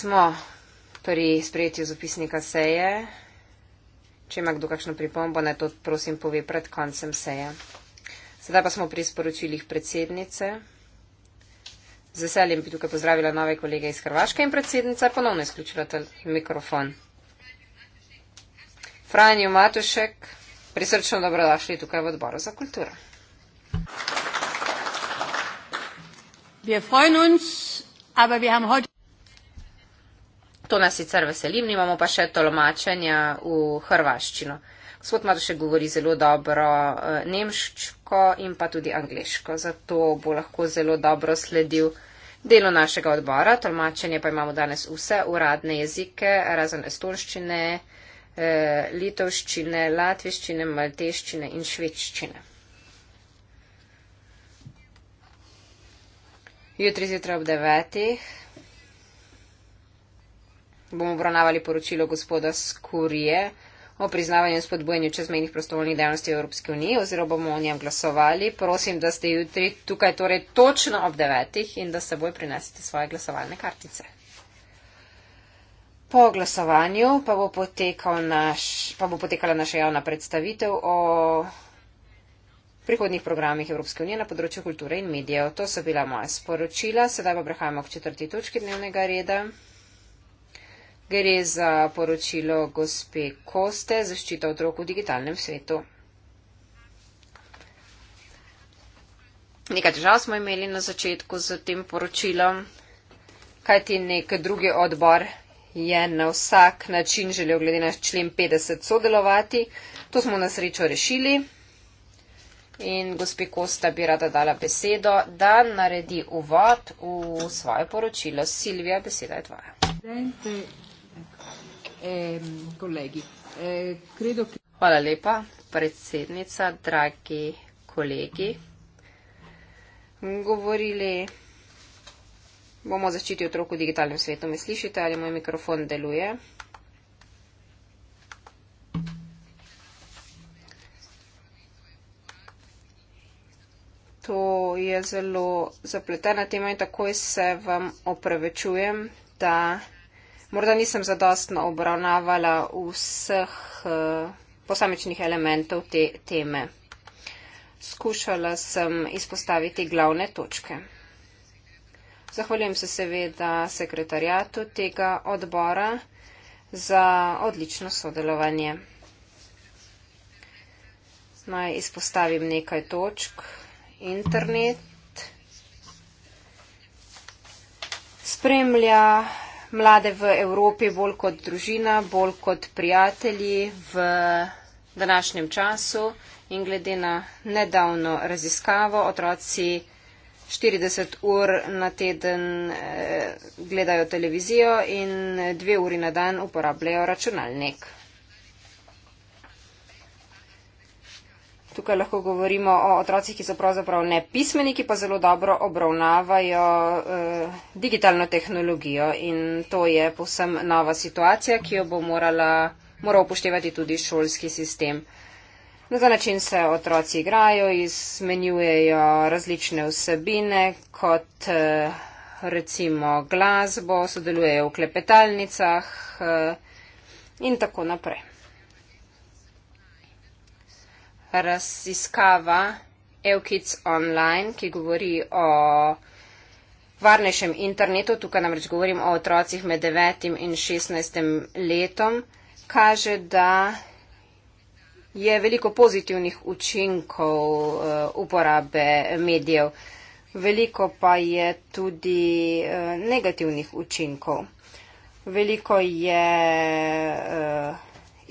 Smo pri sprejetju zapisnika seje. Če ima kdo kakšno pripombo, naj to prosim pove pred koncem seje. Sedaj pa smo pri sporočilih predsednice. Z veseljem bi tukaj pozdravila nove kolege iz Hrvaške in predsednica je ponovno izključila ta mikrofon. Franjo Matušek, prisrčno dobrodošli tukaj v odboru za kulturo. Wir freuen uns, aber wir haben heute to nas sicer veselim, imamo pa še tolmačenja v hrvaščino. Gospod Matoše govori zelo dobro e, nemško in pa tudi angliško, zato bo lahko zelo dobro sledil delo našega odbora. Tolmačenje pa imamo danes vse uradne jezike, razen estonščine, e, litovščine, latviščine, malteščine in švedščine. Jutri zjutraj ob devetih bomo obravnavali poročilo gospoda Skurije o priznavanju in spodbujanju čezmejnih prostovoljnih dejavnosti v Evropski uniji oziroma bomo o njem glasovali. Prosim, da ste jutri tukaj torej točno ob devetih in da seboj prinesete svoje glasovalne kartice. Po glasovanju pa bo, naš, pa bo potekala naša javna predstavitev o prihodnih programih Evropske unije na področju kulture in medijev. To so bila moja sporočila, sedaj pa prehajamo k četrti točki dnevnega reda. Gre za poročilo gospe Koste, zaščita otrok v digitalnem svetu. Nekaj težav smo imeli na začetku z tem poročilom, kajti nek drugi odbor je na vsak način želel glede na člen 50 sodelovati. To smo na srečo rešili in gospe Kosta bi rada dala besedo, da naredi uvod v svoje poročilo. Silvija, beseda je tvoja eh, kolegi. Eh, credo... Hvala lepa, predsednica, dragi kolegi. Govorili bomo o zaščiti otrok v digitalnem svetu. Me slišite ali moj mikrofon deluje? To je zelo zapletena tema in takoj se vam opravečujem, da morda nisem zadostno obravnavala vseh uh, posamičnih elementov te teme. Skušala sem izpostaviti glavne točke. Zahvaljujem se seveda sekretarjatu tega odbora za odlično sodelovanje. Naj izpostavim nekaj točk. Internet spremlja mlade v Evropi bolj kot družina, bolj kot prijatelji v današnjem času in glede na nedavno raziskavo otroci 40 ur na teden eh, gledajo televizijo in dve uri na dan uporabljajo računalnik. Tukaj lahko govorimo o otrocih, ki so pravzaprav nepismeni, ki pa zelo dobro obravnavajo eh, digitalno tehnologijo in to je posem nova situacija, ki jo bo morala, moral upoštevati tudi šolski sistem. Na ta način se otroci igrajo, izmenjujejo različne vsebine, kot eh, recimo glasbo, sodelujejo v klepetalnicah eh, in tako naprej raziskava Elkids Online, ki govori o varnejšem internetu, tukaj namreč govorim o otrocih med 9 in 16 letom, kaže, da je veliko pozitivnih učinkov eh, uporabe medijev, veliko pa je tudi eh, negativnih učinkov. Veliko je uh,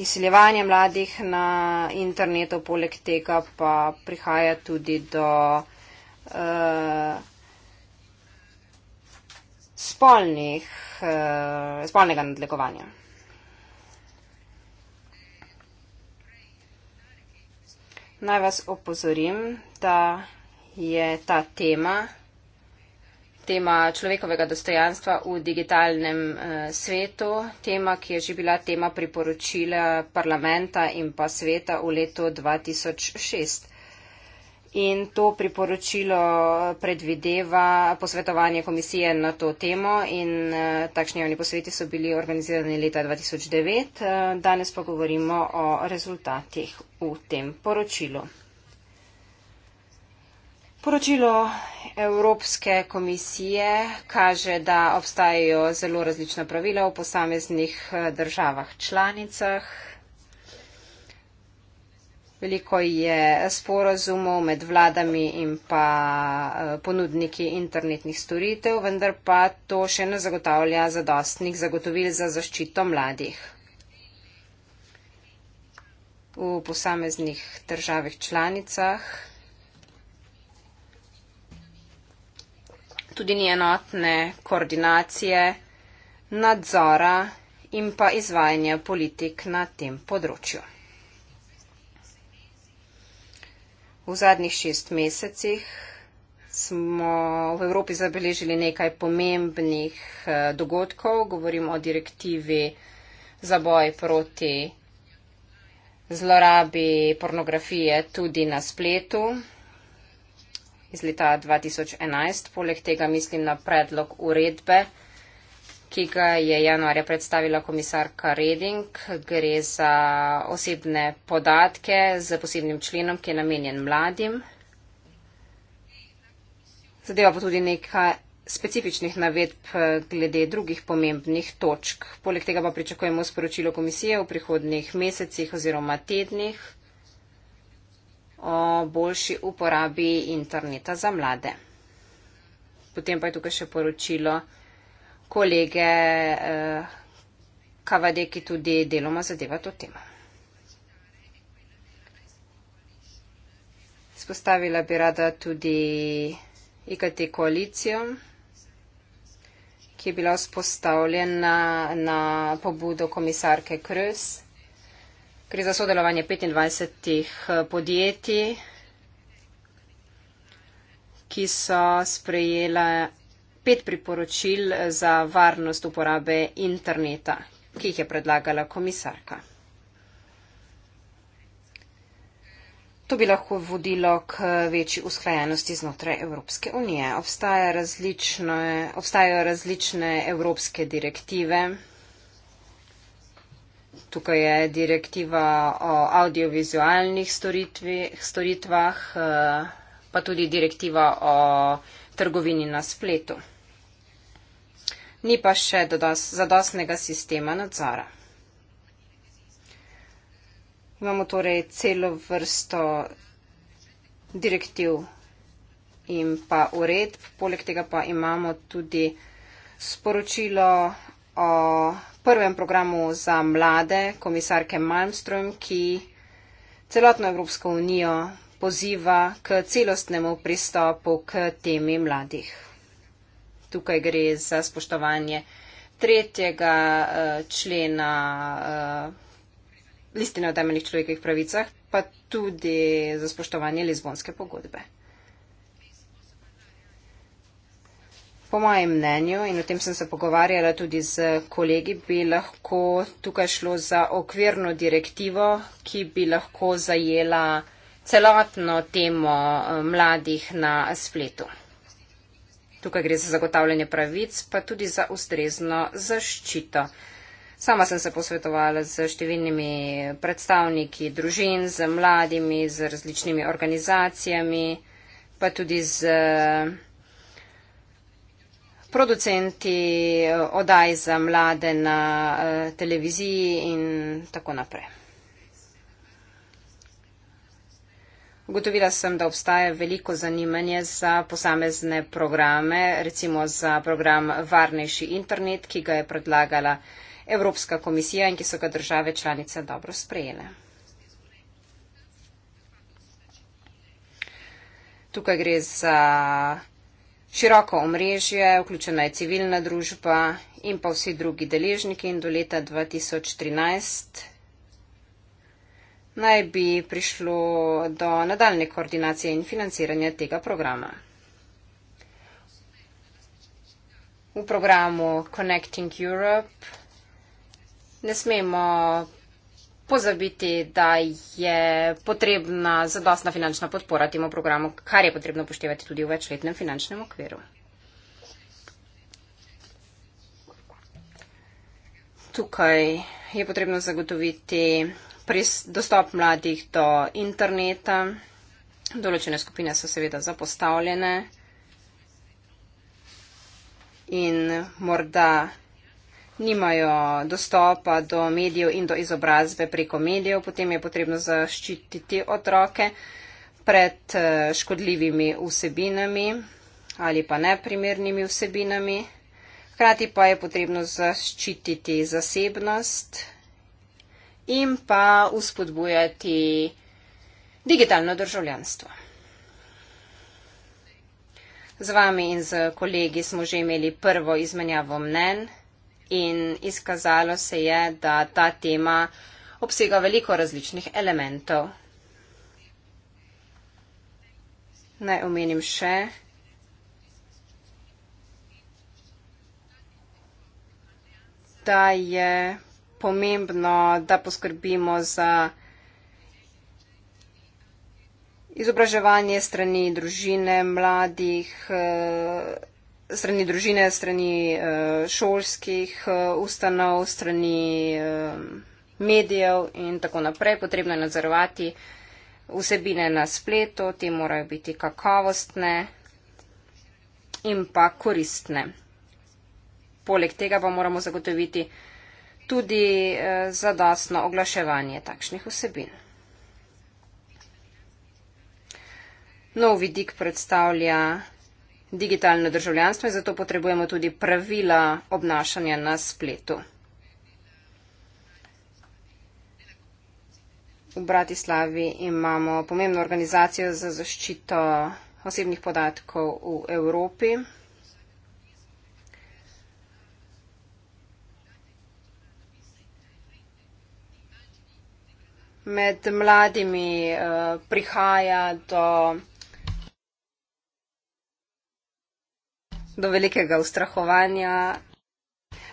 izsiljevanje mladih na internetu, poleg tega pa prihaja tudi do uh, spolnih, uh, spolnega nadlegovanja. Naj vas opozorim, da je ta tema tema človekovega dostojanstva v digitalnem eh, svetu, tema, ki je že bila tema priporočila parlamenta in pa sveta v letu 2006. In to priporočilo predvideva posvetovanje komisije na to temo in eh, takšni javni posveti so bili organizirani leta 2009. Eh, danes pa govorimo o rezultatih v tem poročilu. Poročilo Evropske komisije kaže, da obstajajo zelo različna pravila v posameznih eh, državah članicah. Veliko je sporozumov med vladami in pa eh, ponudniki internetnih storitev, vendar pa to še ne zagotavlja zadostnih zagotovil za zaščito mladih. V posameznih državih članicah tudi ni enotne koordinacije, nadzora in pa izvajanja politik na tem področju. V zadnjih šest mesecih smo v Evropi zabeležili nekaj pomembnih eh, dogodkov. Govorimo o direktivi za boj proti zlorabi pornografije tudi na spletu iz leta 2011. Poleg tega mislim na predlog uredbe, ki ga je januarja predstavila komisarka Reding. Gre za osebne podatke z posebnim členom, ki je namenjen mladim. Zadeva pa tudi nekaj specifičnih navedb glede drugih pomembnih točk. Poleg tega pa pričakujemo sporočilo komisije v prihodnih mesecih oziroma tednih o boljši uporabi interneta za mlade. Potem pa je tukaj še poročilo kolege eh, Kavade, ki tudi deloma zadeva to temo. Spostavila bi rada tudi IKT koalicijo, ki je bila spostavljena na pobudo komisarke Krs. Gre za sodelovanje 25 eh, podjetij, ki so sprejela pet priporočil eh, za varnost uporabe interneta, ki jih je predlagala komisarka. To bi lahko vodilo k večji usklajenosti znotraj Evropske unije. Obstajajo različne, obstajajo različne evropske direktive. Tukaj je direktiva o audiovizualnih storitvah, eh, pa tudi direktiva o trgovini na spletu. Ni pa še zadostnega sistema nadzora. Imamo torej celo vrsto direktiv in pa uredb, poleg tega pa imamo tudi sporočilo o prvem programu za mlade komisarke Malmström, ki celotno Evropsko unijo poziva k celostnemu pristopu k temi mladih. Tukaj gre za spoštovanje tretjega eh, člena eh, listine o temeljih človekovih pravicah, pa tudi za spoštovanje Lizbonske pogodbe. po mojem mnenju, in o tem sem se pogovarjala tudi z kolegi, bi lahko tukaj šlo za okvirno direktivo, ki bi lahko zajela celotno temo eh, mladih na spletu. Tukaj gre za zagotavljanje pravic, pa tudi za ustrezno zaščito. Sama sem se posvetovala z številnimi predstavniki družin, z mladimi, z različnimi organizacijami, pa tudi z producenti eh, odaj za mlade na eh, televiziji in tako naprej. Ugotovila sem, da obstaja veliko zanimanje za posamezne programe, recimo za program Varnejši internet, ki ga je predlagala Evropska komisija in ki so ga države članice dobro sprejele. Tukaj gre za široko omrežje, vključena je civilna družba in pa vsi drugi deležniki in do leta 2013 naj bi prišlo do nadaljne koordinacije in financiranja tega programa. V programu Connecting Europe ne smemo pozabiti, da je potrebna zadostna finančna podpora temu programu, kar je potrebno upoštevati tudi v večletnem finančnem okviru. Tukaj je potrebno zagotoviti dostop mladih do interneta. Določene skupine so seveda zapostavljene in morda nimajo dostopa do medijev in do izobrazbe preko medijev, potem je potrebno zaščititi otroke pred eh, škodljivimi vsebinami ali pa neprimernimi vsebinami. Hkrati pa je potrebno zaščititi zasebnost in pa uspodbujati digitalno državljanstvo. Z vami in z kolegi smo že imeli prvo izmenjavo mnen in izkazalo se je, da ta tema obsega veliko različnih elementov. Naj omenim še, da je pomembno, da poskrbimo za izobraževanje strani družine, mladih, eh, strani družine, strani uh, šolskih uh, ustanov, strani uh, medijev in tako naprej. Potrebno je nadzorovati vsebine na spletu, ti morajo biti kakovostne in pa koristne. Poleg tega pa moramo zagotoviti tudi uh, zadostno oglaševanje takšnih vsebin. Nov vidik predstavlja digitalno državljanstvo in zato potrebujemo tudi pravila obnašanja na spletu. V Bratislavi imamo pomembno organizacijo za zaščito osebnih podatkov v Evropi. Med mladimi uh, prihaja do do velikega ustrahovanja.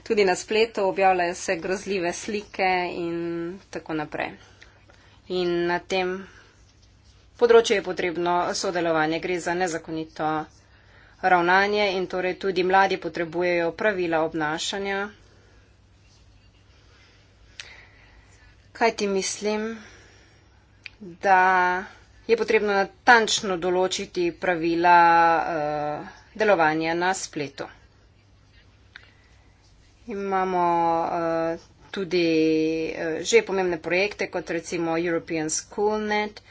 Tudi na spletu objavljajo se grozljive slike in tako naprej. In na tem področju je potrebno sodelovanje. Gre za nezakonito ravnanje in torej tudi mladi potrebujejo pravila obnašanja. Kaj ti mislim, da je potrebno natančno določiti pravila. Uh, delovanja na spletu. Imamo eh, tudi eh, že pomembne projekte, kot recimo European Schoolnet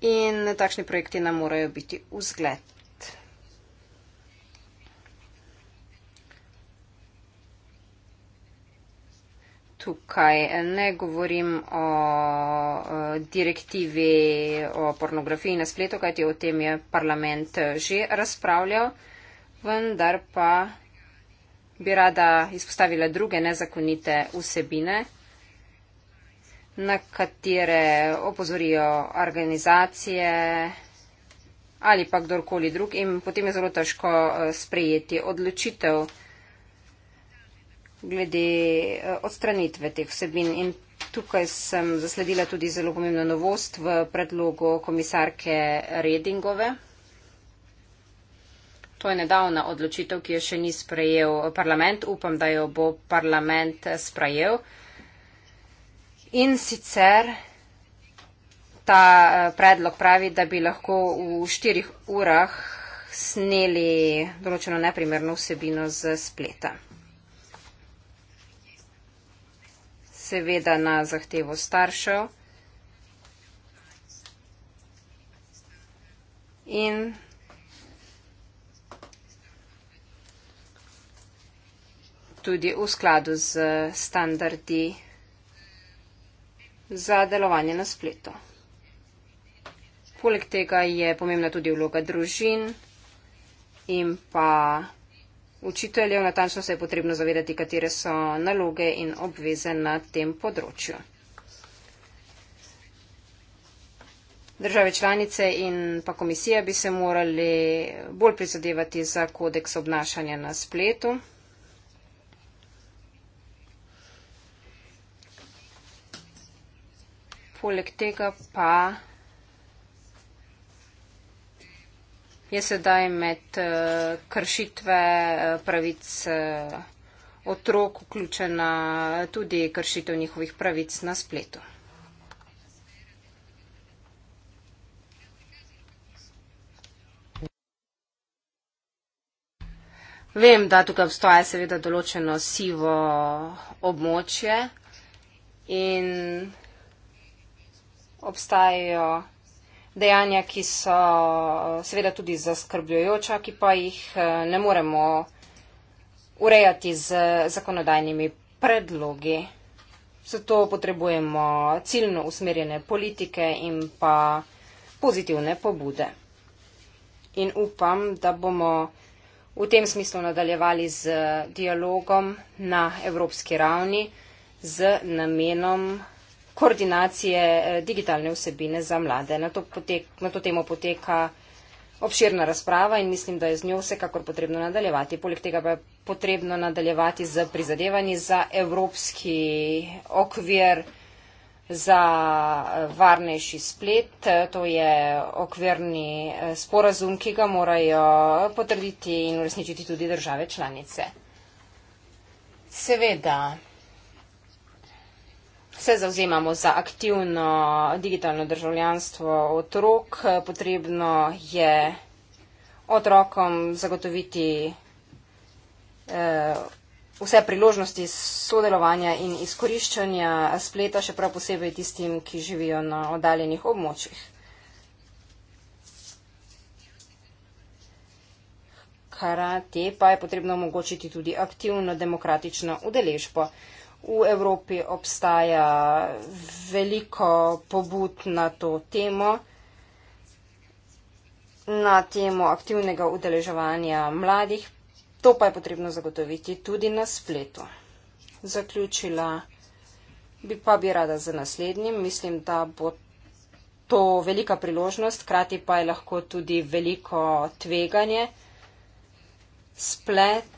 in takšni projekti nam morajo biti v zgled. tukaj. Ne govorim o direktivi o pornografiji na spletu, kajti o tem je parlament že razpravljal, vendar pa bi rada izpostavila druge nezakonite vsebine, na katere opozorijo organizacije ali pa kdorkoli drug in potem je zelo težko eh, sprejeti odločitev glede eh, odstranitve teh vsebin. In tukaj sem zasledila tudi zelo pomembno novost v predlogu komisarke Redingove. To je nedavna odločitev, ki jo še ni sprejel parlament. Upam, da jo bo parlament eh, sprejel. In sicer. Ta eh, predlog pravi, da bi lahko v štirih urah sneli določeno neprimerno vsebino z spleta. seveda na zahtevo staršev. In tudi v skladu z standardi za delovanje na spletu. Poleg tega je pomembna tudi vloga družin in pa učiteljev, natančno se je potrebno zavedati, katere so naloge in obveze na tem področju. Države članice in pa komisija bi se morali bolj prizadevati za kodeks obnašanja na spletu. Poleg tega pa je sedaj med eh, kršitve eh, pravic eh, otrok vključena tudi kršitev njihovih pravic na spletu. Vem, da tukaj obstaja seveda določeno sivo območje in obstajajo dejanja, ki so eh, seveda tudi zaskrbljujoča, ki pa jih eh, ne moremo urejati z zakonodajnimi predlogi. Zato potrebujemo ciljno usmerjene politike in pa pozitivne pobude. In upam, da bomo v tem smislu nadaljevali z dialogom na evropski ravni z namenom koordinacije eh, digitalne vsebine za mlade. Na to, potek, na to temo poteka obširna razprava in mislim, da je z njo vsekakor potrebno nadaljevati. Poleg tega pa je potrebno nadaljevati z prizadevanji za evropski okvir za eh, varnejši splet. To je okvirni eh, sporazum, ki ga morajo potrditi in uresničiti tudi države članice. Seveda. Se zauzemamo za aktivno digitalno državljanstvo otrok. Potrebno je otrokom zagotoviti eh, vse priložnosti sodelovanja in izkoriščanja spleta, še prav posebej tistim, ki živijo na oddaljenih območjih. Karate pa je potrebno omogočiti tudi aktivno demokratično udeležbo. V Evropi obstaja veliko pobud na to temo, na temo aktivnega udeleževanja mladih. To pa je potrebno zagotoviti tudi na spletu. Zaključila bi pa bi rada za naslednjim. Mislim, da bo to velika priložnost, krati pa je lahko tudi veliko tveganje. Splet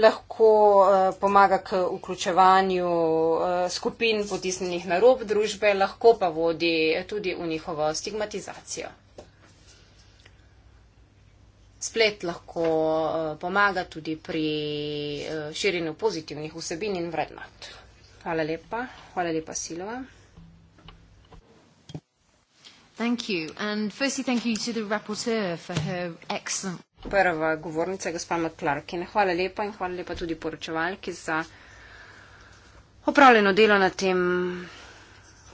lahko eh, pomaga k vključevanju eh, skupin potisnjenih na rob družbe, lahko pa vodi tudi v njihovo stigmatizacijo. Splet lahko eh, pomaga tudi pri širjenju pozitivnih vsebin in vrednot. Hvala lepa. Hvala lepa, Silova. Thank you. And firstly, thank you to the rapporteur for her excellent prva govornica je gospa McClarkin. Hvala lepa in hvala lepa tudi poročevalki za opravljeno delo na tem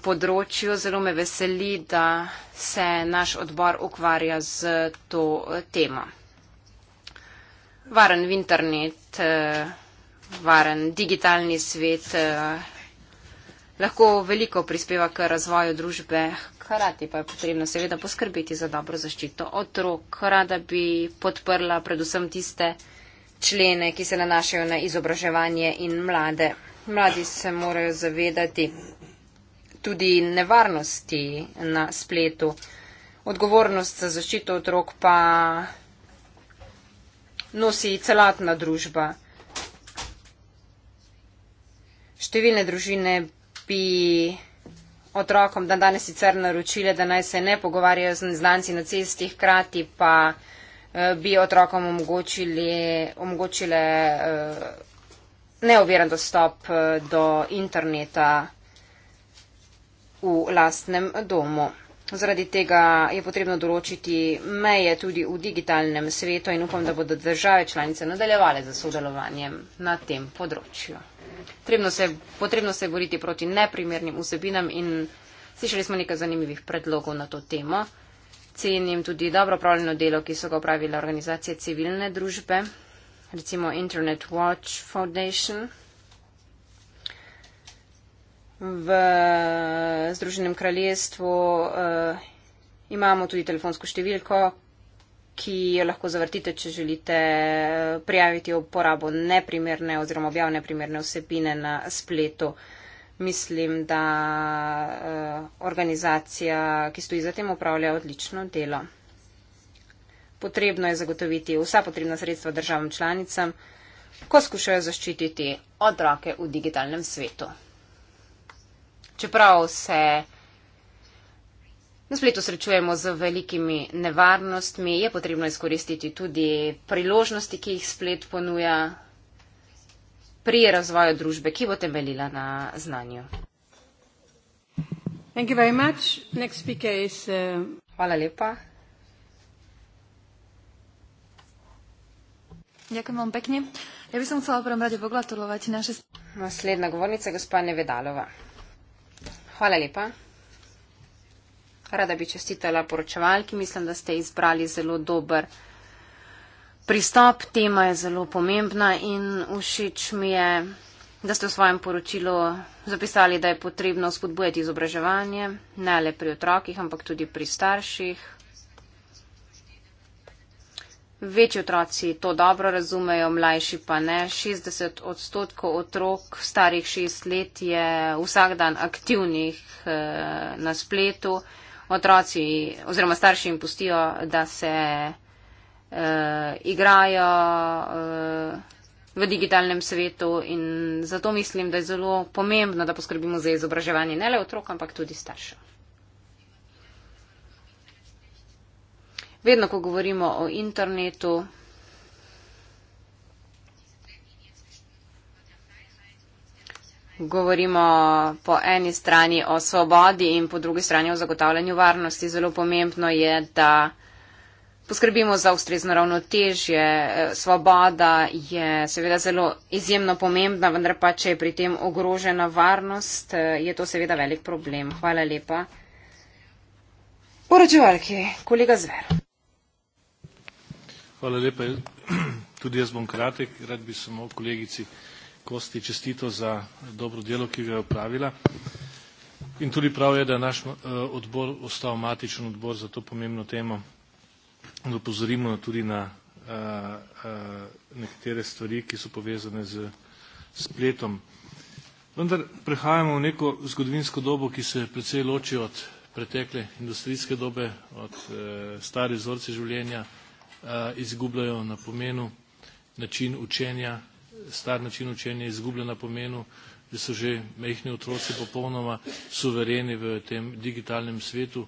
področju. Zelo me veseli, da se naš odbor ukvarja z to eh, temo. Varen internet, eh, varen digitalni svet eh, lahko veliko prispeva k razvoju družbe, Hrati pa je potrebno seveda poskrbeti za dobro zaščito otrok. Rada bi podprla predvsem tiste člene, ki se nanašajo na izobraževanje in mlade. Mladi se morajo zavedati tudi nevarnosti na spletu. Odgovornost za zaščito otrok pa nosi celotna družba. Številne družine bi otrokom dan danes sicer naročile, da naj se ne pogovarjajo z neznanci na cesti, hkrati pa eh, bi otrokom omogočili, omogočile eh, neoviran dostop eh, do interneta v lastnem domu. Zaradi tega je potrebno določiti meje tudi v digitalnem svetu in upam, da bodo države članice nadaljevale za sodelovanjem na tem področju. Potrebno se, potrebno se boriti proti neprimernim vsebinam in slišali smo nekaj zanimivih predlogov na to temo. Cenim tudi dobro upravljeno delo, ki so ga upravile organizacije civilne družbe, recimo Internet Watch Foundation v eh, Združenem kraljestvu eh, imamo tudi telefonsko številko, ki jo lahko zavrtite, če želite eh, prijaviti uporabo neprimerne oziroma objav neprimerne vsebine na spletu. Mislim, da organizacija, ki stoji za tem, upravlja odlično delo. Potrebno je zagotoviti vsa potrebna sredstva državam članicam, ko skušajo zaščititi otroke v digitalnem svetu čeprav se na spletu srečujemo z velikimi nevarnostmi, je potrebno izkoristiti tudi priložnosti, ki jih splet ponuja pri razvoju družbe, ki bo temeljila na znanju. Uh, Hvala lepa. Ďakujem vám pekne. Ja by som chcela v prvom rade pogratulovať naše... Naslednja govornica je gospa Nevedalova. Hvala lepa. Rada bi čestitala poročevalki. Mislim, da ste izbrali zelo dober pristop. Tema je zelo pomembna in všeč mi je, da ste v svojem poročilu zapisali, da je potrebno spodbujati izobraževanje, ne le pri otrokih, ampak tudi pri starših. Večji otroci to dobro razumejo, mlajši pa ne. 60 odstotkov otrok starih 6 let je vsak dan aktivnih eh, na spletu. Otroci oziroma starši jim pustijo, da se uh, igrajo uh, v digitalnem svetu in zato mislim, da je zelo pomembno, da poskrbimo za izobraževanje ne le otrok, ampak tudi staršev. vedno, ko govorimo o internetu, govorimo po eni strani o svobodi in po drugi strani o zagotavljanju varnosti. Zelo pomembno je, da poskrbimo za ustrezno ravnotežje. Svoboda je seveda zelo izjemno pomembna, vendar pa, če je pri tem ogrožena varnost, je to seveda velik problem. Hvala lepa. Poročevalki, kolega Zver. Hvala lepa. Tudi jaz bom kratek. Rad bi samo kolegici Kosti čestito za dobro delo, ki ga je opravila. In tudi prav je, da je naš eh, odbor ostal matičen odbor za to pomembno temo. Da upozorimo tudi na a, eh, a, eh, nekatere stvari, ki so povezane z spletom. Vendar prehajamo v neko zgodovinsko dobo, ki se precej loči od pretekle industrijske dobe, od e, stare vzorce življenja, izgubljajo na pomenu, način učenja, star način učenja izgublja na pomenu, da so že mehni otroci popolnoma suvereni v tem digitalnem svetu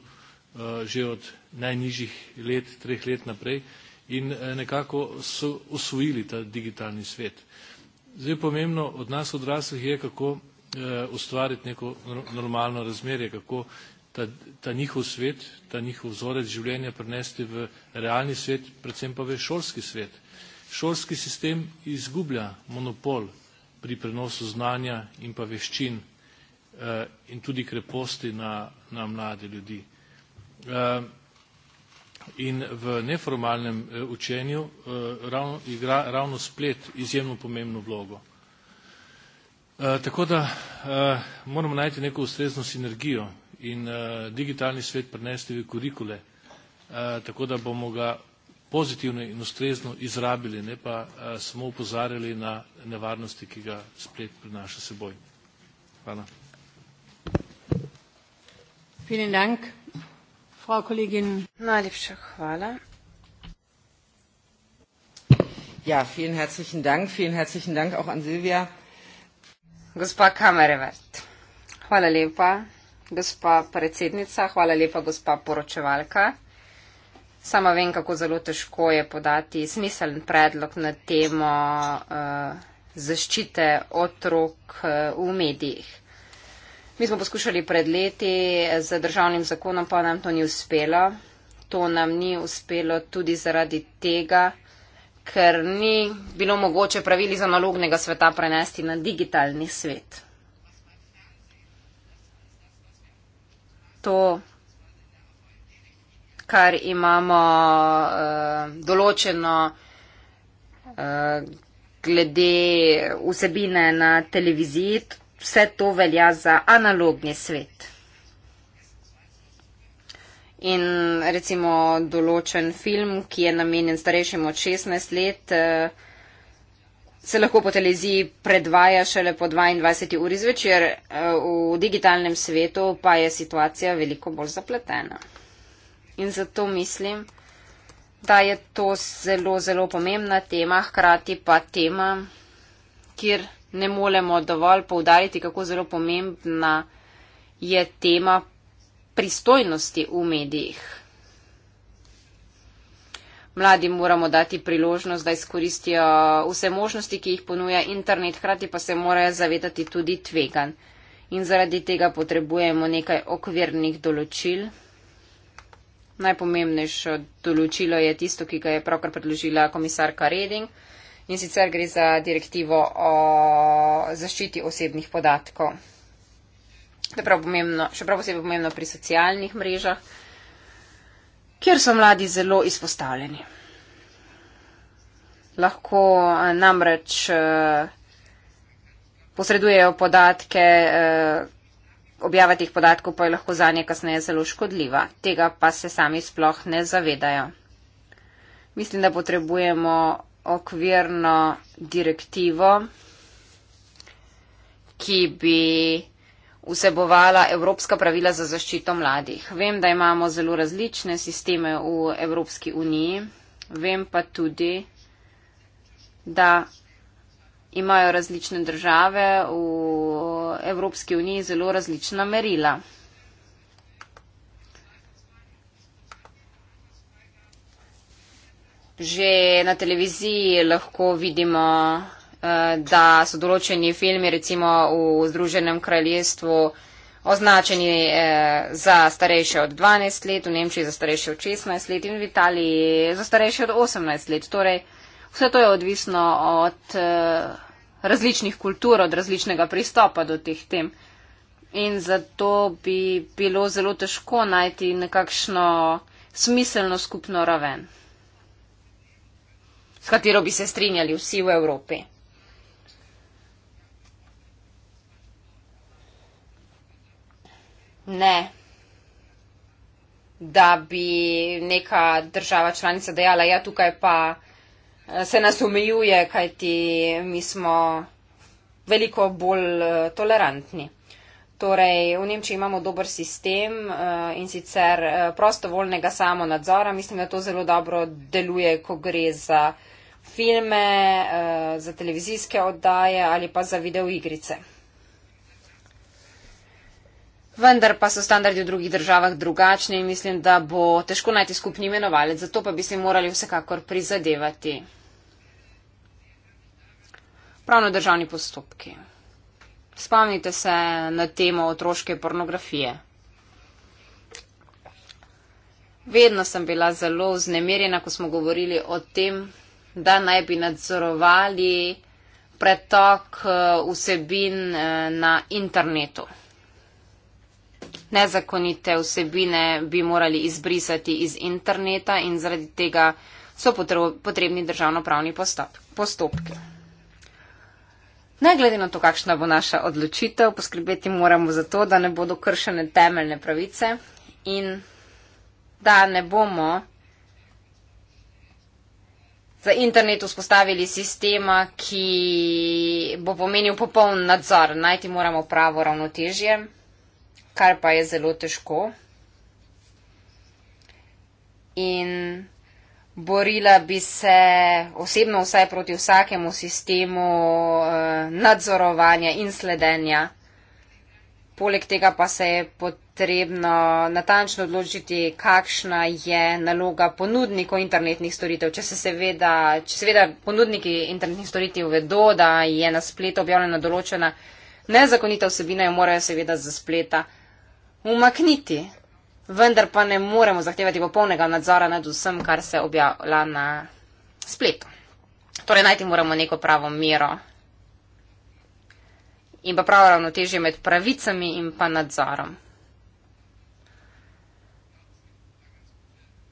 že od najnižjih let, treh let naprej in nekako so osvojili ta digitalni svet. Zdaj pomembno od nas odraslih je, kako ustvariti neko normalno razmerje, kako ta, ta njihov svet, ta njihov vzorec življenja prenesti v realni svet, predvsem pa v šolski svet. Šolski sistem izgublja monopol pri prenosu znanja in pa veščin eh, in tudi kreposti na, na mlade ljudi. Eh, in v neformalnem eh, učenju eh, ravno, igra ravno splet izjemno pomembno vlogo. Eh, tako da eh, moramo najti neko ustrezno sinergijo in eh, digitalni svet prinesli v kurikule, eh, tako da bomo ga pozitivno in ustrezno izrabili, ne pa eh, samo upozarjali na nevarnosti, ki ga splet prinaša seboj. Hvala. Vielen Dank, Frau Kollegin. Najlepša hvala. Ja, vielen herzlichen Dank, vielen herzlichen Dank auch an Silvia. Gospa Kamerevert, hvala lepa. Gospa predsednica, hvala lepa, gospa poročevalka. Sama vem, kako zelo težko je podati smiseln predlog na temo uh, zaščite otrok uh, v medijih. Mi smo poskušali pred leti eh, z državnim zakonom, pa nam to ni uspelo. To nam ni uspelo tudi zaradi tega, ker ni bilo mogoče pravili za nalognega sveta prenesti na digitalni svet. to, kar imamo uh, določeno uh, glede vsebine na televiziji, vse to velja za analogni svet. In recimo določen film, ki je namenjen starejšim od 16 let, uh, se lahko po televiziji predvaja šele po 22 uri zvečer, eh, v digitalnem svetu pa je situacija veliko bolj zapletena. In zato mislim, da je to zelo, zelo pomembna tema, hkrati pa tema, kjer ne moremo dovolj poudariti, kako zelo pomembna je tema pristojnosti v medijih mladim moramo dati priložnost, da izkoristijo vse možnosti, ki jih ponuja internet, hkrati pa se morajo zavedati tudi tvegan. In zaradi tega potrebujemo nekaj okvirnih določil. Najpomembnejše določilo je tisto, ki ga je pravkar predložila komisarka Reding in sicer gre za direktivo o zaščiti osebnih podatkov. To je prav pomembno, še prav posebej pomembno pri socialnih mrežah kjer so mladi zelo izpostavljeni. Lahko eh, namreč eh, posredujejo podatke, eh, objava teh podatkov pa je lahko za nje kasneje zelo škodljiva. Tega pa se sami sploh ne zavedajo. Mislim, da potrebujemo okvirno direktivo, ki bi vsebovala evropska pravila za zaščito mladih. Vem, da imamo zelo različne sisteme v Evropski uniji, vem pa tudi, da imajo različne države v Evropski uniji zelo različna merila. Že na televiziji lahko vidimo Eh, da so določeni filmi, recimo v Združenem kraljestvu, označeni eh, za starejše od 12 let, v Nemčiji za starejše od 16 let in v Italiji za starejše od 18 let. Torej, vse to je odvisno od eh, različnih kultur, od različnega pristopa do teh tem. In zato bi bilo zelo težko najti nekakšno smiselno skupno raven, s katero bi se strinjali vsi v Evropi. ne, da bi neka država članica dejala, ja, tukaj pa eh, se nas omejuje, kajti mi smo veliko bolj eh, tolerantni. Torej, v Nemčiji imamo dober sistem eh, in sicer prostovoljnega samo nadzora. Mislim, da to zelo dobro deluje, ko gre za filme, za televizijske oddaje ali pa za videoigrice vendar pa so standardi v drugih državah drugačni in mislim, da bo težko najti skupni imenovalec, zato pa bi se morali vsekakor prizadevati. Pravno državni postopki. Spomnite se na temo otroške pornografije. Vedno sem bila zelo vznemirjena, ko smo govorili o tem, da naj bi nadzorovali pretok eh, vsebin eh, na internetu nezakonite vsebine bi morali izbrisati iz interneta in zaradi tega so potrebni državnopravni postopki. Ne glede na to, kakšna bo naša odločitev, poskrbeti moramo za to, da ne bodo kršene temeljne pravice in da ne bomo za internet vzpostavili sistema, ki bo pomenil popoln nadzor. Najti moramo pravo ravnotežje kar pa je zelo težko. In borila bi se osebno vsaj proti vsakemu sistemu eh, nadzorovanja in sledenja. Poleg tega pa se je potrebno natančno odločiti, kakšna je naloga ponudnikov internetnih storitev. Če se seveda, če seveda ponudniki internetnih storitev vedo, da je na spletu objavljena določena nezakonita vsebina, jo morajo seveda za spleta umakniti. Vendar pa ne moremo zahtevati popolnega nadzora nad vsem, kar se objavlja na spletu. Torej, najti moramo neko pravo mero in pa pravo ravnotežje med pravicami in pa nadzorom.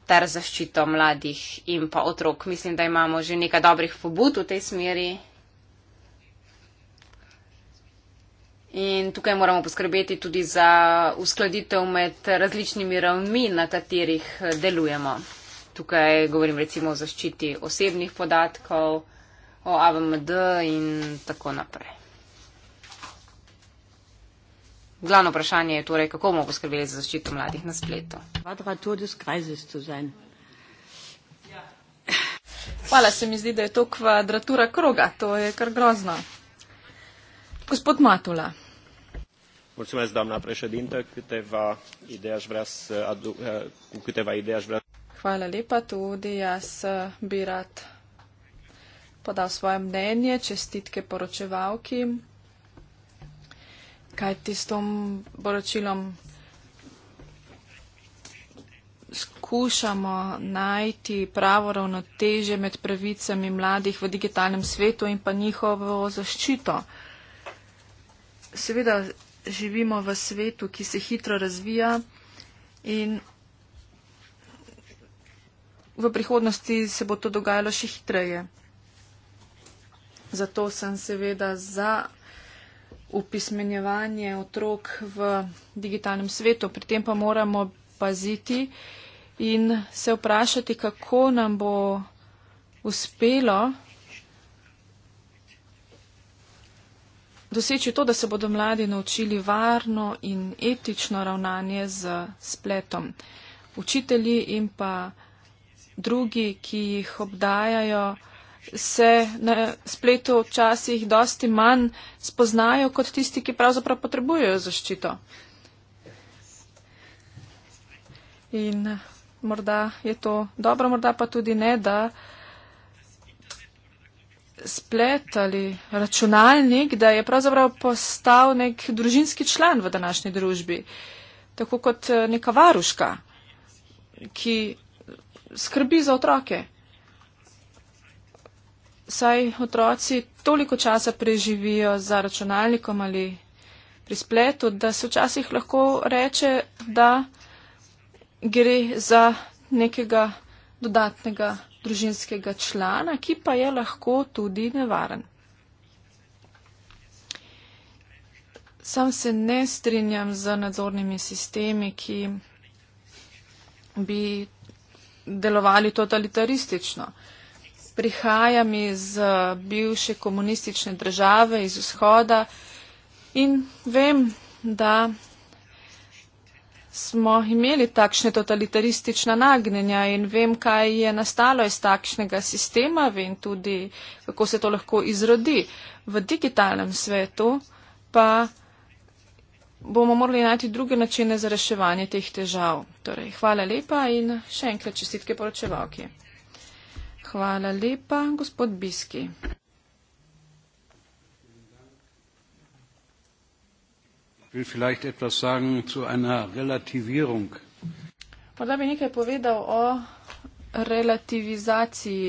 ter zaščito mladih in pa otrok. Mislim, da imamo že nekaj dobrih pobud v tej smeri In tukaj moramo poskrbeti tudi za uskladitev med različnimi ravnmi, na katerih eh, delujemo. Tukaj govorim recimo o zaščiti osebnih podatkov, o AVMD in tako naprej. Glavno vprašanje je torej, kako bomo poskrbeli za zaščito mladih na spletu. Hvala, se mi zdi, da je to kvadratura kroga. To je kar grozno. Gospod Matula doamnă președintă câteva idei aș vrea să aduc, eh, cu câteva idei aș vrea Hvala lepa, tudi jaz eh, bi rad podal svoje mnenje, čestitke poročevalki, kaj ti s tom poročilom skušamo najti pravo ravnoteže med pravicami mladih v digitalnem svetu in pa njihovo zaščito. Seveda živimo v svetu, ki se hitro razvija in v prihodnosti se bo to dogajalo še hitreje. Zato sem seveda za upismenjevanje otrok v digitalnem svetu. Pri tem pa moramo paziti in se vprašati, kako nam bo uspelo doseči to, da se bodo mladi naučili varno in etično ravnanje z spletom. Učitelji in pa drugi, ki jih obdajajo, se na spletu včasih dosti manj spoznajo kot tisti, ki pravzaprav potrebujejo zaščito. In morda je to dobro, morda pa tudi ne, da splet ali računalnik, da je pravzaprav postal nek družinski član v današnji družbi, tako kot eh, neka varuška, ki skrbi za otroke. Saj otroci toliko časa preživijo za računalnikom ali pri spletu, da se včasih lahko reče, da gre za nekega dodatnega družinskega člana, ki pa je lahko tudi nevaren. Sam se ne strinjam z nadzornimi sistemi, ki bi delovali totalitaristično. Prihajam iz eh, bivše komunistične države, iz vzhoda in vem, da smo imeli takšne totalitaristična nagnjenja in vem, kaj je nastalo iz takšnega sistema, vem tudi, kako se to lahko izrodi v digitalnem svetu, pa bomo morali najti druge načine za reševanje teh težav. Torej, hvala lepa in še enkrat čestitke poročevalki. Hvala lepa, gospod Biski. will vielleicht etwas sagen zu einer Relativierung. Morda bi nekaj povedal o relativizaciji.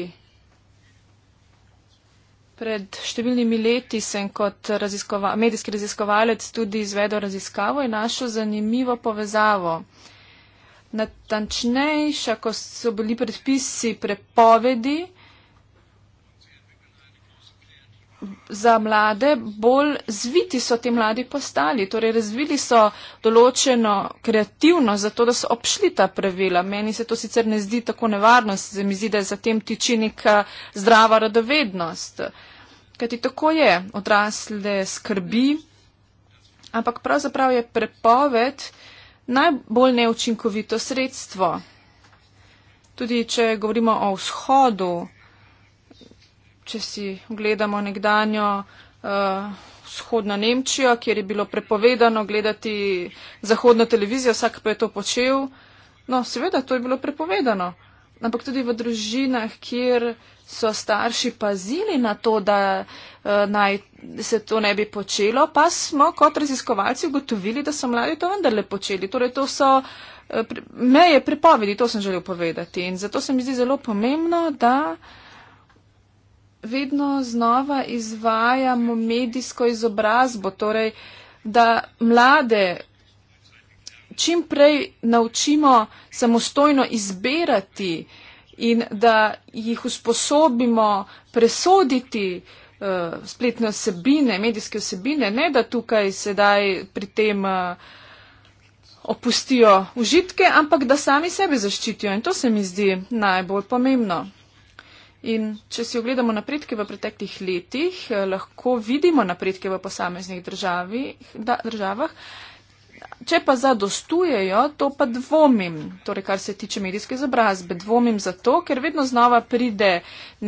Pred številnimi leti sem kot raziskova, medijski raziskovalec tudi izvedel raziskavo in našel zanimivo povezavo. Natančnejša, ko so bili predpisi prepovedi za mlade, bolj zviti so ti mladi postali. Torej, razvili so določeno kreativnost za to, da so obšli ta pravila. Meni se to sicer ne zdi tako nevarno, se mi zdi, da je za tem tiči neka zdrava radovednost. Ker ti tako je, odrasle skrbi, ampak pravzaprav je prepoved najbolj neučinkovito sredstvo. Tudi, če govorimo o vzhodu, če si gledamo nekdanjo uh, vzhodno Nemčijo, kjer je bilo prepovedano gledati zahodno televizijo, vsak pa je to počel. No, seveda, to je bilo prepovedano. Ampak tudi v družinah, kjer so starši pazili na to, da uh, naj se to ne bi počelo, pa smo kot raziskovalci ugotovili, da so mladi to vendarle počeli. Torej, to so uh, eh, pre meje prepovedi, to sem želel povedati. In zato se mi zdi zelo pomembno, da vedno znova izvajamo medijsko izobrazbo, torej da mlade čim prej naučimo samostojno izbirati in da jih usposobimo presoditi uh, spletne osebine, medijske osebine, ne da tukaj sedaj pri tem uh, opustijo užitke, ampak da sami sebe zaščitijo. In to se mi zdi najbolj pomembno. In če si ogledamo napredke v preteklih letih, eh, lahko vidimo napredke v posameznih državi, da, državah. Če pa zadostujejo, to pa dvomim, torej kar se tiče medijske izobrazbe, dvomim zato, ker vedno znova pride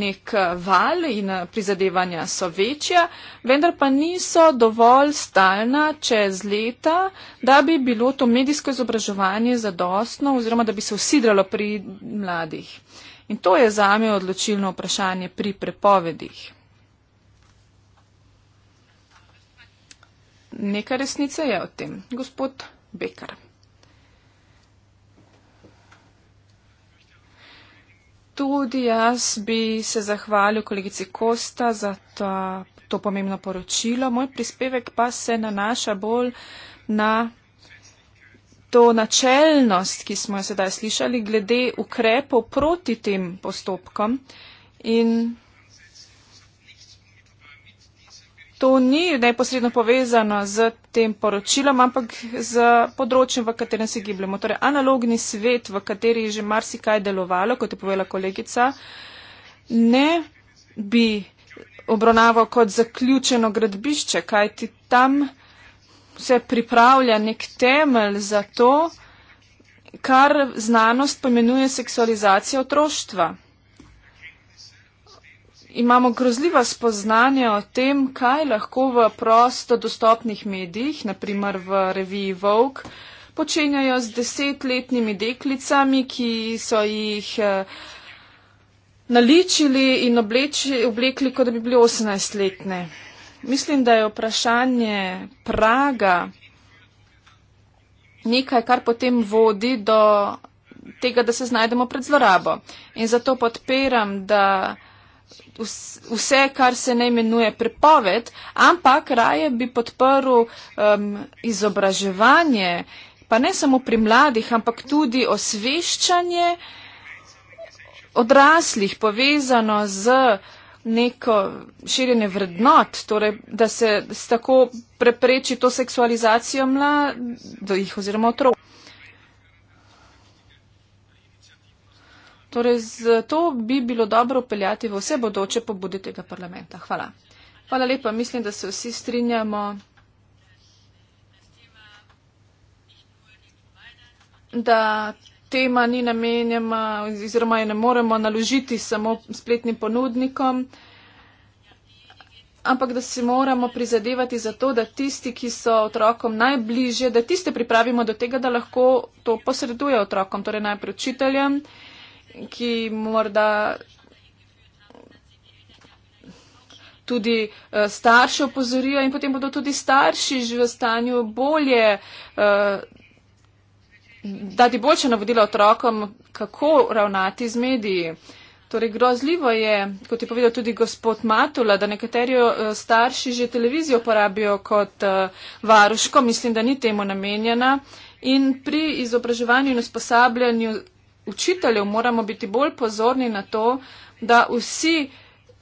nek eh, val in eh, prizadevanja so večja, vendar pa niso dovolj stalna čez leta, da bi bilo to medijsko izobraževanje zadostno oziroma da bi se usidralo pri mladih. In to je za me odločilno vprašanje pri prepovedih. Neka resnica je o tem, gospod Bekar. Tudi jaz bi se zahvalil kolegici Kosta za ta, to pomembno poročilo. Moj prispevek pa se nanaša bolj na to načelnost, ki smo jo sedaj slišali, glede ukrepov proti tem postopkom. In to ni neposredno povezano z tem poročilom, ampak z področjem, v katerem se gibljamo. Torej, analogni svet, v kateri je že marsikaj delovalo, kot je povedala kolegica, ne bi obravnaval kot zaključeno gradbišče, kajti tam se pripravlja nek temelj za to, kar znanost pomenuje seksualizacija otroštva. Imamo grozljiva spoznanja o tem, kaj lahko v prosto dostopnih medijih, naprimer v reviji Vogue, počenjajo z desetletnimi deklicami, ki so jih eh, naličili in obleči, oblekli, kot da bi bili 18-letne mislim, da je vprašanje praga nekaj, kar potem vodi do tega, da se znajdemo pred zlorabo. In zato podpiram, da vse, kar se ne imenuje prepoved, ampak raje bi podprl um, izobraževanje, pa ne samo pri mladih, ampak tudi osveščanje odraslih povezano z neko širjenje vrednot, torej, da se tako prepreči to seksualizacijo mladih oziroma otrok. Torej, zato bi bilo dobro upeljati v vse bodoče pobude tega parlamenta. Hvala. Hvala lepa, mislim, da se vsi strinjamo, da tema ni namenjena oziroma je ne moremo naložiti samo spletnim ponudnikom, ampak da si moramo prizadevati za to, da tisti, ki so otrokom najbliže, da tiste pripravimo do tega, da lahko to posreduje otrokom, torej najprej učiteljem, ki morda tudi eh, starše opozorijo in potem bodo tudi starši že v stanju bolje. Uh, dati boljše navodila otrokom, kako ravnati z mediji. Torej, grozljivo je, kot je povedal tudi gospod Matula, da nekateri eh, starši že televizijo uporabijo kot eh, varuško, mislim, da ni temu namenjena. In pri izobraževanju in usposabljanju učiteljev moramo biti bolj pozorni na to, da vsi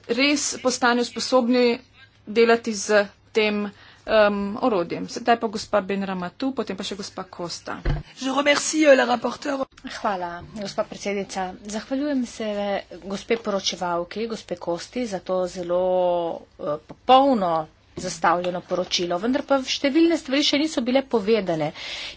res postanejo sposobni delati z tem um, orodjem. Sedaj pa gospa Benrama tu, potem pa še gospa Kosta. Euh, Hvala, gospa predsednica. Zahvaljujem se eh, gospe poročevalki, gospe Kosti, za to zelo uh, popolno zastavljeno poročilo. Vendar pa številne stvari še niso bile povedane.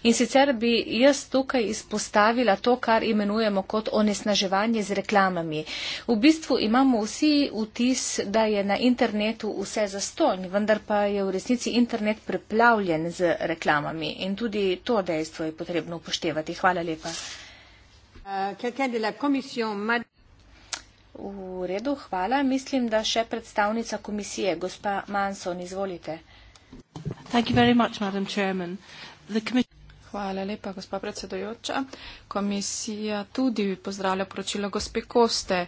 In sicer bi jaz tukaj izpostavila to, kar imenujemo kot onesnaževanje z reklamami. V bistvu imamo vsi vtis, da je na internetu vse zastonj, vendar pa je v resnici internet preplavljen z reklamami. In tudi to dejstvo je potrebno upoštevati. Hvala lepa. Uh, V redu, hvala. Mislim, da še predstavnica komisije, gospa Manson, izvolite. Hvala lepa, gospa predsedojoča. Komisija tudi pozdravlja poročilo gospe Koste.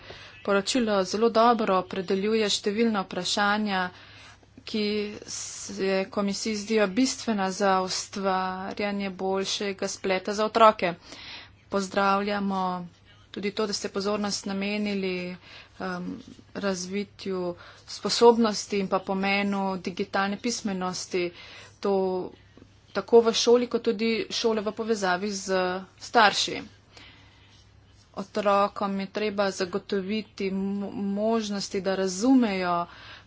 Poročilo zelo dobro predeljuje številna vprašanja, ki se komisiji zdijo bistvena za ustvarjanje boljšega spleta za otroke. Pozdravljamo tudi to, da ste pozornost namenili um, razvitju sposobnosti in pa pomenu digitalne pismenosti, to tako v šoli, kot tudi šole v povezavi z starši. Otrokom je treba zagotoviti možnosti, da razumejo,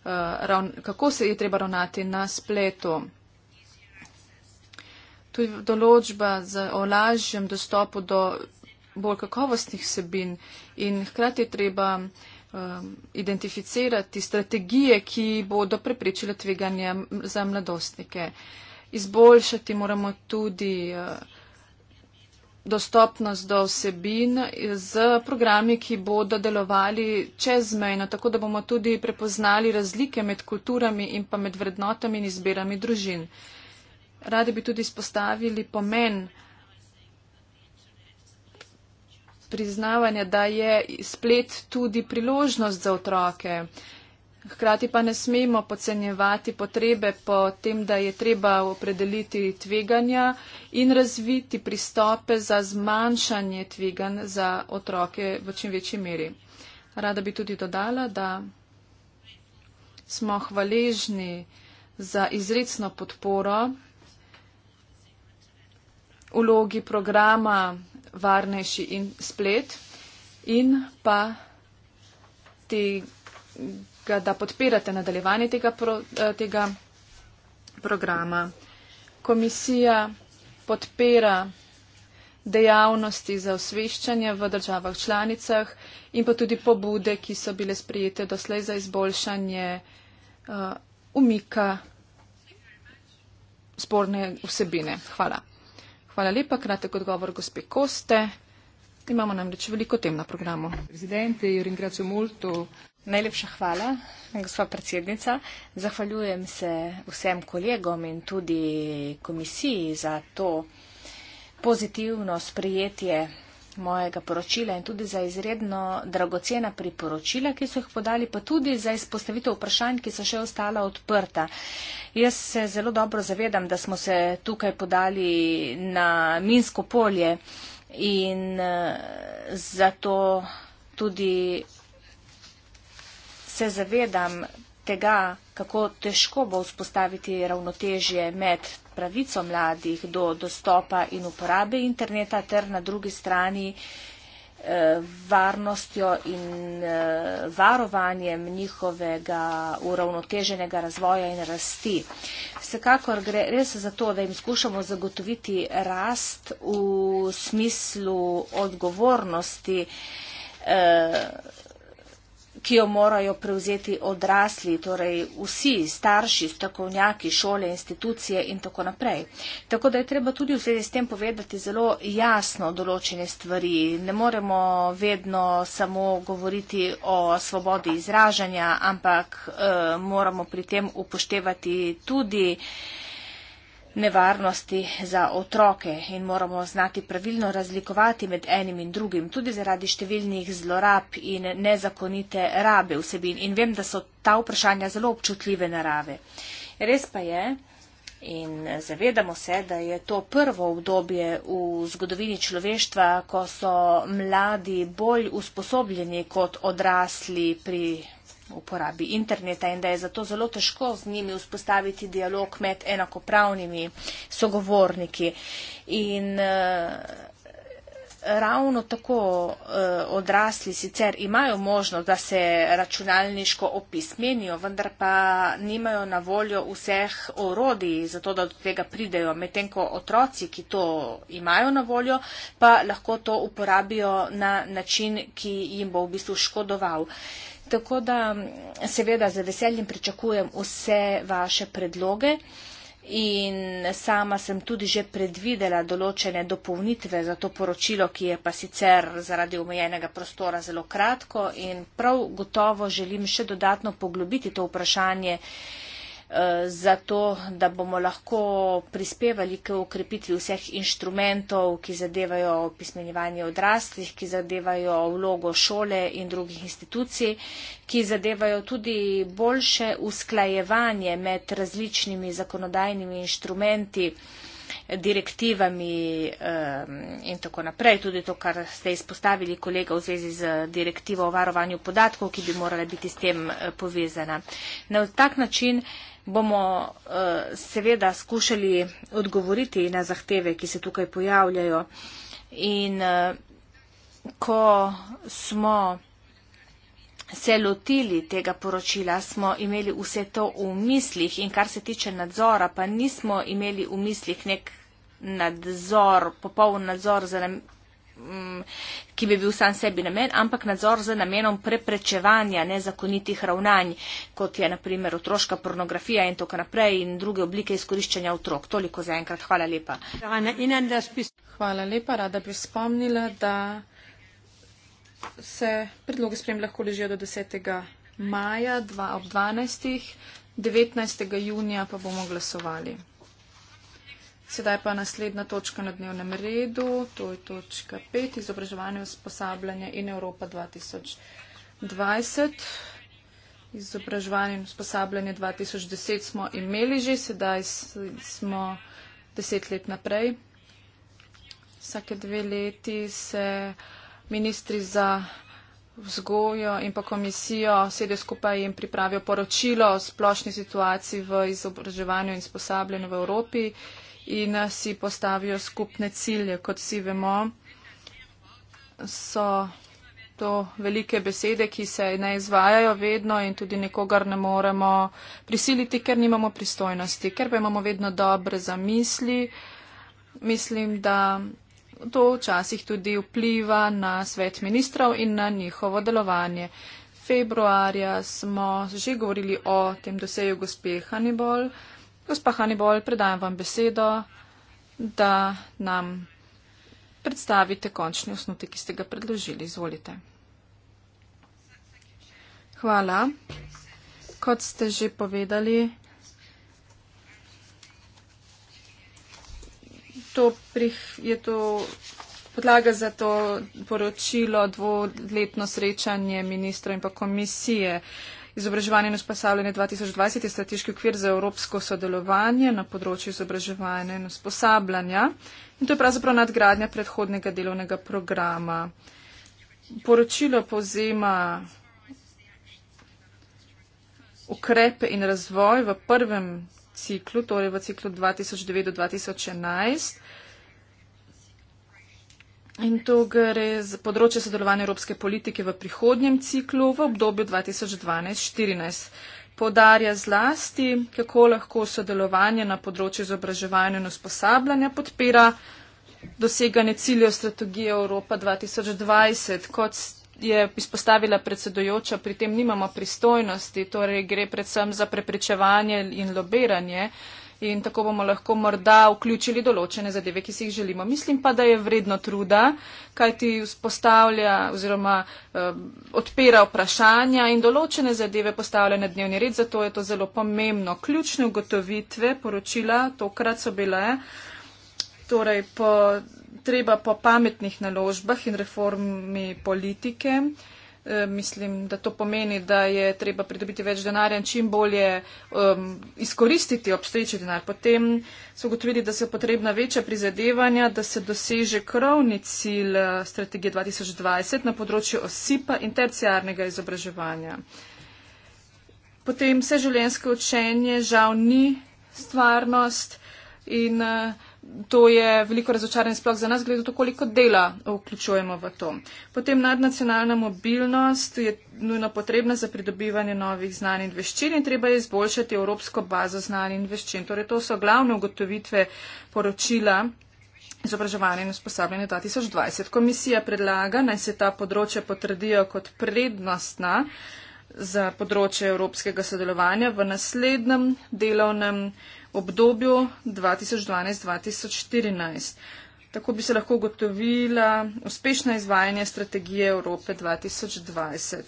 uh, kako se je treba ravnati na spletu. Tudi določba za, o lažjem dostopu do bolj kakovostnih sebin in hkrati je treba um, identificirati strategije, ki bodo preprečile tveganje za mladostnike. Izboljšati moramo tudi uh, dostopnost do vsebin z programi, ki bodo delovali čezmejno, tako da bomo tudi prepoznali razlike med kulturami in pa med vrednotami in izbirami družin. Radi bi tudi izpostavili pomen uh, priznavanje, da je splet tudi priložnost za otroke. Hkrati pa ne smemo podcenjevati potrebe po tem, da je treba opredeliti tveganja in razviti pristope za zmanjšanje tvegan za otroke v čim večji meri. Rada bi tudi dodala, da smo hvaležni za izredno podporo vlogi programa varnejši in splet in pa tega, da podpirate nadaljevanje tega, pro, eh, tega programa. Komisija podpira dejavnosti za osveščanje v državah članicah in pa tudi pobude, ki so bile sprijete doslej za izboljšanje uh, umika sporne vsebine. Hvala. Hvala lepa, kratek odgovor gospe Koste. Imamo namreč veliko tem na programu. Najlepša hvala, gospa predsednica. Zahvaljujem se vsem kolegom in tudi komisiji za to pozitivno sprejetje mojega poročila in tudi za izredno dragocena priporočila, ki so jih podali, pa tudi za izpostavitev vprašanj, ki so še ostala odprta. Jaz se zelo dobro zavedam, da smo se tukaj podali na minsko polje in eh, zato tudi se zavedam tega, kako težko bo vzpostaviti ravnotežje med pravico mladih do dostopa in uporabe interneta ter na drugi strani eh, varnostjo in eh, varovanjem njihovega uravnoteženega razvoja in rasti. Vsekakor gre res za to, da jim skušamo zagotoviti rast v smislu odgovornosti. Eh, ki jo morajo prevzeti odrasli, torej vsi starši, strokovnjaki, šole, institucije in tako naprej. Tako da je treba tudi v zvezi s tem povedati zelo jasno določene stvari. Ne moremo vedno samo govoriti o svobodi izražanja, ampak eh, moramo pri tem upoštevati tudi nevarnosti za otroke in moramo znati pravilno razlikovati med enim in drugim, tudi zaradi številnih zlorab in nezakonite rabe vsebin. In vem, da so ta vprašanja zelo občutljive narave. Res pa je, In zavedamo se, da je to prvo obdobje v zgodovini človeštva, ko so mladi bolj usposobljeni kot odrasli pri uporabi interneta in da je zato zelo težko z njimi vzpostaviti dialog med enakopravnimi sogovorniki. In eh, ravno tako eh, odrasli sicer imajo možnost, da se računalniško opismenijo, vendar pa nimajo na voljo vseh orodij za to, da do tega pridejo. Medtem ko otroci, ki to imajo na voljo, pa lahko to uporabijo na način, ki jim bo v bistvu škodoval. Eh, Tako da seveda z veseljem pričakujem vse vaše predloge in sama sem tudi že predvidela določene dopolnitve za to poročilo, ki je pa sicer zaradi omejenega prostora zelo kratko in prav gotovo želim še dodatno poglobiti to vprašanje. Eh, zato, da bomo lahko prispevali k ukrepitvi vseh inštrumentov, ki zadevajo pismenjevanje odraslih, ki zadevajo vlogo šole in drugih institucij, ki zadevajo tudi boljše usklajevanje med različnimi zakonodajnimi inštrumenti direktivami in tako naprej. Tudi to, kar ste izpostavili kolega v zvezi z direktivo o varovanju podatkov, ki bi morala biti s tem eh, povezana. Na tak način bomo eh, seveda skušali odgovoriti na zahteve, ki se tukaj pojavljajo. In eh, ko smo se lotili tega poročila, smo imeli vse to v mislih in kar se tiče nadzora, pa nismo imeli v mislih nek nadzor, popoln nadzor za nami Mm, ki bi bil sam sebi namen, ampak nadzor z namenom preprečevanja nezakonitih ravnanj, kot je naprimer otroška pornografija in tako naprej in druge oblike izkoriščanja otrok. Toliko za enkrat. Hvala lepa. Hvala lepa. Rada bi spomnila, da se predlogi sprem lahko ležijo do 10. maja ob 12. 19. junija pa bomo glasovali. Sedaj pa naslednja točka na dnevnem redu, to je točka 5, izobraževanje, usposabljanje in Evropa 2020. Izobraževanje in usposabljanje 2010 smo imeli že, sedaj smo deset let naprej. Vsake dve leti se ministri za vzgojo in pa komisijo sedijo skupaj in pripravijo poročilo o splošni situaciji v izobraževanju in usposabljanju v Evropi in eh, si postavijo skupne cilje. Kot vsi vemo, so to velike besede, ki se ne izvajajo vedno in tudi nikogar ne moremo prisiliti, ker nimamo pristojnosti, ker pa imamo vedno dobre zamisli. Mislim, da to včasih tudi vpliva na svet ministrov in na njihovo delovanje. Februarja smo že govorili o tem doseju gospe Hannibal. Gospa Hannibal, predajam vam besedo, da nam predstavite končni osnutek, ki ste ga predložili. Izvolite. Hvala. Kot ste že povedali, to prih, je to podlaga za to poročilo dvoletno srečanje ministra in pa komisije. Uh, Izobraževanje in usposabljanje 2020 je strateški okvir za evropsko sodelovanje na področju izobraževanja in usposabljanja. In to je pravzaprav nadgradnja predhodnega delovnega programa. Poročilo povzema ukrepe in razvoj v prvem ciklu, torej v ciklu 2009 do 2011. In to gre z področja sodelovanja evropske politike v prihodnjem ciklu v obdobju 2012-2014. Podarja zlasti, kako lahko sodelovanje na področju izobraževanja in usposabljanja podpira doseganje ciljev strategije Evropa 2020. Kot je izpostavila predsedojoča, pri tem nimamo pristojnosti, torej gre predvsem za preprečevanje in lobiranje in tako bomo lahko morda vključili določene zadeve, ki si jih želimo. Mislim pa, da je vredno truda, kaj ti vzpostavlja oziroma eh, odpira vprašanja in določene zadeve postavlja na dnevni red, zato je to zelo pomembno. Ključne ugotovitve poročila tokrat so bile, torej po, treba po pametnih naložbah in reformi politike. Eh, Eh, mislim, da to pomeni, da je treba pridobiti več denarja in čim bolje um, izkoristiti obstoječi denar. Potem so ugotovili, da so potrebna večja prizadevanja, da se doseže krovni cilj eh, strategije 2020 na področju osipa in terciarnega izobraževanja. Potem vse življenjsko učenje žal ni stvarnost in uh, to je veliko razočaranje sploh za nas, glede to, koliko dela vključujemo v to. Potem nadnacionalna mobilnost je nujno potrebna za pridobivanje novih znanj in veščin in treba je izboljšati evropsko bazo znanj in veščin. Torej, to so glavne ugotovitve poročila izobraževanje in usposabljanje 2020. Komisija predlaga, naj se ta področja potrdijo kot prednostna za področje evropskega sodelovanja v naslednjem delovnem obdobju 2012-2014. Tako bi se lahko ugotovila uspešno izvajanje strategije Evrope 2020.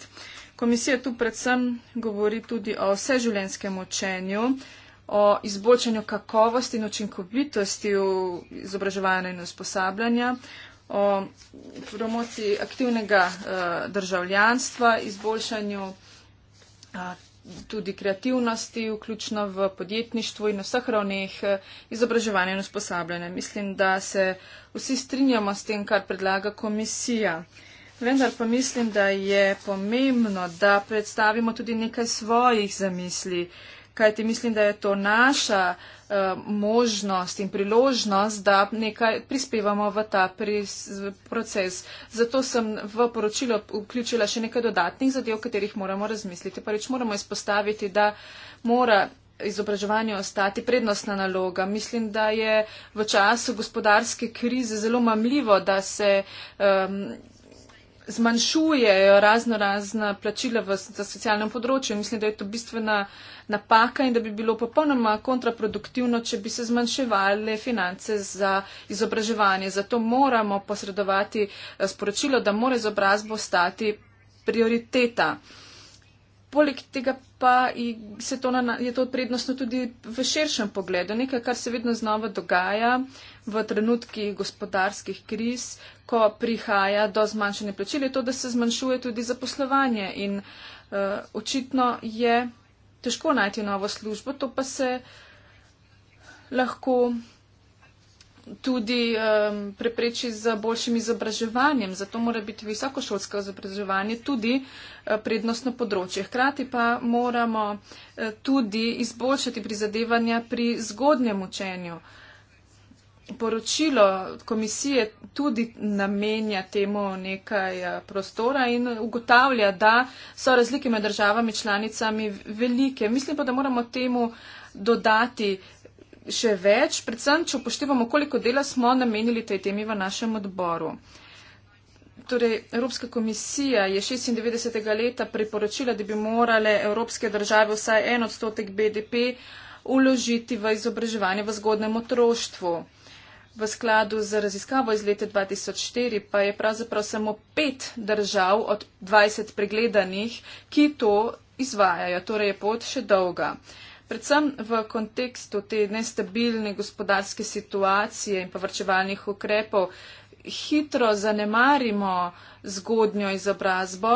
Komisija tu predvsem govori tudi o vseživljenskem učenju, o izboljšanju kakovosti in učinkovitosti v izobraževanju in usposabljanja, o promociji aktivnega eh, državljanstva, izboljšanju eh, tudi kreativnosti, vključno v podjetništvu in na vseh ravneh eh, izobraževanja in usposabljanja. Mislim, da se vsi strinjamo s tem, kar predlaga komisija. Vendar pa mislim, da je pomembno, da predstavimo tudi nekaj svojih zamisli kaj ti mislim, da je to naša uh, možnost in priložnost, da nekaj prispevamo v ta pris, v proces. Zato sem v poročilo vključila še nekaj dodatnih zadev, o katerih moramo razmisliti. Pa reč moramo izpostaviti, da mora izobraževanje ostati prednostna naloga. Mislim, da je v času gospodarske krize zelo mamljivo, da se um, zmanjšujejo razno razna plačila v, za socialno področje. Mislim, da je to bistvena napaka in da bi bilo popolnoma kontraproduktivno, če bi se zmanjševali finance za izobraževanje. Zato moramo posredovati eh, sporočilo, da mora izobrazbo stati prioriteta. Poleg tega pa to na, je to prednostno tudi v širšem pogledu. Nekaj, kar se vedno znova dogaja, v trenutkih gospodarskih kriz, ko prihaja do zmanjšanja plačil, je to, da se zmanjšuje tudi zaposlovanje in uh, očitno je težko najti novo službo, to pa se lahko tudi um, prepreči z boljšim izobraževanjem. Zato mora biti visokošolsko izobraževanje tudi uh, prednostno področje. Hkrati pa moramo uh, tudi izboljšati prizadevanja pri zgodnjem učenju. Uh, poročilo komisije tudi namenja temu nekaj eh, prostora in ugotavlja, da so razlike med državami članicami velike. Mislim pa, da moramo temu dodati še več, predvsem, če upoštevamo, koliko dela smo namenili tej temi v našem odboru. Torej, Evropska komisija je 96. leta priporočila, da bi morale evropske države vsaj en odstotek BDP uložiti v izobraževanje v zgodnem otroštvu. V skladu z raziskavo iz leta 2004 pa je pravzaprav samo pet držav od 20 pregledanih, ki to izvajajo, torej je pot še dolga. Predvsem v kontekstu te nestabilne gospodarske situacije in povrčevalnih ukrepov hitro zanemarimo zgodnjo izobrazbo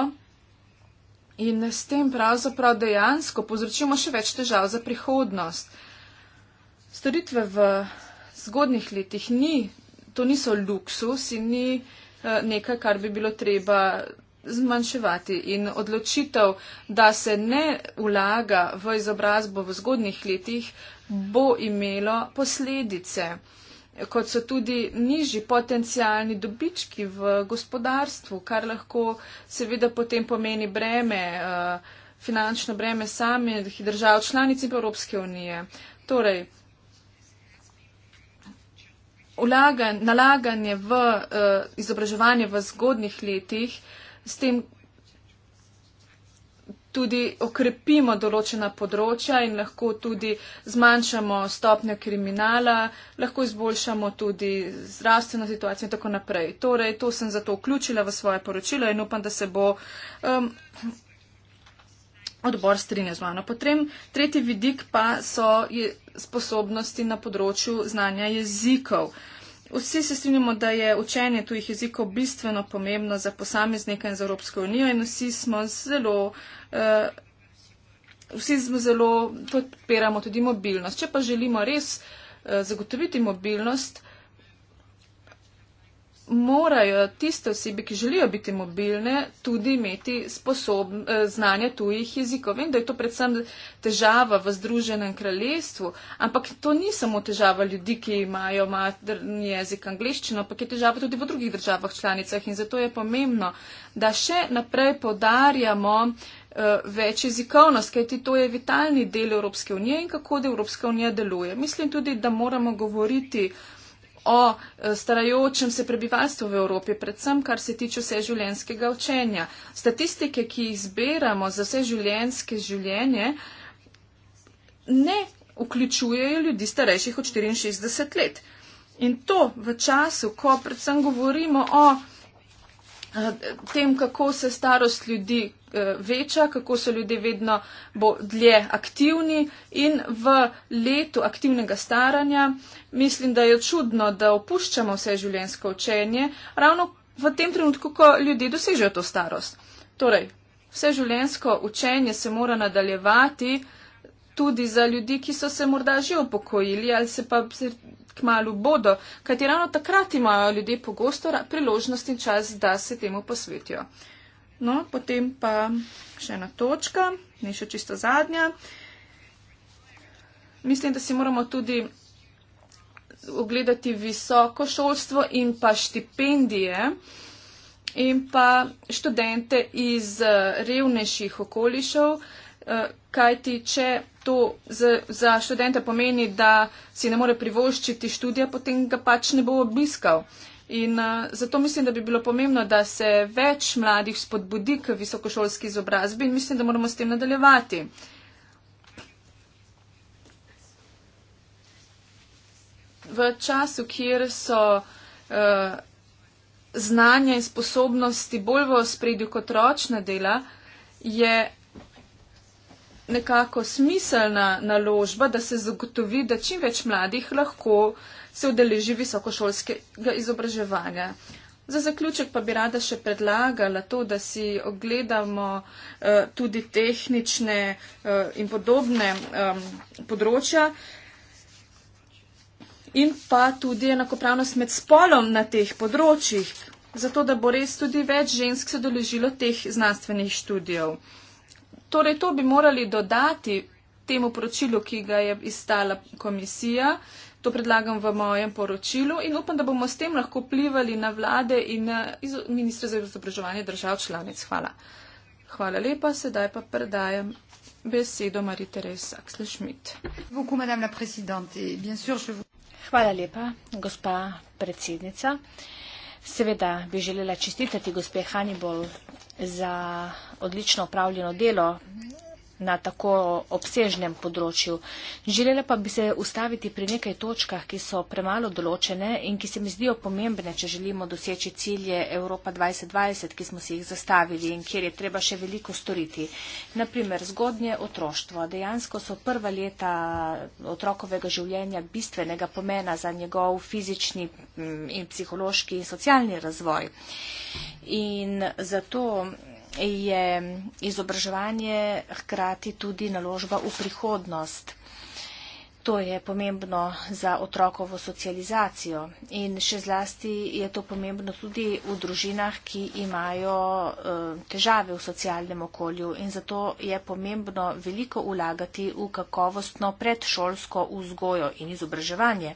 in s tem pravzaprav dejansko povzročimo še več težav za prihodnost. Storitve v zgodnih letih ni, to niso luksus in ni eh, nekaj, kar bi bilo treba zmanjševati. In odločitev, da se ne vlaga v izobrazbo v zgodnih letih, bo imelo posledice, kot so tudi nižji potencijalni dobički v gospodarstvu, kar lahko seveda potem pomeni breme, eh, finančno breme samih držav članic Evropske unije. Torej, ulagan, nalaganje v uh, izobraževanje v zgodnih letih, s tem tudi okrepimo določena področja in lahko tudi zmanjšamo stopnjo kriminala, lahko izboljšamo tudi zdravstveno situacijo in tako naprej. Torej, to sem zato vključila v svoje poročilo in upam, da se bo um, odbor strinja z mano. Potem tretji vidik pa so sposobnosti na področju znanja jezikov. Vsi se strinjamo, da je učenje tujih jezikov bistveno pomembno za posameznika in za Evropsko unijo in vsi smo zelo. Uh, Vsi smo zelo podpiramo tudi mobilnost. Če pa želimo res uh, zagotoviti mobilnost, uh, morajo tiste osebe, ki želijo biti mobilne, tudi imeti sposobn, eh, znanje tujih jezikov. Vem, da je to predvsem težava v Združenem kraljestvu, ampak to ni samo težava ljudi, ki imajo materni jezik angliščino, ampak je težava tudi v drugih državah članicah in zato je pomembno, da še naprej podarjamo eh, več jezikovnost, kajti to je vitalni del Evropske unije in kako da Evropska unija deluje. Mislim tudi, da moramo govoriti o e, starajočem se prebivalstvu v Evropi, predvsem kar se tiče vseživljenjskega učenja. Statistike, ki jih zbiramo za vseživljenjske življenje, ne vključujejo ljudi starejših od 64 let. In to v času, ko predvsem govorimo o Eh, tem, kako se starost ljudi eh, veča, kako so ljudje vedno dlje aktivni in v letu aktivnega staranja mislim, da je čudno, da opuščamo vse življenjsko učenje ravno v tem trenutku, ko ljudje dosežejo to starost. Torej, vse življenjsko učenje se mora nadaljevati tudi za ljudi, ki so se morda že upokojili ali se pa kmalo bodo, kajti ravno takrat imajo ljudje pogosto priložnost in čas, da se temu posvetijo. No, potem pa še ena točka, ne še čisto zadnja. Mislim, da si moramo tudi ogledati visoko šolstvo in pa štipendije in pa študente iz eh, revnejših okolišev, eh, kajti če to za, za študenta pomeni, da si ne more privoščiti študija, potem ga pač ne bo obiskal. In uh, zato mislim, da bi bilo pomembno, da se več mladih spodbudi k visokošolski izobrazbi in mislim, da moramo s tem nadaljevati. V času, kjer so uh, znanja in sposobnosti bolj v spredju kot ročna dela, je nekako smiselna naložba, da se zagotovi, da čim več mladih lahko se udeleži visokošolskega izobraževanja. Za zaključek pa bi rada še predlagala to, da si ogledamo eh, tudi tehnične eh, in podobne eh, področja in pa tudi enakopravnost med spolom na teh področjih, zato da bo res tudi več žensk se doležilo teh znanstvenih študijev. Torej, to bi morali dodati temu poročilu, ki ga je izdala komisija. To predlagam v mojem poročilu in upam, da bomo s tem lahko plivali na vlade in na ministre za izobraževanje držav članic. Hvala. Hvala lepa, sedaj pa predajam. Besedo Marie-Therese Axel-Schmidt. Hvala lepa, gospa predsednica. Seveda bi želela čestitati gospe Hannibal za odlično upravljeno delo na tako obsežnem področju. Želela pa bi se ustaviti pri nekaj točkah, ki so premalo določene in ki se mi zdijo pomembne, če želimo doseči cilje Evropa 2020, ki smo si jih zastavili in kjer je treba še veliko storiti. Naprimer, zgodnje otroštvo. Dejansko so prva leta mm, otrokovega življenja bistvenega pomena za njegov fizični mm, in psihološki in socialni razvoj. In zato je izobraževanje hkrati tudi naložba v prihodnost. To je pomembno za otrokovo socializacijo in še zlasti je to pomembno tudi v družinah, ki imajo eh, težave v socialnem okolju in zato je pomembno veliko ulagati v kakovostno predšolsko vzgojo in izobraževanje,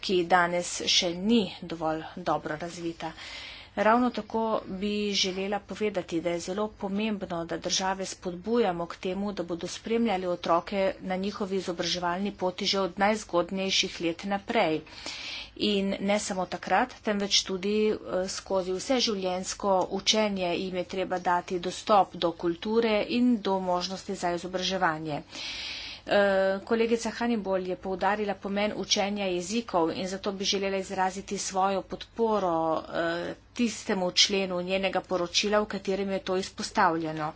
ki danes še ni dovolj dobro razvita. Ravno tako bi želela povedati, da je zelo pomembno, da države spodbujamo k temu, da bodo spremljali otroke na njihovi izobraževalni poti že od najzgodnejših let naprej. In ne samo takrat, temveč tudi eh, skozi vse življensko učenje jim je treba dati dostop do kulture in do možnosti za izobraževanje. Eh, kolegica Hannibal je poudarila pomen učenja jezikov in zato bi želela izraziti svojo podporo eh, tistemu členu njenega poročila, v katerem je to izpostavljeno.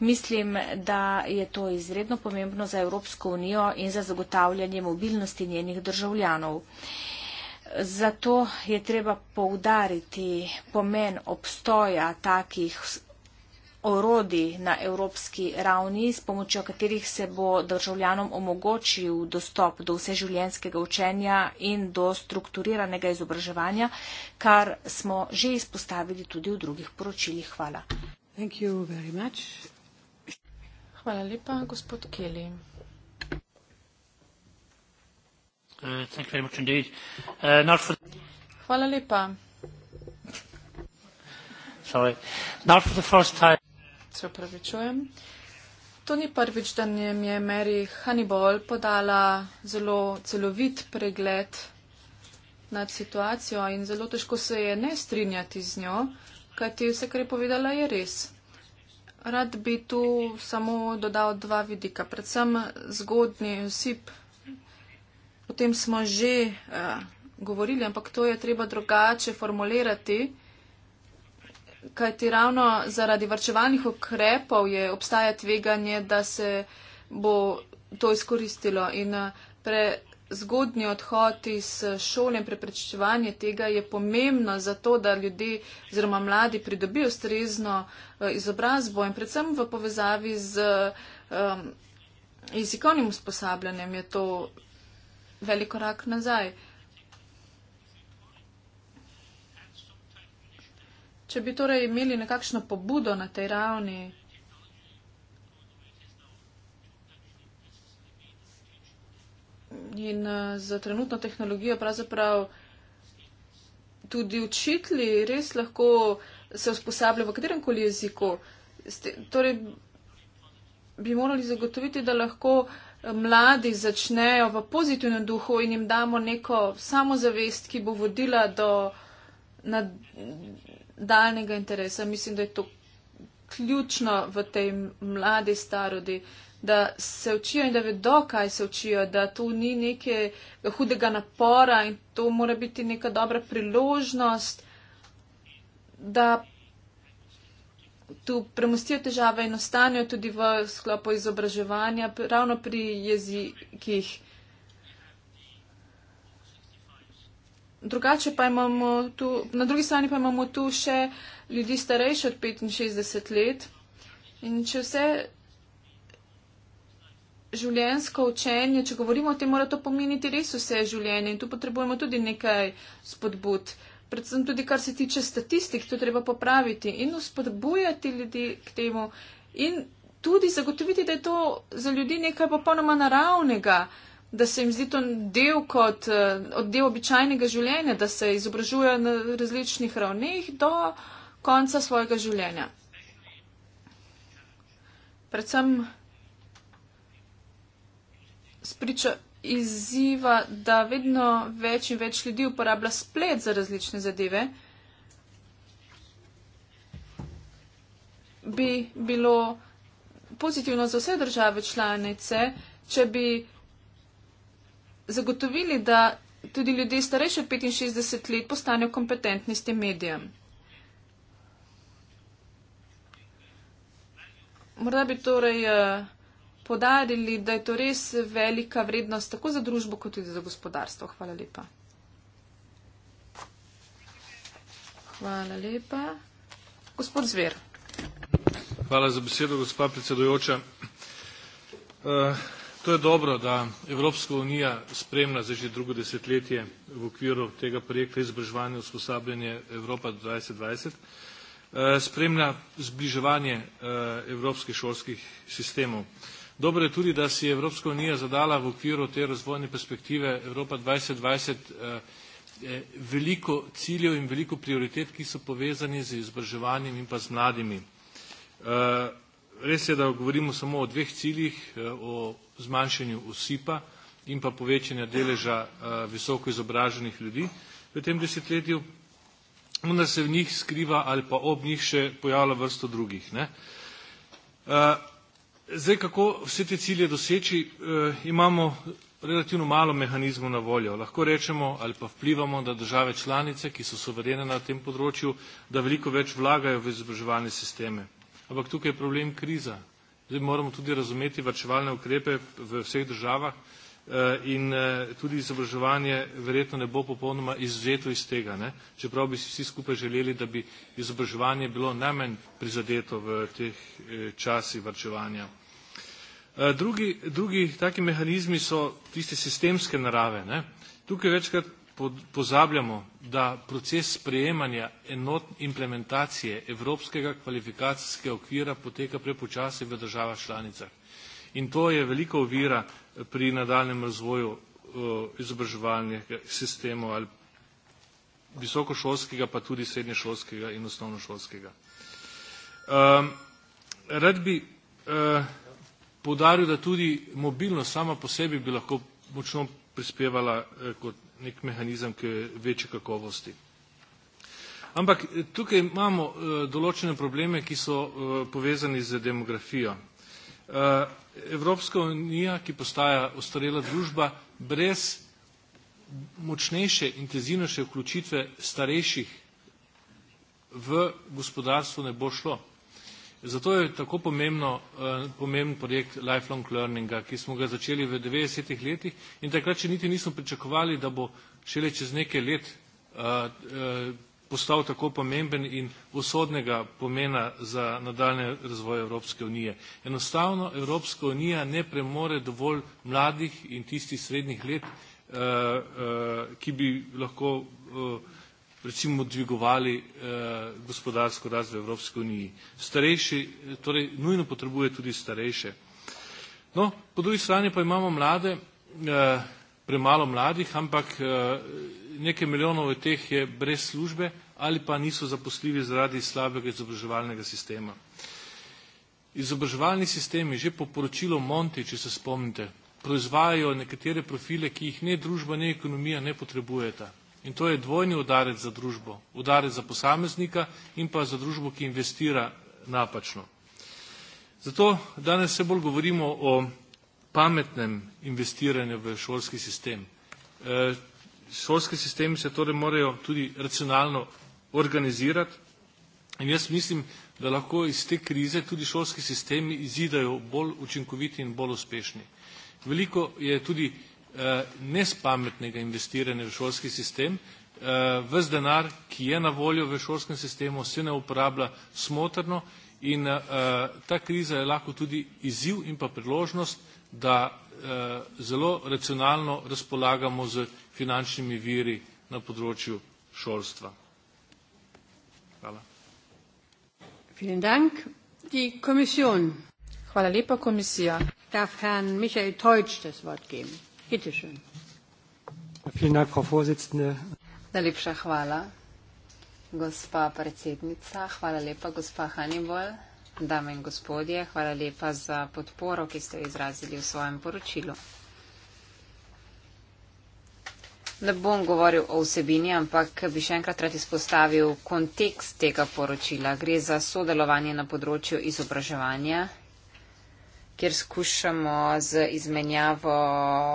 Mislim, da je to izredno pomembno za Evropsko unijo in za zagotavljanje mobilnosti njenih državljanov. Zato je treba poudariti pomen obstoja takih orodij na evropski ravni, s pomočjo katerih se bo državljanom omogočil dostop do vseživljenjskega učenja in do strukturiranega izobraževanja, kar smo že izpostavili tudi v drugih poročilih. Hvala. Hvala lepa, gospod Kelly. Uh, uh, Hvala lepa. Sorry. Not for the first time se opravičujem. To ni prvič, da njem je Mary Hannibal podala zelo celovit pregled nad situacijo in zelo težko se je ne strinjati z njo, kajti vse, kar je povedala, je res. Rad bi tu samo dodal dva vidika, predvsem zgodni osip, o tem smo že uh, govorili, ampak to je treba drugače formulirati kajti ravno zaradi varčevalnih okrepov je obstaja tveganje, da se bo to izkoristilo. In eh, prezgodnji odhod iz eh, šole in preprečevanje tega je pomembno za to, da ljudje oziroma mladi pridobijo strezno eh, izobrazbo in predvsem v povezavi z um, jezikovnim usposabljanjem je to velik korak nazaj. če bi torej imeli nekakšno pobudo na tej ravni. In uh, za trenutno tehnologijo pravzaprav tudi učitli res lahko se usposabljajo v katerem koli jeziku. Ste, torej bi morali zagotoviti, da lahko eh, mladi začnejo v pozitivnem duhu in jim damo neko samozavest, ki bo vodila do, na, daljnega interesa. Mislim, da je to ključno v tej mladi starodi, da se učijo in da vedo, kaj se učijo, da to ni neke hudega napora in to mora biti neka dobra priložnost, da tu premustijo težave in ostanejo tudi v sklopu izobraževanja, ravno pri jezikih. drugače pa imamo tu, na drugi strani pa imamo tu še ljudi starejši od 65 let. In če vse življensko učenje, če govorimo o tem, mora to pomeniti res vse življenje in tu potrebujemo tudi nekaj spodbud. Predvsem tudi, kar se tiče statistik, to treba popraviti in uspodbujati ljudi k temu in tudi zagotoviti, da je to za ljudi nekaj popolnoma naravnega. Uh, da se jim zdi to del kot eh, od del običajnega življenja, da se izobražuje na različnih ravneh do konca svojega življenja. Predvsem spriča izziva, da vedno več in več ljudi uporablja splet za različne zadeve, bi bilo pozitivno za vse države članice, če bi zagotovili, da tudi ljudje starejši od 65 let postanejo kompetentni s tem medijem. Morda bi torej eh, podarili, da je to res velika vrednost tako za družbo, kot tudi za gospodarstvo. Hvala lepa. Hvala lepa. Gospod Zver. Hvala za besedo, gospa predsedujoča. Uh, To je dobro, da Evropska unija spremlja zdaj že drugo desetletje v okviru tega projekta izobraževanja usposabljanje Evropa do 2020, eh, spremlja zbliževanje eh, evropskih šolskih sistemov. Dobro je tudi, da si je Evropska unija zadala v okviru te razvojne perspektive Evropa 2020 eh, veliko ciljev in veliko prioritet, ki so povezani z izobraževanjem in pa z mladimi. Res je, da govorimo samo o dveh ciljih, o zmanjšanju usipa in pa povečanja deleža eh, visoko izobraženih ljudi v tem desetletju, da se v njih skriva ali pa ob njih še pojavlja vrsto drugih. Ne. Eh, zdaj, kako vse te cilje doseči, eh, imamo relativno malo mehanizmov na voljo. Lahko rečemo ali pa vplivamo, da države članice, ki so suverene na tem področju, da veliko več vlagajo v izobraževalne sisteme. Ampak tukaj je problem kriza, Zdaj moramo tudi razumeti varčevalne ukrepe v vseh državah eh, in eh, tudi izobraževanje verjetno ne bo popolnoma izvzeto iz tega. Ne? Čeprav bi si vsi skupaj želeli, da bi izobraževanje bilo najmanj prizadeto v teh eh, časih varčevanja. Drugi, drugi taki mehanizmi so tiste sistemske narave. Ne? Tukaj večkrat pozabljamo, da proces sprejemanja enot implementacije Evropskega kvalifikacijskega okvira poteka prepočasi v državah članicah. In to je veliko ovira pri nadaljem razvoju eh, izobraževalnih sistemov ali visokošolskega, pa tudi srednješolskega in osnovnošolskega. Um, rad bi uh, poudaril, da tudi mobilnost sama po sebi bi lahko močno prispevala uh, kot nek mehanizem k večji kakovosti. Ampak eh, tukaj imamo eh, določene probleme, ki so eh, povezani z demografijo. Evropska unija, ki postaja ostarela družba, brez močnejše, intenzivnejše vključitve starejših v gospodarstvo ne bo šlo. Zato je tako pomembno, eh, pomemben projekt lifelong learninga, ki smo ga začeli v 90-ih letih in takrat še niti nismo pričakovali, da bo šele čez nekaj let eh, eh, postal tako pomemben in usodnega pomena za nadaljne razvoje Evropske unije. Enostavno Evropska unija ne premore dovolj mladih in tistih srednjih let, ki bi lahko vsega recimo dvigovali eh, gospodarsko rast v Evropski uniji. Starejši eh, torej nujno potrebuje tudi starejše. No, po drugi strani pa imamo mlade, eh, premalo mladih, ampak eh, nekaj milijonov teh je brez službe ali pa niso zaposljivi zaradi slabega izobraževalnega sistema. Izobraževalni sistemi, že po poročilu Monti, če se spomnite, proizvajajo nekatere profile, ki jih ne družba, ne ekonomija ne potrebujeta. In to je dvojni udarec za družbo. Udarec za posameznika in pa za družbo, ki investira napačno. Zato danes se bolj govorimo o pametnem investiranju v šolski sistem. E, šolski sistemi se torej morajo tudi racionalno organizirati in jaz mislim, da lahko iz te krize tudi šolski sistemi izidajo bolj učinkoviti in bolj uspešni. Veliko je tudi Eh, nespametnega investiranja v šolski sistem. Eh, ves denar, ki je na voljo v šolskem sistemu, se ne uporablja smotrno in eh, ta kriza je lahko tudi izziv in pa priložnost, da zelo racionalno razpolagamo z finančnimi viri na področju šolstva. Hvala. Hvala lepa, komisija. Najlepša hvala, gospa predsednica. Hvala lepa, gospa Hannibal. Dame in gospodje, hvala lepa za podporo, ki ste izrazili v svojem poročilu. Ne bom govoril o vsebini, ampak bi še enkrat rad izpostavil kontekst tega poročila. Gre za sodelovanje na področju izobraževanja kjer skušamo z izmenjavo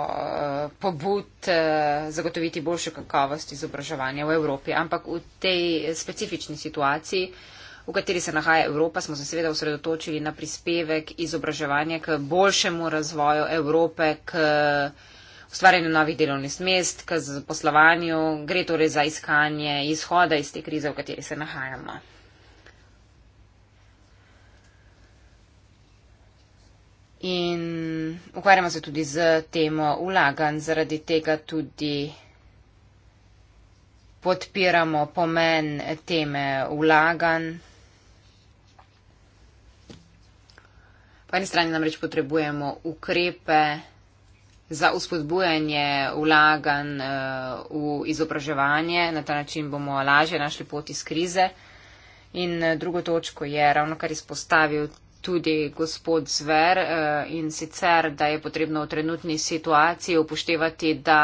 eh, pobud eh, zagotoviti boljšo kakovost izobraževanja v Evropi. Ampak v tej specifični situaciji, v kateri se nahaja Evropa, smo se seveda osredotočili na prispevek izobraževanja k boljšemu razvoju Evrope, k ustvarjanju novih delovnih mest, k zaposlovanju. Gre torej za iskanje izhoda iz te krize, v kateri se nahajamo. in ukvarjamo se tudi z temo ulaganj, zaradi tega tudi podpiramo pomen teme ulaganj. Po eni strani namreč potrebujemo ukrepe za uspodbujanje ulaganj eh, v izobraževanje, na ta način bomo lažje našli pot iz krize. In eh, drugo točko je ravno kar izpostavil tudi gospod Zver eh, in sicer, da je potrebno v trenutni situaciji upoštevati, da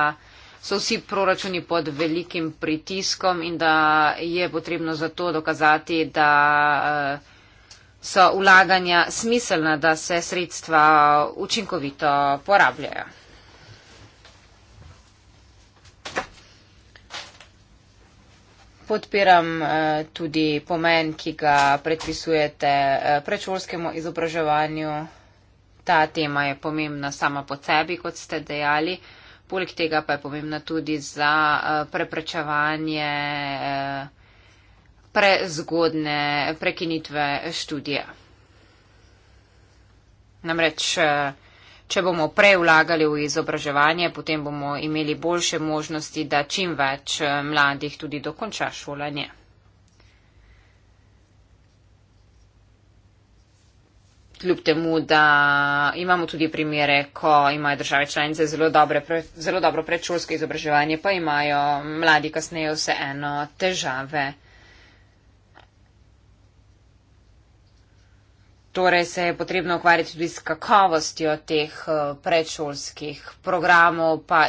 so vsi proračuni pod velikim pritiskom in da je potrebno zato dokazati, da eh, so vlaganja smiselna, da se sredstva učinkovito porabljajo. podpiram eh, tudi pomen, ki ga predpisujete eh, prečolskemu izobraževanju. Ta tema je pomembna sama po sebi, kot ste dejali. Poleg tega pa je pomembna tudi za eh, preprečevanje prezgodne prekinitve študija. Namreč če bomo prej vlagali v izobraževanje, potem bomo imeli boljše možnosti, da čim več eh, mladih tudi dokonča šolanje. Kljub temu, da imamo tudi primere, ko imajo države članice zelo, dobre, zelo dobro predšolsko izobraževanje, pa imajo mladi kasneje vseeno težave. torej se je potrebno ukvarjati tudi s kakovostjo teh eh, predšolskih programov, pa,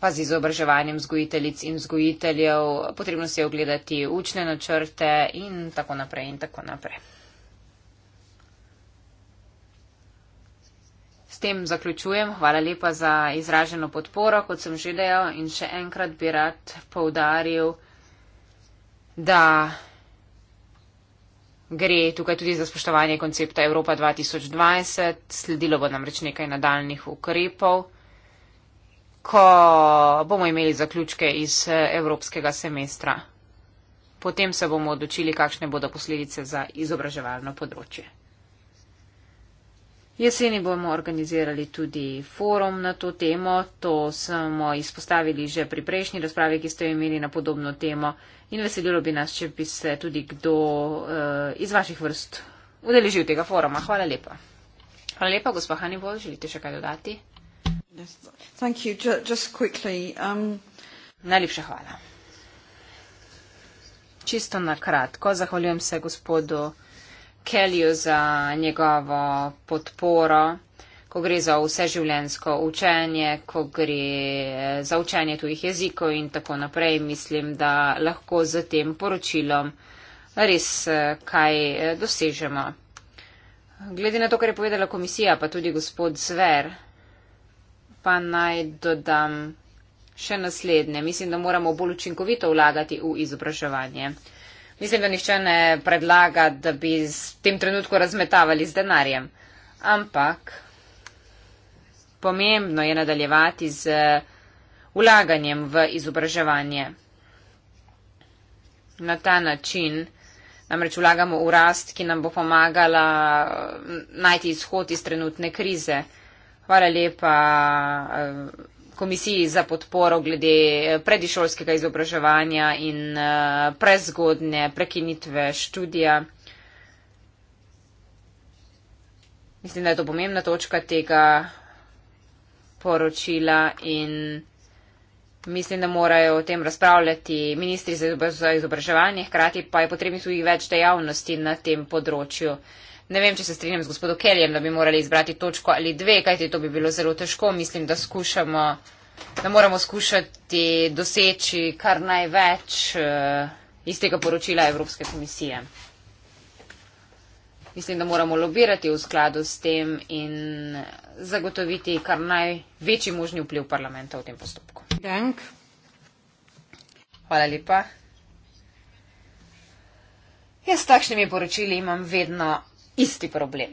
pa z izobraževanjem vzgojiteljic in vzgojiteljev. Potrebno se je ogledati učne načrte in tako naprej in tako naprej. S tem zaključujem. Hvala lepa za izraženo podporo, kot sem že dejal in še enkrat bi rad povdaril, da. Gre tukaj tudi za spoštovanje koncepta Evropa 2020, sledilo bo namreč nekaj nadaljnih ukrepov, ko bomo imeli zaključke iz evropskega semestra. Potem se bomo odločili, kakšne bodo posledice za izobraževalno področje. Jeseni bomo organizirali tudi forum na to temo, to smo izpostavili že pri prejšnji razpravi, ki ste jo imeli na podobno temo in veselilo bi nas, če bi se tudi kdo uh, iz vaših vrst udeležil tega foruma. Hvala lepa. Hvala lepa, gospod Hanibol, želite še kaj dodati? Um, Najlepša hvala. Čisto na kratko, zahvaljujem se gospodu. Kellyju za njegovo podporo, ko gre za vseživljensko učenje, ko gre eh, za učenje tujih jezikov in tako naprej. Mislim, da lahko z tem poročilom res eh, kaj eh, dosežemo. Glede na to, kar je povedala komisija, pa tudi gospod Zver, pa naj dodam še naslednje. Mislim, da moramo bolj učinkovito vlagati v izobraževanje. Mislim, da nišče ne predlaga, da bi v tem trenutku razmetavali z denarjem. Ampak pomembno je nadaljevati z ulaganjem eh, v izobraževanje. Na ta način namreč ulagamo v rast, ki nam bo pomagala eh, najti izhod iz trenutne krize. Hvala lepa. Eh, komisiji za podporo glede predišolskega izobraževanja in eh, prezgodne prekinitve študija. Mislim, da je to pomembna točka tega poročila in mislim, da morajo o tem razpravljati ministri za izobraževanje, hkrati pa je potrebno tudi več dejavnosti na tem področju. Ne vem, če se strinjam z gospodom Kerjem, da bi morali izbrati točko ali dve, kajti to bi bilo zelo težko. Mislim, da, skušamo, da moramo skušati doseči kar največ eh, iz tega poročila Evropske komisije. Mislim, da moramo lobirati v skladu s tem in zagotoviti kar največji možni vpliv parlamenta v tem postopku. Denk. Hvala lepa. Jaz s takšnimi poročili imam vedno isti problem.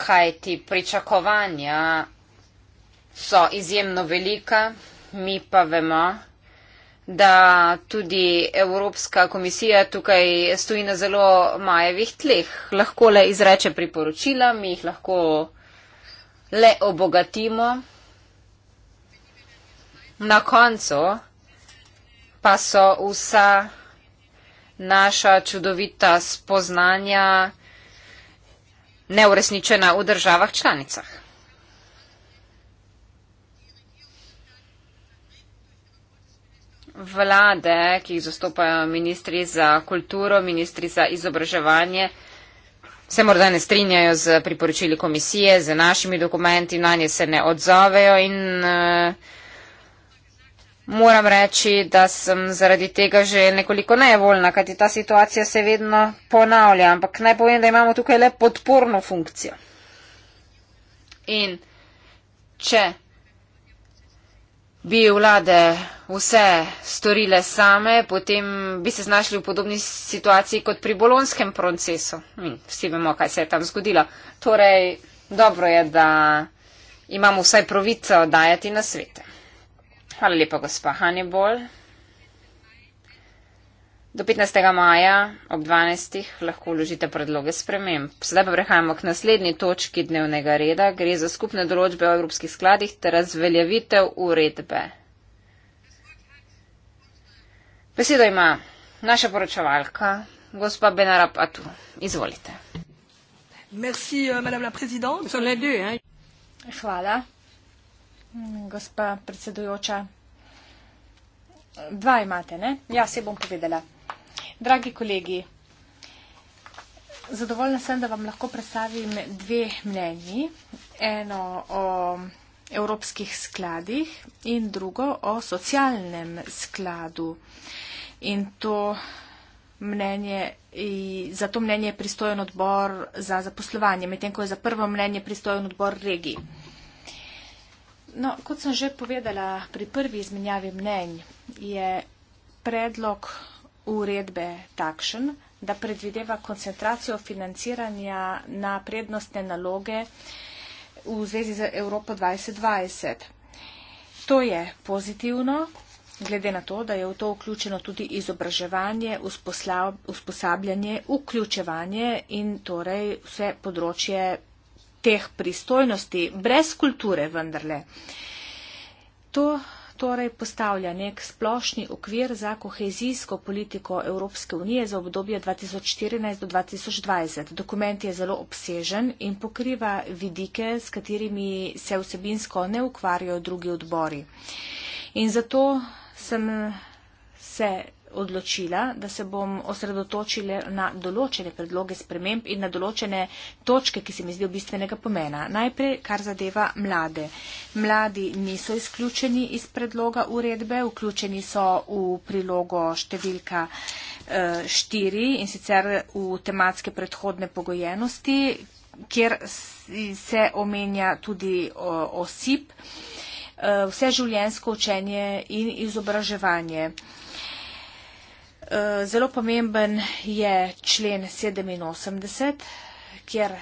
Kaj ti pričakovanja so izjemno velika, mi pa vemo, da tudi Evropska komisija tukaj stoji na zelo majevih tleh. Lahko le izreče priporočila, mi jih lahko le obogatimo. Na koncu pa so vsa naša čudovita spoznanja, neurešničena v državah članicah. Vlade, ki jih zastopajo ministri za kulturo, ministri za izobraževanje, se morda ne strinjajo z priporočili komisije, z našimi dokumenti, na nje se ne odzovejo in uh, moram reči, da sem zaradi tega že nekoliko nevoljna, kajti ta situacija se vedno ponavlja, ampak naj povem, da imamo tukaj le podporno funkcijo. In če bi vlade vse storile same, potem bi se znašli v podobni situaciji kot pri bolonskem procesu. Vsi vemo, kaj se je tam zgodilo. Torej, dobro je, da imamo vsaj pravico dajati na svete. Hvala lepa, gospa Hannibal. Do 15. maja ob 12. lahko vložite predloge sprememb. Sedaj pa prehajamo k naslednji točki dnevnega reda. Gre za skupne določbe o evropskih skladih ter razveljavitev uredbe. Besedo ima naša poročevalka, gospa Benarab Atu. Izvolite. Merci, uh, la Hvala. Gospa predsedujoča, dva imate, ne? Ja, se bom povedala. Dragi kolegi, zadovoljna sem, da vam lahko predstavim dve mnenji. Eno o evropskih skladih in drugo o socialnem skladu. In to mnenje, za to mnenje je pristojen odbor za zaposlovanje, medtem ko je za prvo mnenje pristojen odbor regij. No, kot sem že povedala pri prvi izmenjavi mnenj, je predlog uredbe takšen, da predvideva koncentracijo financiranja na prednostne naloge v zvezi z Evropo 2020. To je pozitivno, glede na to, da je v to vključeno tudi izobraževanje, usposabljanje, vključevanje in torej vse področje teh pristojnosti, brez kulture vendarle. To torej postavlja nek splošni okvir za kohezijsko politiko Evropske unije za obdobje 2014 do 2020. Dokument je zelo obsežen in pokriva vidike, s katerimi se vsebinsko ne ukvarjajo drugi odbori. In zato sem se odločila, da se bom osredotočila na določene predloge sprememb in na določene točke, ki se mi zdijo bistvenega pomena. Najprej, kar zadeva mlade. Mladi niso izključeni iz predloga uredbe, vključeni so v prilogo številka eh, štiri in sicer v tematske predhodne pogojenosti, kjer se omenja tudi osip, eh, vse življensko učenje in izobraževanje. Eh, zelo pomemben je člen 87, kjer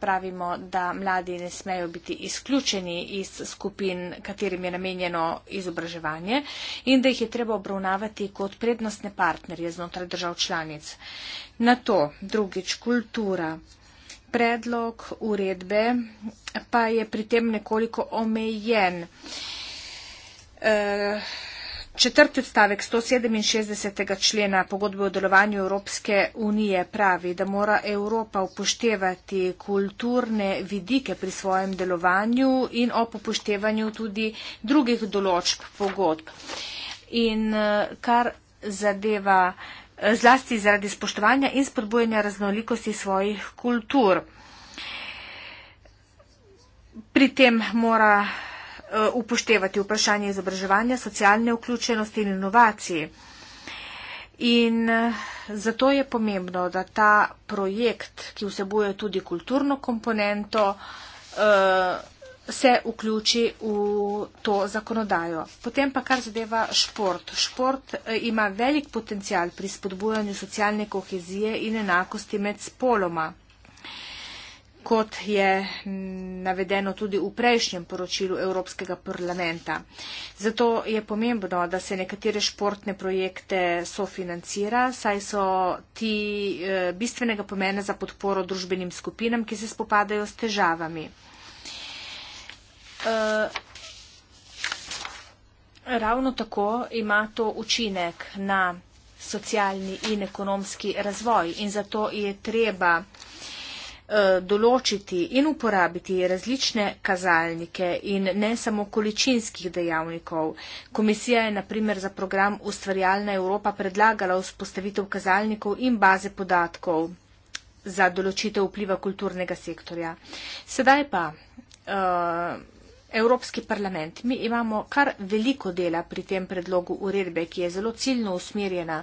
pravimo, da mladi ne smejo biti izključeni iz skupin, katerim je namenjeno izobraževanje in da jih je treba obravnavati kot prednostne partnerje znotraj držav članic. Na to drugič kultura. Predlog uredbe pa je pri tem nekoliko omejen. Uh, Četrti odstavek 167. člena pogodbe o delovanju Evropske unije pravi, da mora Evropa upoštevati kulturne vidike pri svojem delovanju in ob upoštevanju tudi drugih določb pogodb. In eh, kar zadeva eh, zlasti zaradi spoštovanja in spodbojanja raznolikosti svojih kultur. Pri tem mora Eh, upoštevati vprašanje izobraževanja, socialne vključenosti in inovacij. In eh, zato je pomembno, da ta projekt, ki vsebuje tudi kulturno komponento, eh, se vključi v to zakonodajo. Potem pa kar zadeva šport. Šport ima velik potencial pri spodbujanju socialne kohezije in enakosti med spoloma kot je navedeno tudi v prejšnjem poročilu Evropskega parlamenta. Zato je pomembno, da se nekatere športne projekte sofinancira, saj so ti eh, bistvenega pomena za podporo družbenim skupinam, ki se spopadajo s težavami. Eh, ravno tako ima to učinek na socialni in ekonomski razvoj in zato je treba Eh, določiti in uporabiti različne kazalnike in ne samo količinskih dejavnikov. Komisija je naprimer za program Ustvarjalna Evropa predlagala vzpostavitev kazalnikov in baze podatkov za določitev vpliva kulturnega sektorja. Sedaj pa. Uh, Evropski parlament, mi imamo kar veliko dela pri tem predlogu uredbe, ki je zelo ciljno usmerjena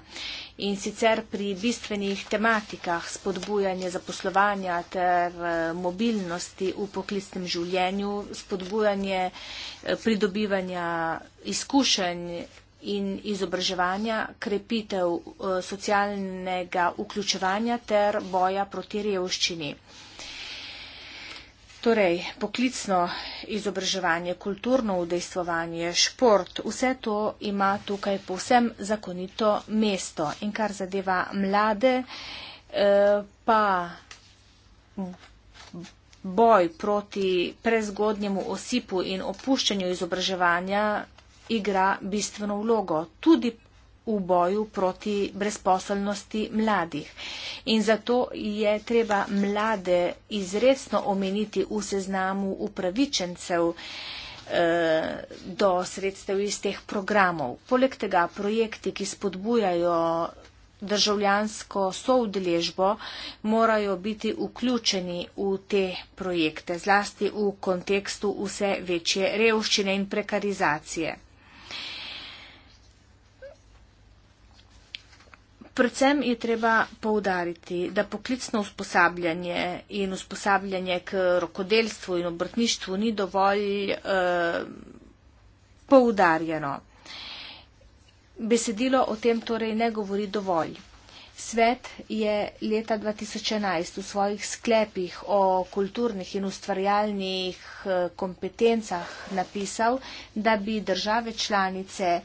in sicer pri bistvenih tematikah spodbujanja zaposlovanja ter eh, mobilnosti v poklicnem življenju, spodbujanje eh, pridobivanja izkušenj in izobraževanja, krepitev eh, socialnega vključevanja ter boja proti revščini. Torej, poklicno izobraževanje, kulturno udejstvovanje, šport, vse to ima tukaj povsem zakonito mesto. In kar zadeva mlade, eh, pa boj proti prezgodnjemu osipu in opuščanju izobraževanja igra bistveno vlogo. Tudi v boju proti brezposobnosti mladih. In zato je treba mlade izredno omeniti v seznamu upravičencev eh, do sredstev iz teh programov. Poleg tega projekti, ki spodbujajo državljansko soudeležbo morajo biti vključeni v te projekte, zlasti v kontekstu vse večje revščine in prekarizacije. Predvsem je treba povdariti, da poklicno usposabljanje in usposabljanje k rokodelstvu in obrtništvu ni dovolj eh, poudarjeno. Besedilo o tem torej ne govori dovolj. Svet je leta 2011 v svojih sklepih o kulturnih in ustvarjalnih eh, kompetencah napisal, da bi države članice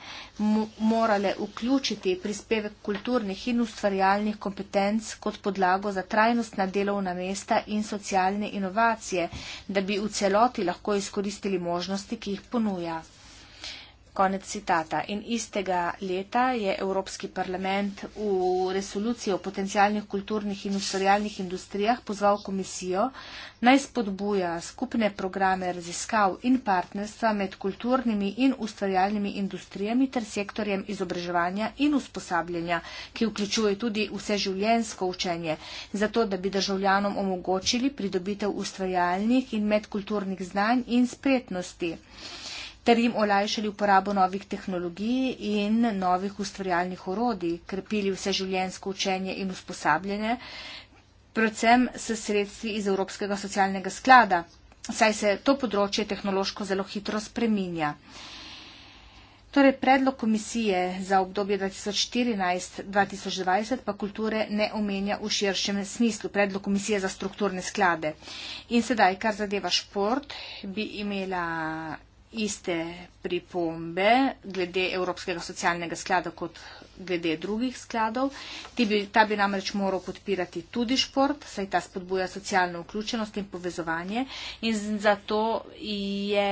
morale vključiti prispevek kulturnih in ustvarjalnih kompetenc kot podlago za trajnostna delovna mesta in socialne inovacije, da bi v celoti lahko izkoristili možnosti, ki jih ponuja. Konec citata. In istega leta je Evropski parlament v resoluciji o potencijalnih kulturnih in ustvarjalnih industrijah pozval komisijo naj spodbuja skupne programe raziskav in partnerstva med kulturnimi in ustvarjalnimi industrijami ter sektorjem izobraževanja in usposabljanja, ki vključuje tudi vse življensko učenje, zato da bi državljanom omogočili pridobitev ustvarjalnih in medkulturnih znanj in spretnosti ter jim olajšali uporabo novih tehnologij in novih ustvarjalnih orodij, krepili vse življensko učenje in usposabljanje, predvsem s sredstvi iz Evropskega socialnega sklada, saj se to področje tehnološko zelo hitro spreminja. Torej, predlog komisije za obdobje 2014-2020 pa kulture ne omenja v širšem smislu, predlog komisije za strukturne sklade. In sedaj, kar zadeva šport, bi imela iste pripombe glede Evropskega socialnega sklada kot glede drugih skladov. Bi, ta bi namreč moral podpirati tudi šport, saj ta spodbuja socialno vključenost in povezovanje in zato je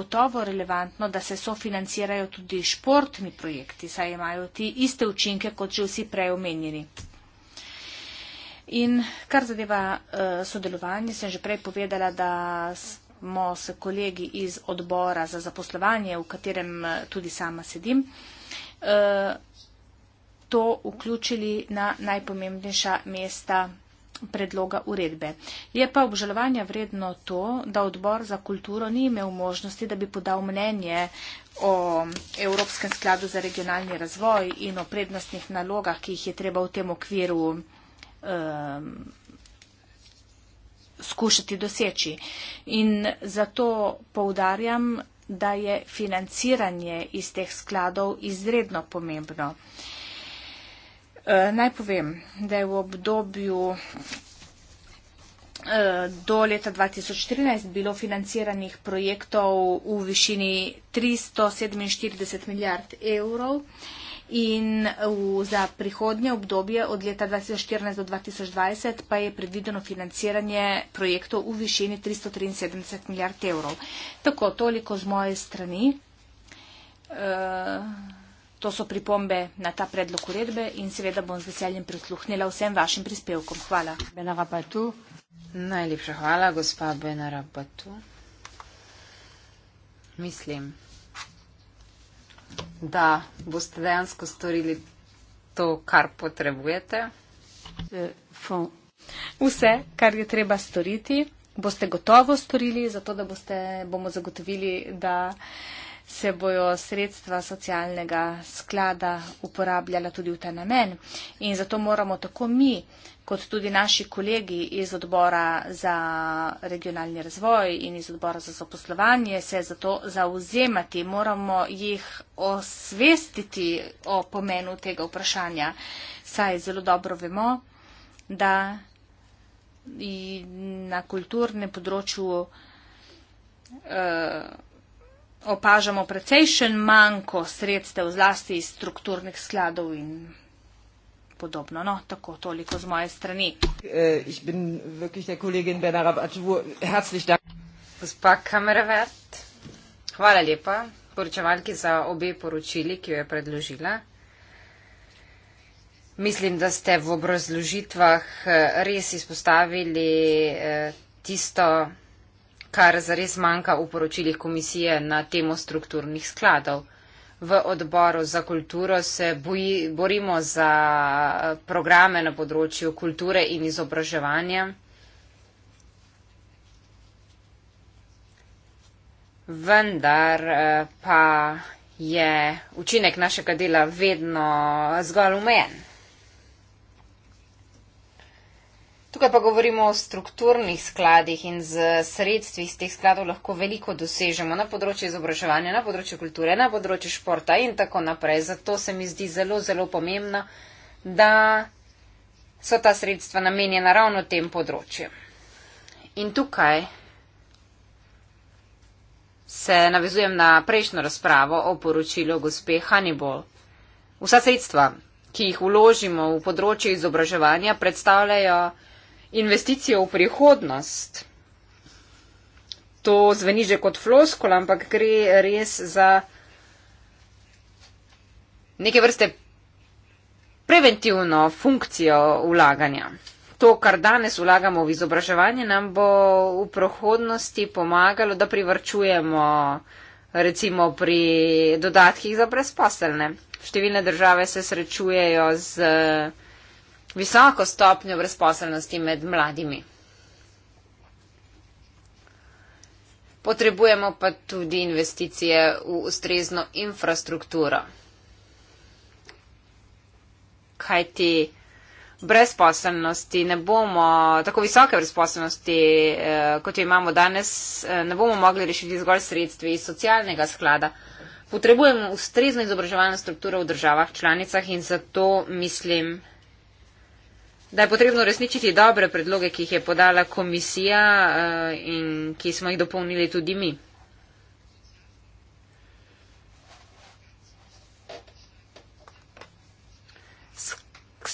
gotovo relevantno, da se sofinancirajo tudi športni projekti, saj imajo ti iste učinke, kot že vsi prej omenjeni. In kar zadeva uh, sodelovanje, sem že prej povedala, da imamo s kolegi iz odbora za zaposlovanje, v katerem eh, tudi sama sedim, eh, to vključili na najpomembnejša mesta predloga uredbe. Je pa obžalovanja vredno to, da odbor za kulturo ni imel možnosti, da bi podal mnenje o Evropskem skladu za regionalni razvoj in o prednostnih nalogah, ki jih je treba v tem okviru um, skušati doseči. In zato poudarjam, da je financiranje iz teh skladov izredno pomembno. E, naj povem, da je v obdobju e, do leta 2014 bilo financiranih projektov v višini 347 milijard evrov in v, za prihodnje obdobje od leta 2014 do 2020 pa je predvideno financiranje projektov v višini 373 milijard evrov. Tako, toliko z moje strani. E, to so pripombe na ta predlog uredbe in seveda bom z veseljem prisluhnila vsem vašim prispevkom. Hvala. Najlepša hvala, gospa Benara Batu. Mislim da boste dejansko storili to, kar potrebujete? Vse, kar je treba storiti, boste gotovo storili, zato da boste, bomo zagotovili, da se bojo sredstva socialnega sklada uporabljala tudi v ta namen. In zato moramo tako mi kot tudi naši kolegi iz odbora za regionalni razvoj in iz odbora za zaposlovanje se za to zauzemati. Moramo jih osvestiti o pomenu tega vprašanja, saj zelo dobro vemo, da na kulturnem področju eh, opažamo precejšen manjko sredstev, zlasti iz strukturnih skladov in podobno. No, tako toliko z moje strani. Eh, Gospa Kamervert, hvala lepa poročevalki za obe poročili, ki jo je predložila. Mislim, da ste v obrazložitvah eh, res izpostavili eh, tisto, kar zares manjka v poročilih komisije na temo strukturnih skladov v odboru za kulturo se boji, borimo za programe na področju kulture in izobraževanja. Vendar eh, pa je učinek našega dela vedno zgolj umen. Tukaj pa govorimo o strukturnih skladih in z sredstvi iz teh skladov lahko veliko dosežemo na področju izobraževanja, na področju kulture, na področju športa in tako naprej. Zato se mi zdi zelo, zelo pomembno, da so ta sredstva namenjena ravno tem področjem. In tukaj se navezujem na prejšnjo razpravo o poročilu gospe Hannibal. Vsa sredstva, ki jih vložimo v področje izobraževanja, predstavljajo investicije v prihodnost. To zveni že kot floskola, ampak gre res za neke vrste preventivno funkcijo vlaganja. To, kar danes vlagamo v izobraževanje, nam bo v prihodnosti pomagalo, da privrčujemo recimo pri dodatkih za brezposelne. Številne države se srečujejo z visoko stopnjo brezposelnosti med mladimi. Potrebujemo pa tudi investicije v ustrezno infrastrukturo. Kaj ti brezposelnosti ne bomo, tako visoke brezposelnosti, eh, kot jo imamo danes, eh, ne bomo mogli rešiti zgolj sredstvi iz socialnega sklada. Potrebujemo ustrezno izobraževalno strukturo v državah članicah in zato mislim, da je potrebno resničiti dobre predloge, ki jih je podala komisija eh, in ki smo jih dopolnili tudi mi.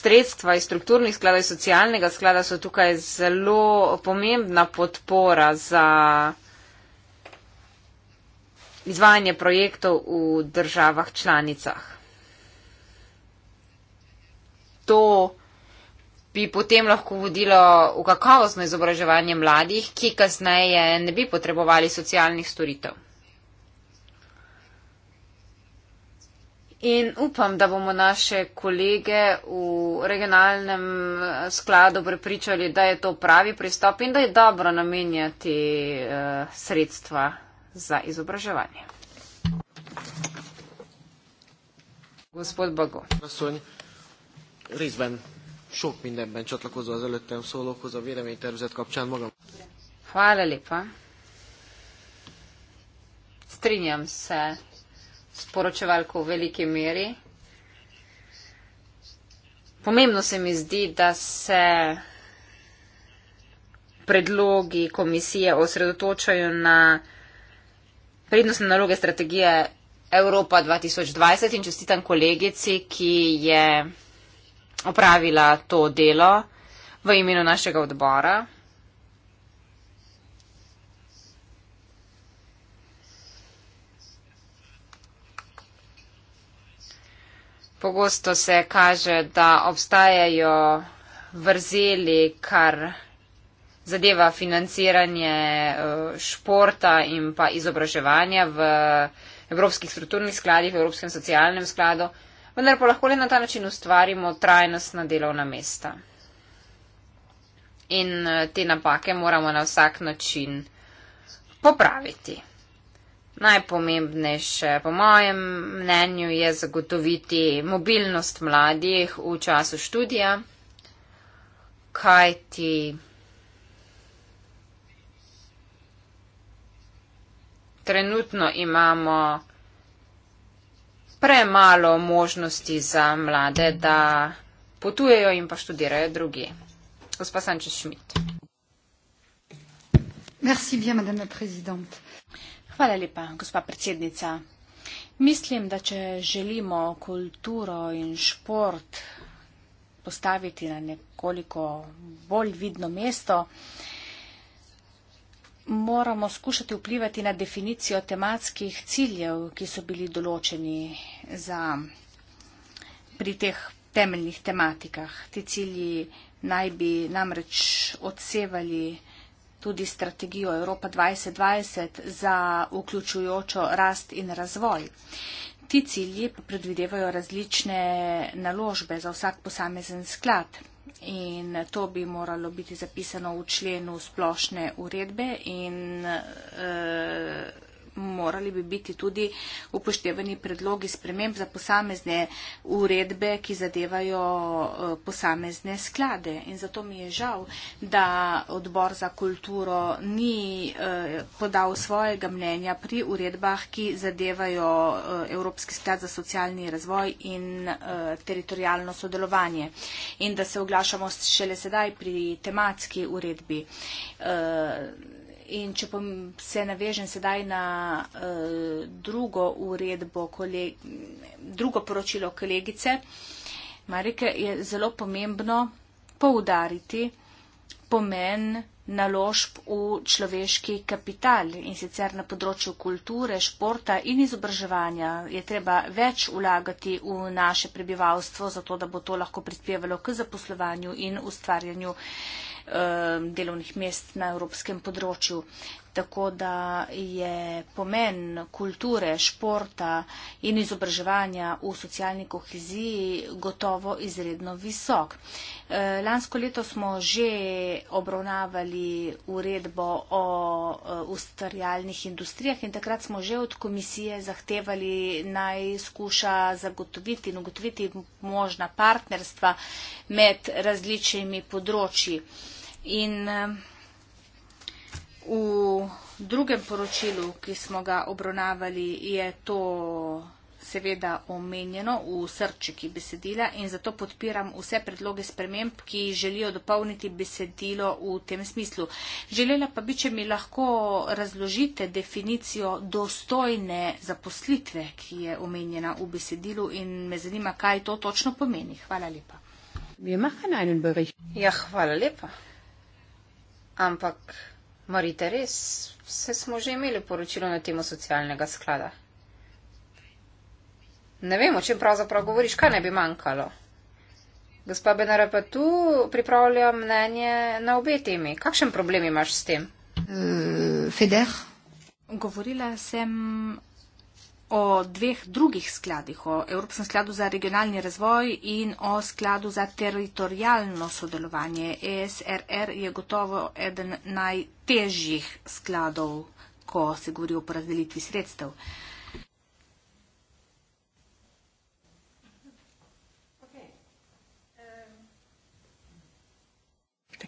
Sredstva iz strukturnih skladov in socialnega sklada so tukaj zelo pomembna podpora za izvajanje projektov v državah članicah. To bi potem lahko vodilo v kakovostno izobraževanje mladih, ki kasneje ne bi potrebovali socialnih storitev. In upam, da bomo naše kolege v regionalnem skladu prepričali, da je to pravi pristop in da je dobro namenjati eh, sredstva za izobraževanje. Gospod Bago. Res ven sok mindenben csatlakozva az előttem szólókhoz a véleménytervezet kapcsán magam. Hvala lepa. Strinjam se s poročevalko v veliki meri. Pomembno se mi zdi, da se predlogi komisije osredotočajo na prednostne naloge strategije Evropa 2020 in čestitam kolegici, ki je opravila to delo v imenu našega odbora. Pogosto se kaže, da obstajajo vrzeli, kar zadeva financiranje eh, športa in pa izobraževanja v evropskih strukturnih skladih, v evropskem socialnem skladu vendar pa lahko le na ta način ustvarimo trajnostna delovna mesta. In eh, te napake moramo na vsak način popraviti. Najpomembnejše, po mojem mnenju, je zagotoviti mobilnost mladih v času študija, kajti trenutno imamo premalo možnosti za mlade, da potujejo in pa študirajo drugi. Gospa Sančeš Šmit. Hvala lepa, gospa predsednica. Mislim, da če želimo kulturo in šport postaviti na nekoliko bolj vidno mesto, moramo skušati vplivati na definicijo tematskih ciljev, ki so bili določeni za, pri teh temeljnih tematikah. Ti cilji naj bi namreč odsevali tudi strategijo Evropa 2020 za vključujočo rast in razvoj. Ti cilji predvidevajo različne naložbe za vsak posamezen sklad in to bi moralo biti zapisano v členu splošne uredbe in uh, morali bi biti tudi upoštevani predlogi sprememb za posamezne uredbe, ki zadevajo eh, posamezne sklade. In zato mi je žal, da odbor za kulturo ni eh, podal svojega mnenja pri uredbah, ki zadevajo eh, Evropski sklad za socialni razvoj in teritorijalno sodelovanje. In da se oglašamo šele sedaj pri tematski uredbi. In če pa se navežem sedaj na uh, drugo uredbo, koleg, drugo poročilo kolegice, Marike, je zelo pomembno poudariti pomen naložb v človeški kapital in sicer na področju kulture, športa in izobraževanja je treba več vlagati v naše prebivalstvo, zato da bo to lahko prispevalo k zaposlovanju in ustvarjanju uh, Um, delovnih mest na evropskem področju. Tako da je pomen kulture, športa in izobraževanja v socialni koheziji gotovo izredno visok. Uh, lansko leto smo že obravnavali uredbo o uh, ustvarjalnih industrijah in takrat smo že od komisije zahtevali naj skuša zagotoviti in ugotoviti možna partnerstva med različnimi področji. In v drugem poročilu, ki smo ga obravnavali, je to seveda omenjeno v srčiki besedila in zato podpiram vse predloge sprememb, ki želijo dopolniti besedilo v tem smislu. Želela pa bi, če mi lahko razložite definicijo dostojne zaposlitve, ki je omenjena v besedilu in me zanima, kaj to točno pomeni. Hvala lepa. Ja, hvala lepa. Ampak, Marita, res, vse smo že imeli poročilo na temo socialnega sklada. Ne vemo, čem pravzaprav govoriš, kaj ne bi manjkalo. Gospa Benare pa tu pripravlja mnenje na obe temi. Kakšen problem imaš s tem? Uh, Feder. Govorila sem o dveh drugih skladih, o Evropskem skladu za regionalni razvoj in o skladu za teritorijalno sodelovanje. ESRR je gotovo eden najtežjih skladov, ko se govori o porazdelitvi sredstev.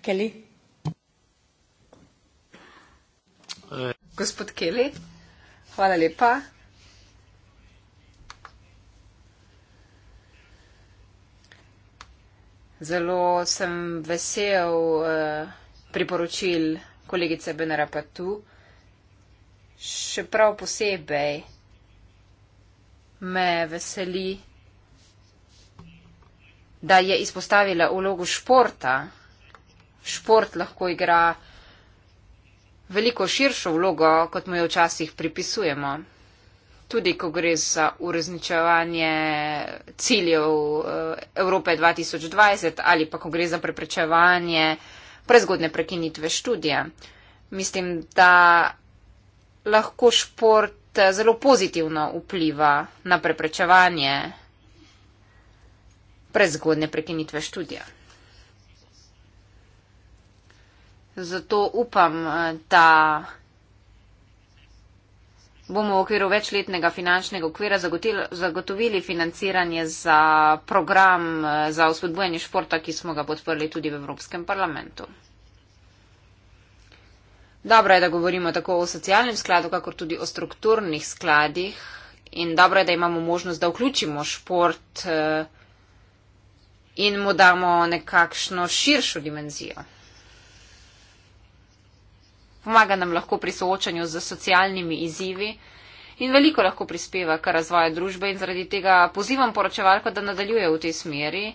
Kelly. Eh. Gospod Kelly, hvala lepa. Zelo sem vesel eh, priporočil kolegice Benera Patu, še prav posebej me veseli, da je izpostavila ulogo športa. Šport lahko igra veliko širšo vlogo, kot mu jo včasih pripisujemo tudi ko gre za urezničevanje ciljev eh, Evrope 2020 ali pa ko gre za preprečevanje prezgodne prekinitve študija. Mislim, da lahko šport eh, zelo pozitivno vpliva na preprečevanje prezgodne prekinitve študija. Zato upam, eh, da bomo v okviru večletnega finančnega okvira zagotovili financiranje za program eh, za vzpodbujanje športa, ki smo ga podprli tudi v Evropskem parlamentu. Dobro je, da govorimo tako o socialnem skladu, kakor tudi o strukturnih skladih in dobro je, da imamo možnost, da vključimo šport eh, in mu damo nekakšno širšo dimenzijo pomaga nam lahko pri soočanju z socialnimi izzivi in veliko lahko prispeva k razvoju družbe in zaradi tega pozivam poročevalko, da nadaljuje v tej smeri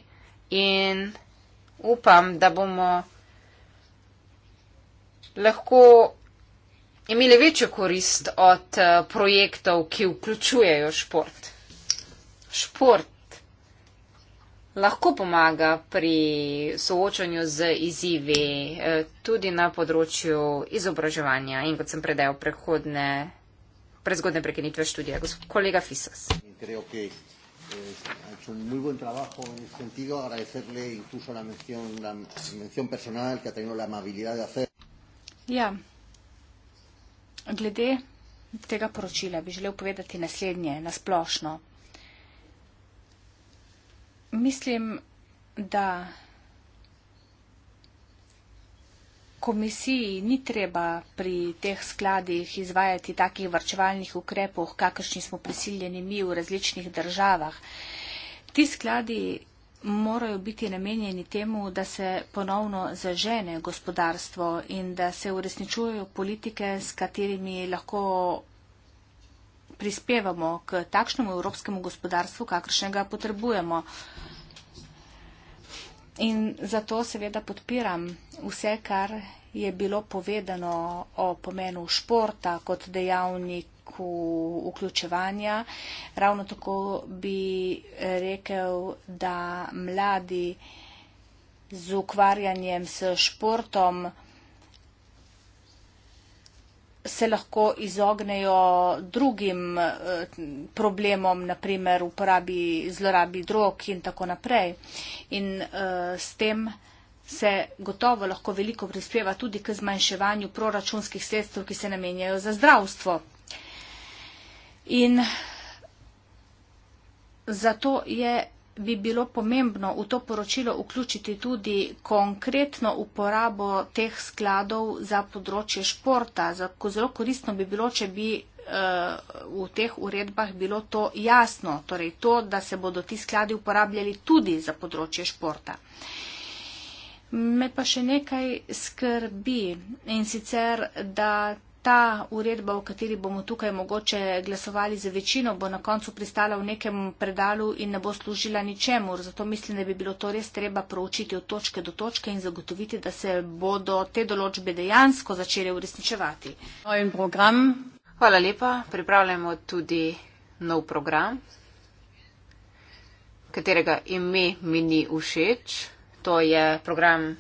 in upam, da bomo lahko imeli večjo korist od eh, projektov, ki vključujejo šport. Šport lahko pomaga pri soočanju z izzivi eh, tudi na področju izobraževanja in kot sem predajal prehodne, prezgodne prekinitve študija, gospod kolega Fisas. Eh, ja, glede tega poročila bi želel povedati naslednje, nasplošno mislim, da komisiji ni treba pri teh skladih izvajati takih vrčevalnih ukrepov, kakršni smo prisiljeni mi v različnih državah. Ti skladi morajo biti namenjeni temu, da se ponovno zažene gospodarstvo in da se uresničujejo politike, s katerimi lahko prispevamo k takšnemu evropskemu gospodarstvu, kakršnega potrebujemo. In zato seveda podpiram vse, kar je bilo povedano o pomenu športa kot dejavniku vključevanja. Ravno tako bi rekel, da mladi z ukvarjanjem s športom se lahko izognejo drugim eh, problemom, naprimer uporabi, zlorabi drog in tako naprej. In eh, s tem se gotovo lahko veliko prispeva tudi k zmanjševanju proračunskih sredstev, ki se namenjajo za zdravstvo. In zato je bi bilo pomembno v to poročilo vključiti tudi konkretno uporabo teh skladov za področje športa. Zato zelo koristno bi bilo, če bi uh, v teh uredbah bilo to jasno, torej to, da se bodo ti skladi uporabljali tudi za področje športa. Me pa še nekaj skrbi in sicer, da ta uredba, o kateri bomo tukaj mogoče glasovali za večino, bo na koncu pristala v nekem predalu in ne bo služila ničemur. Zato mislim, da bi bilo to res treba proučiti od točke do točke in zagotoviti, da se bodo te določbe dejansko začele uresničevati. Hvala lepa. Pripravljamo tudi nov program, katerega ime mi ni všeč. To je program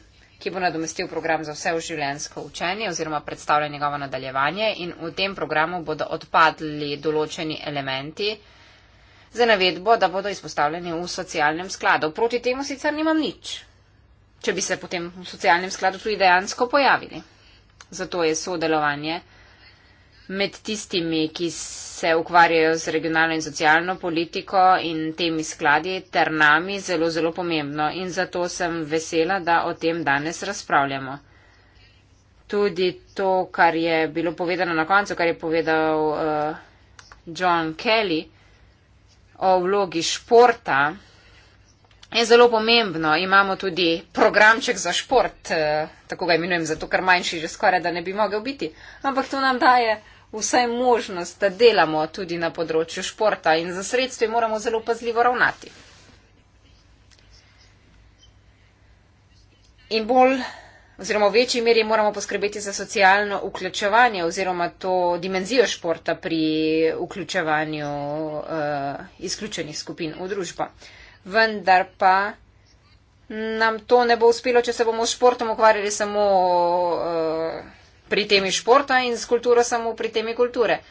ki bo nadomestil program za vse vživljenjsko učenje oziroma predstavlja njegovo nadaljevanje in v tem programu bodo odpadli določeni elementi za navedbo, da bodo izpostavljeni v socialnem skladu. Proti temu sicer nimam nič, če bi se potem v socialnem skladu tudi dejansko pojavili. Zato je sodelovanje med tistimi, ki se ukvarjajo z regionalno in socialno politiko in temi skladi ter nami zelo, zelo pomembno. In zato sem vesela, da o tem danes razpravljamo. Tudi to, kar je bilo povedano na koncu, kar je povedal uh, John Kelly o vlogi športa, je zelo pomembno. Imamo tudi programček za šport, uh, tako ga imenujem, zato ker manjši že skoraj da ne bi mogel biti. Ampak to nam daje vsaj možnost, da delamo tudi na področju športa in za sredstvi moramo zelo pazljivo ravnati. In bolj oziroma v večji meri moramo poskrbeti za socialno vključevanje oziroma to dimenzijo športa pri vključevanju uh, izključenih skupin v družbo. Vendar pa nam to ne bo uspelo, če se bomo s športom ukvarjali samo. Uh, pri temi športa in s kulturo samo pri temi kulture.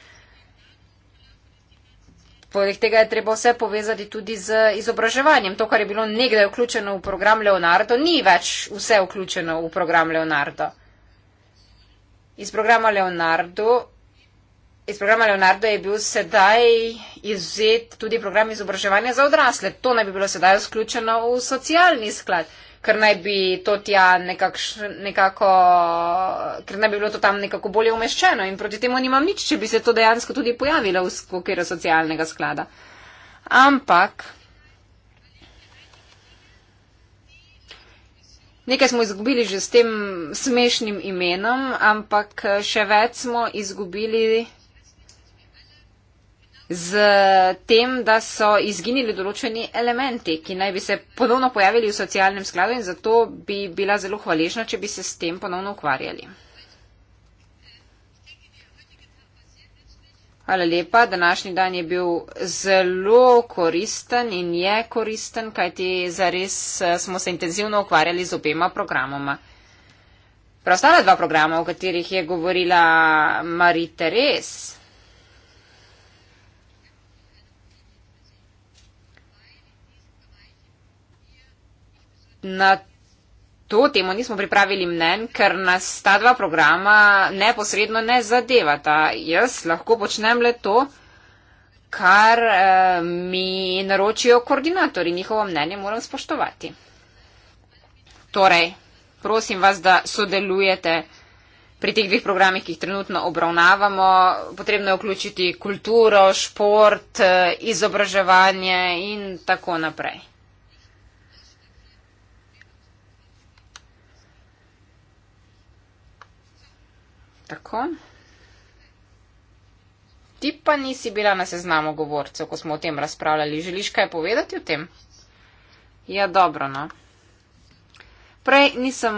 Poleg tega je treba vse povezati tudi z izobraževanjem. To, kar je bilo nekdaj vključeno v program Leonardo, ni več vse vključeno v program Leonardo. Iz programa Leonardo, iz programa Leonardo je bil sedaj izuzet tudi program izobraževanja za odrasle. To naj bi bilo sedaj vključeno v socialni sklad ker naj bi to tja nekakš, nekako, ker naj bi bilo to tam nekako bolje umeščeno in proti temu nimam nič, če bi se to dejansko tudi pojavilo v okviru socialnega sklada. Ampak. Nekaj smo izgubili že s tem smešnim imenom, ampak eh, še več smo izgubili z tem, da so izginili določeni elementi, ki naj bi se ponovno pojavili v socialnem skladu in zato bi bila zelo hvaležna, če bi se s tem ponovno ukvarjali. Hvala lepa. Današnji dan je bil zelo koristen in je koristen, kajti zares eh, smo se intenzivno ukvarjali z obema programoma. Preostala dva programa, o katerih je govorila Marita Res. na to temo nismo pripravili mnen, ker nas ta dva programa neposredno ne zadevata. Jaz lahko počnem le to, kar eh, mi naročijo koordinatori. Njihovo mnenje moram spoštovati. Torej, prosim vas, da sodelujete pri teh dveh programih, ki jih trenutno obravnavamo. Potrebno je vključiti kulturo, šport, eh, izobraževanje in tako naprej. tako. Ti pa nisi bila na seznamu govorcev, ko smo o tem razpravljali. Želiš kaj povedati o tem? Ja, dobro, no. Prej nisem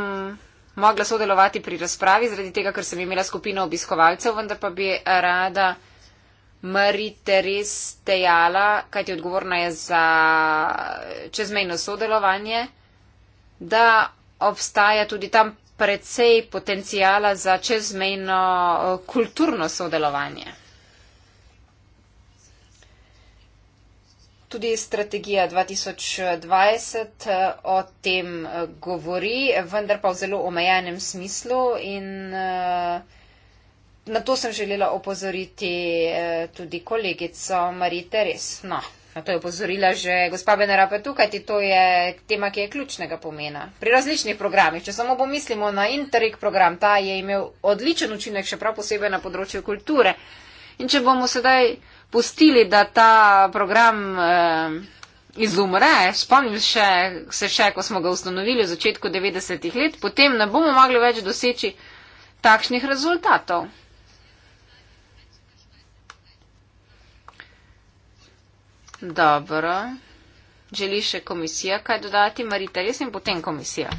mogla sodelovati pri razpravi, zaradi tega, ker sem imela skupino obiskovalcev, vendar pa bi rada Mari Teres dejala, kajti odgovorna je za čezmejno sodelovanje, da obstaja tudi tam precej potencijala za čezmejno eh, kulturno sodelovanje. Tudi strategija 2020 eh, o tem eh, govori, vendar pa v zelo omejenem smislu in na to sem želela opozoriti tudi kolegico Marije Teres. No. Na to je upozorila že gospa Benerapetu, kajti to je tema, ki je ključnega pomena. Pri različnih programih, če samo pomislimo na Interreg program, ta je imel odličen učinek, še prav posebej na področju kulture. In če bomo sedaj pustili, da ta program eh, izumre, spomnim še, se še, ko smo ga ustanovili v začetku 90-ih let, potem ne bomo mogli več doseči takšnih rezultatov. Dobro. Želi še komisija kaj dodati, Marita, jaz in potem komisija.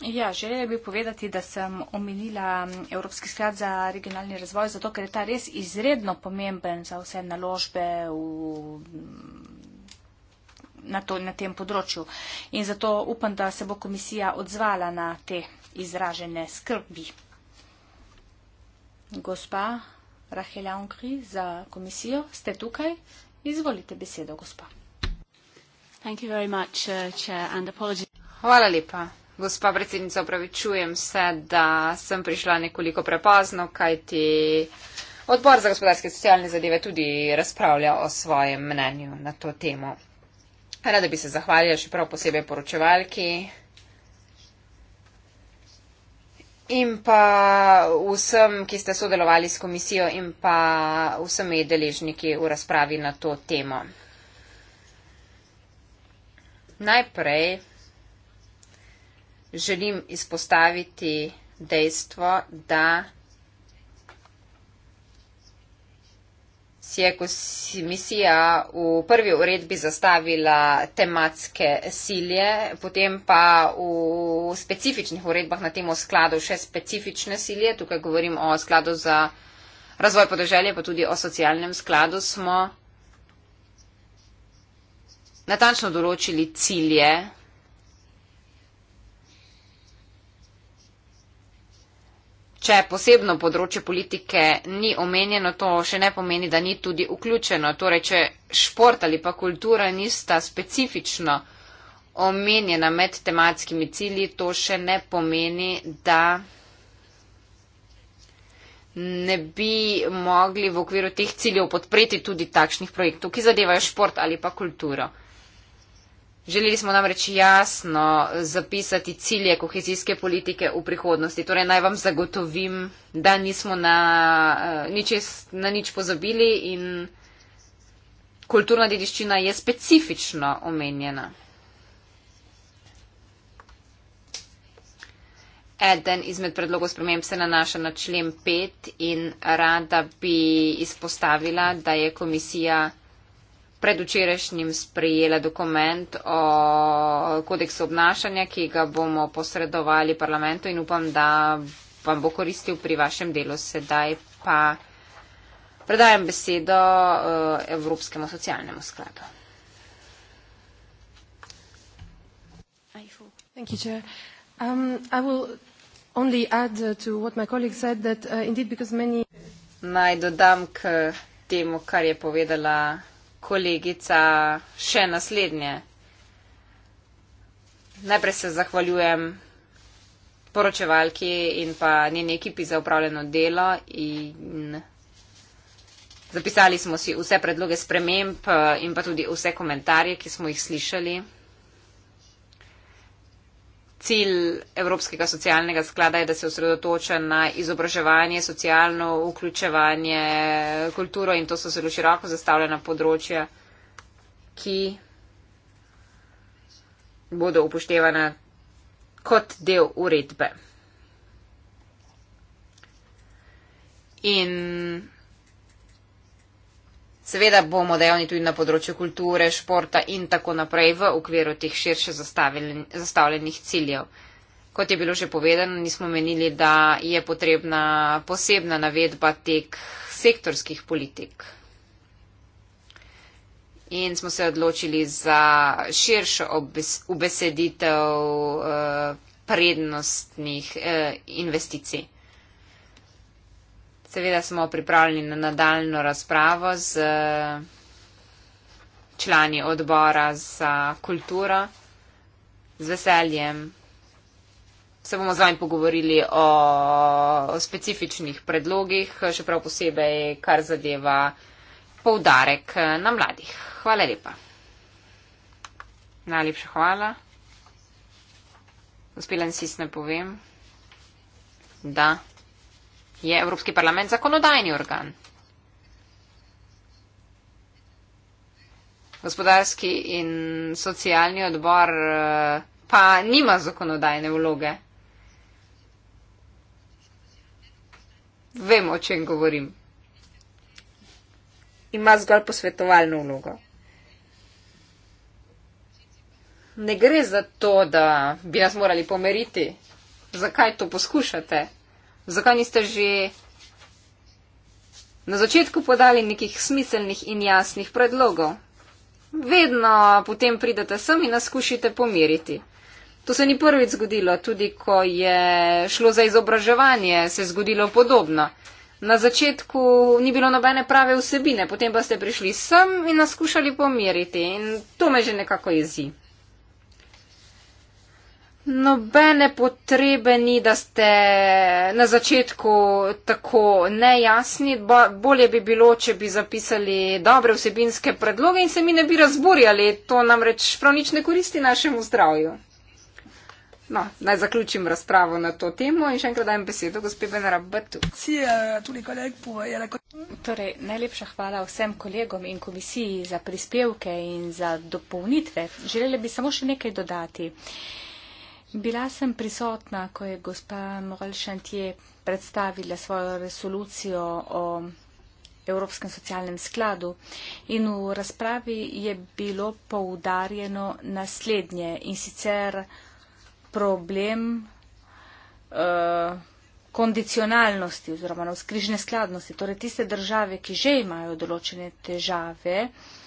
Ja, želela bi povedati, da sem omenila Evropski sklad za regionalni razvoj, zato ker je ta res izredno pomemben za vse naložbe v, na, to, na tem področju. In zato upam, da se bo komisija odzvala na te izražene skrbi. Gospa Rahela Onkri za komisijo. Ste tukaj? Izvolite besedo, gospa. Much, uh, Hvala lepa. Gospa predsednica, opravičujem se, da sem prišla nekoliko prepozno, kajti odbor za gospodarske in socialne zadeve tudi razpravlja o svojem mnenju na to temo. Rada bi se zahvalila še prav posebej poročevalki in pa vsem, ki ste sodelovali s komisijo in pa vsemi deležniki v razpravi na to temo. Najprej želim izpostaviti dejstvo, da si je komisija v prvi uredbi zastavila tematske silje, potem pa v specifičnih uredbah na tem skladu še specifične silje. Tukaj govorim o skladu za razvoj podeželje, pa tudi o socialnem skladu smo natančno določili cilje če posebno področje politike ni omenjeno, to še ne pomeni, da ni tudi vključeno. Torej, če šport ali pa kultura nista specifično omenjena med tematskimi cilji, to še ne pomeni, da ne bi mogli v okviru teh ciljev podpreti tudi takšnih projektov, ki zadevajo šport ali pa kulturo. Želeli smo namreč jasno zapisati cilje kohezijske politike v prihodnosti. Torej naj vam zagotovim, da nismo na, eh, ničes, na nič pozabili in kulturna dediščina je specifično omenjena. Eden izmed predlogov sprememb se nanaša na člen 5 in rada bi izpostavila, da je komisija predvčerajšnjim sprejela dokument o kodeksu obnašanja, ki ga bomo posredovali parlamentu in upam, da vam bo koristil pri vašem delu. Sedaj pa predajam besedo eh, Evropskemu socialnemu skladu. Um, uh, uh, Naj dodam k temu, kar je povedala kolegica še naslednje. Najprej se zahvaljujem poročevalki in pa njeni ekipi za upravljeno delo in zapisali smo si vse predloge sprememb eh, in pa tudi vse komentarje, ki smo jih slišali cilj Evropskega socialnega sklada je, da se osredotoča na izobraževanje, socialno vključevanje, kulturo in to so zelo široko zastavljena področja, ki bodo upoštevana kot del uredbe. In Seveda bomo dejavni tudi na področju kulture, športa in tako naprej v okviru teh širše zastavljenih ciljev. Kot je bilo že povedano, nismo menili, da je potrebna posebna navedba tek sektorskih politik. In smo se odločili za širšo obeseditev eh, prednostnih eh, investicij. Seveda smo pripravljeni na nadaljno razpravo z eh, člani odbora za kulturo. Z veseljem se bomo z vami pogovorili o, o specifičnih predlogih, še prav posebej, kar zadeva poudarek eh, na mladih. Hvala lepa. Najlepša hvala. Gospod Lensis, ne povem. Da je Evropski parlament zakonodajni organ. Gospodarski in socialni odbor eh, pa nima zakonodajne vloge. Vemo, o čem govorim. Ima zgolj posvetovalno vlogo. Ne gre za to, da bi nas morali pomeriti. Zakaj to poskušate? Zakaj niste že na začetku podali nekih smiselnih in jasnih predlogov? Vedno potem pridete sem in nas skušite pomiriti. To se ni prvič zgodilo, tudi ko je šlo za izobraževanje, se je zgodilo podobno. Na začetku ni bilo nobene prave vsebine, potem pa ste prišli sem in nas skušali pomiriti in to me že nekako jezi nobene potrebe ni, da ste na začetku tako nejasni. Bolje bi bilo, če bi zapisali dobre vsebinske predloge in se mi ne bi razburjali. To namreč prav nič ne koristi našemu zdravju. No, naj zaključim razpravo na to temo in še enkrat dajem besedo gospe Benarabatu. Eh, torej, najlepša hvala vsem kolegom in komisiji za prispevke in za dopolnitve. Želeli bi samo še nekaj dodati. Uh, Bila sem prisotna, ko je gospa Morel Šantje predstavila svojo resolucijo o Evropskem socialnem skladu in v razpravi je bilo poudarjeno naslednje in sicer problem uh, kondicionalnosti oziroma skrižne skladnosti, torej tiste države, ki že imajo določene težave, uh,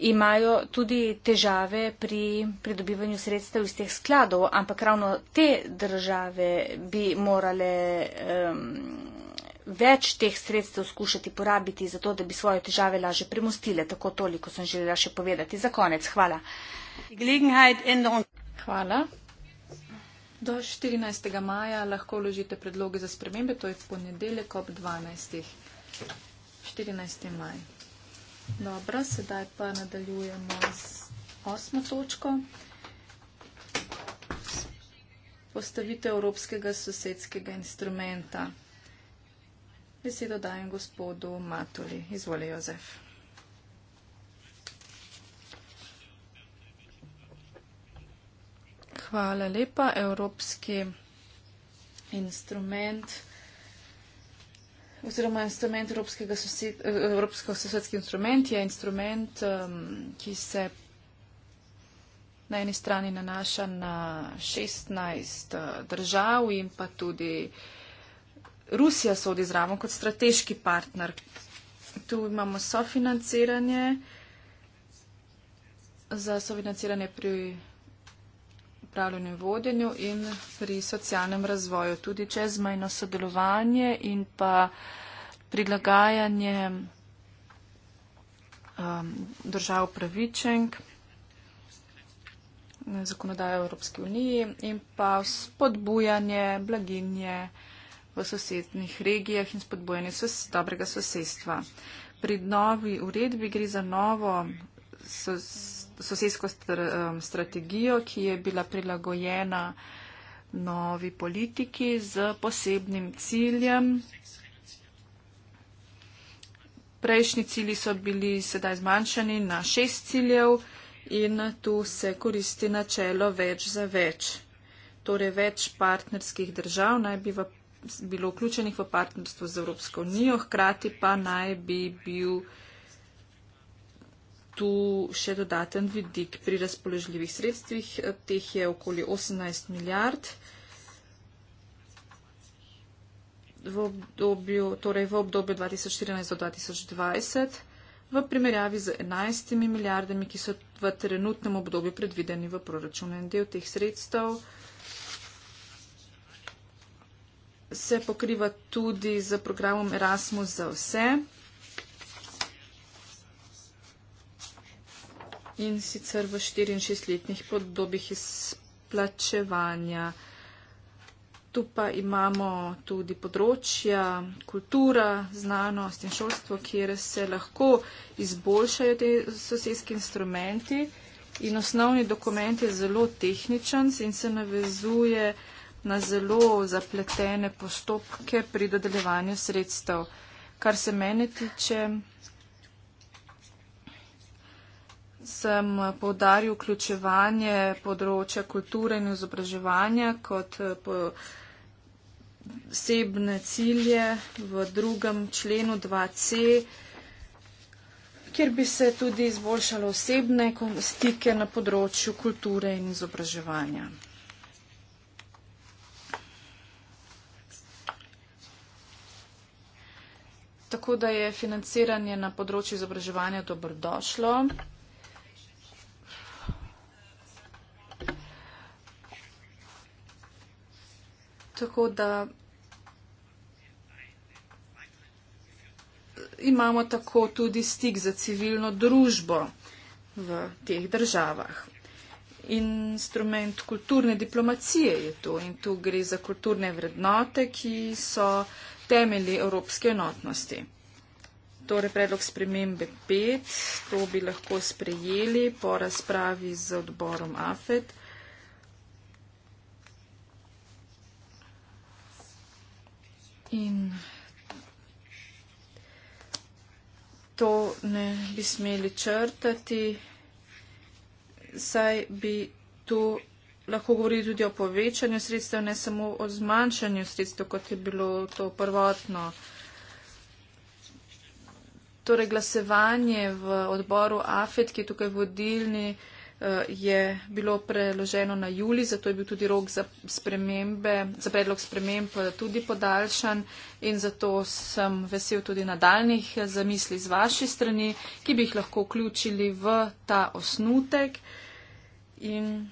imajo tudi težave pri pridobivanju sredstev iz teh skladov, ampak ravno te države bi morale um, več teh sredstev skušati porabiti, zato da bi svoje težave laže premustile. Tako toliko sem želela še povedati. Za konec, hvala. Hvala. Do 14. maja lahko vložite predloge za spremembe, to je ponedeljek ob 12. 14. maja. Dobro, sedaj pa nadaljujemo z osmo točko. Postavitev Evropskega sosedskega instrumenta. Besedo dajem gospodu Matuli. Izvoli, Jozef. Hvala lepa. Evropski instrument oziroma instrument Evropskega sosed, Evropsko-sosedski instrument je instrument, um, ki se na eni strani nanaša na 16 uh, držav in pa tudi Rusija sodi zraven kot strateški partner. Tu imamo sofinanciranje za sofinanciranje pri upravljanju in vodenju in pri socialnem razvoju. Tudi čezmejno sodelovanje in pa prilagajanje um, držav pravičenk, zakonodajo Evropske unije in pa spodbujanje blaginje v sosednih regijah in spodbujanje sos dobrega sosedstva. Pri novi uredbi gre za novo sosedstvo sosedsko str, um, strategijo, ki je bila prilagojena novi politiki z posebnim ciljem. Prejšnji cilji so bili sedaj zmanjšani na šest ciljev in tu se koristi načelo več za več. Torej več partnerskih držav naj bi v, bilo vključenih v partnerstvo z Evropsko unijo, hkrati pa naj bi bil tu še dodaten vidik pri razpoložljivih sredstvih. Teh je okoli 18 milijard. V obdobju, torej v obdobju 2014 do 2020, v primerjavi z 11 milijardami, ki so v trenutnem obdobju predvideni v proračun. En del teh sredstev se pokriva tudi z programom Erasmus za vse. in sicer v 4 in 6 letnih podobih izplačevanja. Tu pa imamo tudi področja kultura, znanost in šolstvo, kjer se lahko izboljšajo te sosedski instrumenti. In osnovni dokument je zelo tehničen in se navezuje na zelo zapletene postopke pri dodeljevanju sredstev. Kar se mene tiče, sem povdaril vključevanje področja kulture in izobraževanja kot eh, posebne cilje v drugem členu 2C, kjer bi se tudi izboljšalo osebne stike na področju kulture in izobraževanja. Tako da je financiranje na področju izobraževanja dobrodošlo. Tako da imamo tako tudi stik za civilno družbo v teh državah. Instrument kulturne diplomacije je to in tu gre za kulturne vrednote, ki so temeli evropske enotnosti. Torej, predlog spremembe 5, to bi lahko sprejeli po razpravi z odborom AFED. In to ne bi smeli črtati, saj bi tu lahko govorili tudi o povečanju sredstev, ne samo o zmanjšanju sredstev, kot je bilo to prvotno. Torej, glasovanje v odboru AFET, ki je tukaj vodilni, Eh, je bilo preloženo na juli, zato je bil tudi rok za, za predlog sprememb eh, tudi podaljšan in zato sem vesel tudi nadaljnih eh, zamisli z vaši strani, ki bi jih lahko vključili v ta osnutek in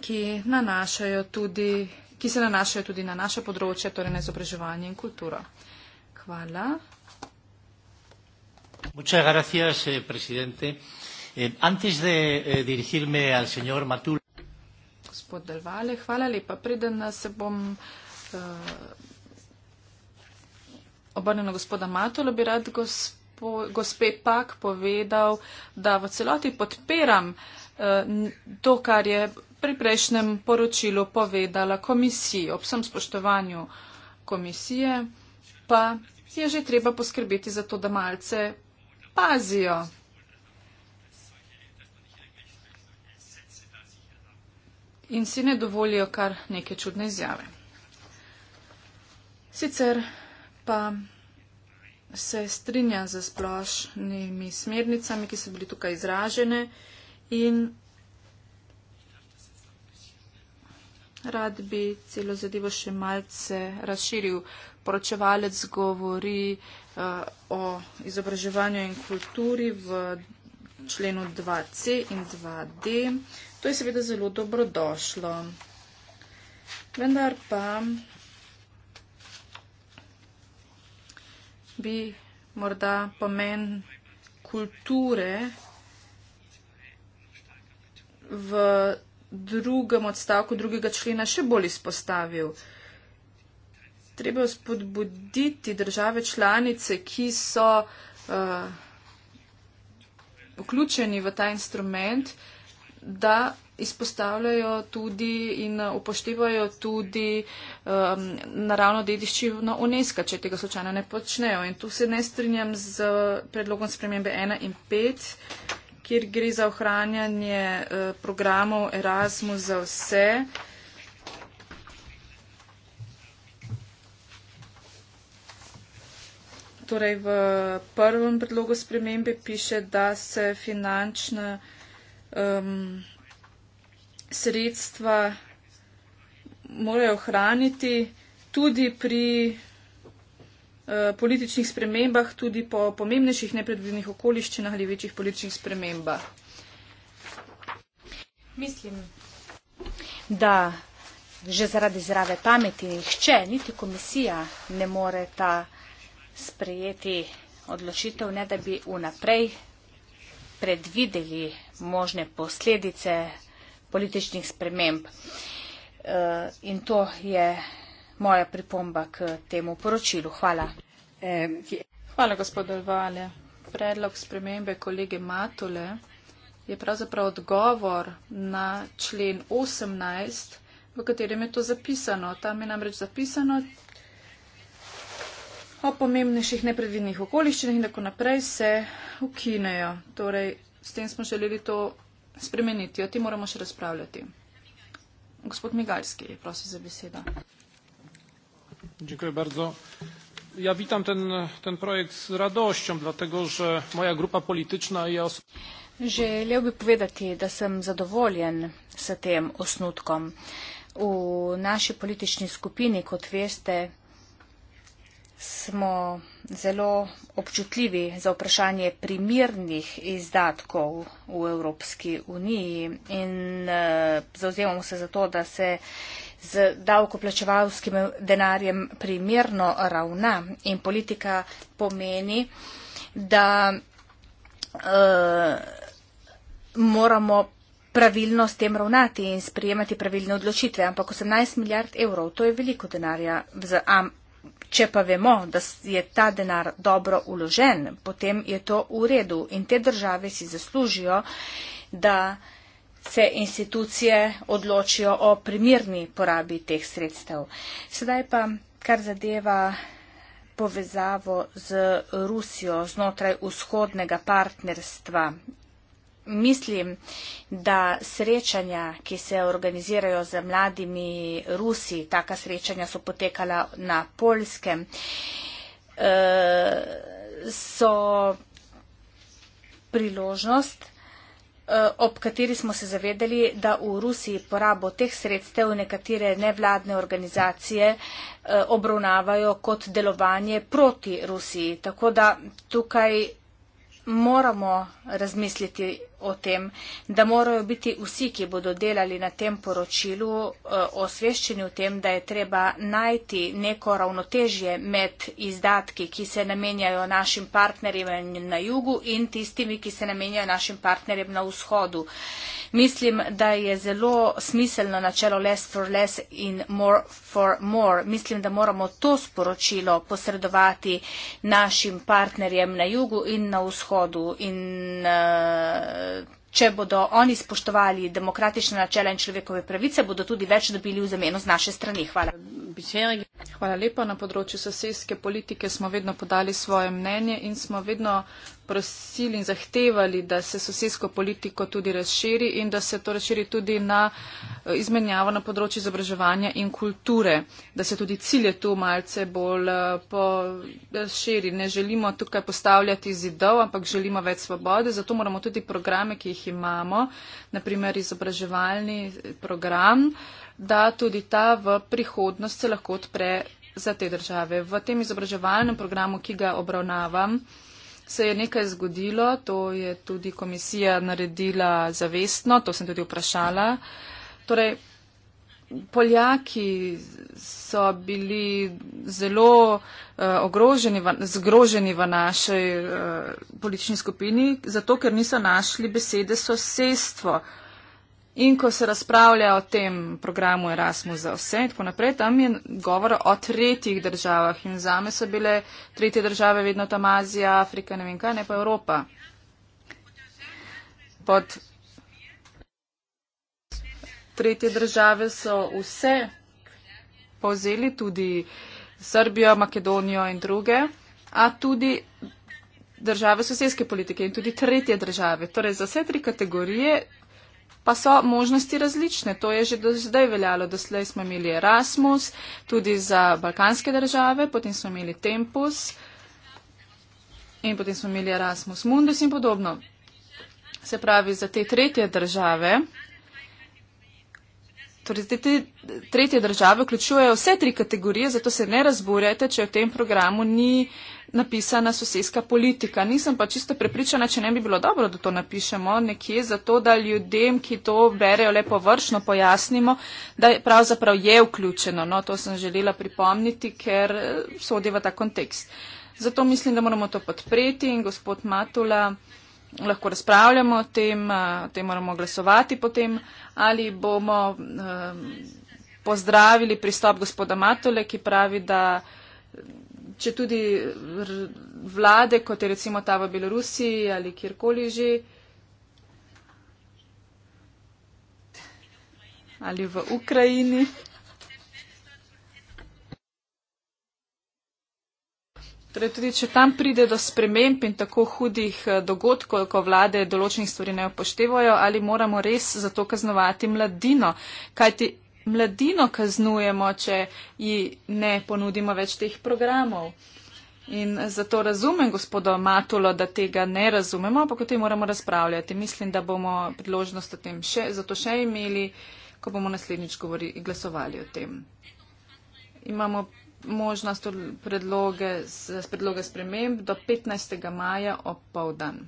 ki, tudi, ki se nanašajo tudi na naše področje, torej na izobraževanje in kulturo. Hvala. Muchas gracias, eh, presidente. Eh, antes de eh, dirigirme al señor Matul. Gospod Delvale, hvala lepa. Preden se bom uh, obrnil na gospoda Matula, bi rad gospo, gospe Pak povedal, da v celoti podpiram uh, to, kar je pri prejšnjem poročilu povedala komisija. Ob vsem spoštovanju komisije pa je že treba poskrbeti za to, da malce pazijo in si ne dovolijo kar neke čudne izjave. Sicer pa se strinja z splošnimi smernicami, ki so bili tukaj izražene in rad bi celo zadevo še malce razširil. Poročevalec govori uh, o izobraževanju in kulturi v členu 2c in 2d. To je seveda zelo dobrodošlo. Vendar pa bi morda pomen kulture v drugem odstavku drugega člena še bolj izpostavil. Treba spodbuditi države članice, ki so uh, vključeni v ta instrument, uh, da izpostavljajo tudi in upoštevajo tudi um, naravno dediščino UNESCO, če tega slučajno ne počnejo. In tu se ne strinjam z predlogom spremembe 1 in 5, kjer gre za ohranjanje uh, programov Erasmus za vse. Torej v prvem predlogu spremembe piše, da se finančna um, sredstva morajo ohraniti tudi pri uh, političnih spremembah, tudi po pomembnejših nepredvidenih okoliščinah ali večjih političnih spremembah. Mislim, da že zaradi zdrave pameti nihče, niti komisija ne more ta sprejeti odločitev, ne da bi vnaprej predvideli možne posledice političnih sprememb. Eh, in to je moja pripomba k temu poročilu. Hvala. Hvala, gospod Dolvale. Predlog spremembe kolege Matule je pravzaprav odgovor na člen 18, v katerem je to zapisano. Tam je namreč zapisano, o pomembnejših neprevidnih okoliščinah in tako naprej se ukinejo. Torej, s tem smo želeli to spremeniti, o tem moramo še razpravljati. Gospod Migalski, prosim za besedo. Dziękuję bardzo. Ja witam ten, ten projekt z radością, dlatego że moja grupa polityczna i ja Želel bi povedati, da sem zadovoljen s tem osnutkom. V naši politični skupini, kot veste, smo zelo občutljivi za vprašanje primirnih izdatkov v Evropski uniji in eh, zauzemamo se za to, da se z davkoplačevalskim denarjem primerno ravna in politika pomeni, da uh, moramo pravilno s tem ravnati in sprijemati pravilne odločitve. Ampak 18 milijard evrov, to je veliko denarja za Če pa vemo, da je ta denar dobro uložen, potem je to v redu in te države si zaslužijo, da se institucije odločijo o primirni porabi teh sredstev. Sedaj pa, kar zadeva povezavo z Rusijo znotraj vzhodnega partnerstva mislim, da srečanja, ki se organizirajo z mladimi Rusi, taka srečanja so potekala na Polskem, eh, so priložnost, eh, ob kateri smo se zavedali, da v Rusiji porabo teh sredstev nekatere nevladne organizacije eh, obravnavajo kot delovanje proti Rusiji. Tako da tukaj moramo razmisliti o tem, da morajo biti vsi, ki bodo delali na tem poročilu, eh, osveščeni v tem, da je treba najti neko ravnotežje med izdatki, ki se namenjajo našim partnerjem na jugu in tistimi, ki se namenjajo našim partnerjem na vzhodu. Mislim, da je zelo smiselno načelo less for less in more for more. Mislim, da moramo to sporočilo posredovati našim partnerjem na jugu in na vzhodu. In, uh, če bodo oni spoštovali demokratične načela in človekove pravice, bodo tudi več dobili v zameno z naše strani. Hvala. Hvala lepa. Na področju sosedske politike smo vedno podali svoje mnenje in smo vedno prosili in zahtevali, da se sosedsko politiko tudi razširi in da se to razširi tudi na eh, izmenjavo na področju izobraževanja in kulture, da se tudi cilje tu malce bolj eh, razširi. Ne želimo tukaj postavljati zidov, ampak želimo več svobode, zato moramo tudi programe, ki jih imamo, naprimer izobraževalni eh, program, da tudi ta v prihodnost se lahko odpre za te države. V tem izobraževalnem programu, ki ga obravnavam, se je nekaj zgodilo, to je tudi komisija naredila zavestno, to sem tudi vprašala. Torej, Poljaki so bili zelo uh, ogroženi, v, zgroženi v naši uh, politični skupini, zato ker niso našli besede sosedstvo. In ko se razpravlja o tem programu Erasmus za vse in tako naprej, tam je govor o tretjih državah in zame so bile tretje države vedno tam Azija, Afrika, ne vem kaj, ne pa Evropa. Pod tretje države so vse povzeli, tudi Srbijo, Makedonijo in druge, a tudi države sosedske politike in tudi tretje države. Torej za vse tri kategorije pa so možnosti različne. To je že do zdaj veljalo. Doslej smo imeli Erasmus, tudi za balkanske države, potem smo imeli Tempus in potem smo imeli Erasmus Mundus in podobno. Se pravi, za te tretje države. Torej, te, te tretje države vključujejo vse tri kategorije, zato se ne razburjajte, če v tem programu ni uh, napisana sosedska politika. Nisem pa čisto prepričana, če ne bi bilo dobro, da to napišemo nekje, zato da ljudem, ki to berejo, le površno pojasnimo, da pravzaprav je vključeno. No, to sem želela pripomniti, ker eh, sodi v ta kontekst. Zato mislim, da moramo to podpreti in gospod Matula. Eh, lahko razpravljamo o tem, eh, te moramo glasovati potem, ali bomo eh, pozdravili pristop gospoda Matole, ki pravi, da če tudi vlade, kot je recimo ta v Belorusiji ali kjerkoli že, ali v Ukrajini. Torej, tudi če tam pride do sprememb in tako hudih eh, dogodkov, ko vlade določenih stvari ne upoštevajo, ali moramo res zato kaznovati mladino? Kaj ti mladino kaznujemo, če ji ne ponudimo več teh programov. In zato razumem, gospodo Matulo, da tega ne razumemo, ampak o tem moramo razpravljati. Mislim, da bomo priložnost o tem še, zato še imeli, ko bomo naslednjič govori, glasovali o tem. Imamo možnost predloge, predloge sprememb do 15. maja ob povdan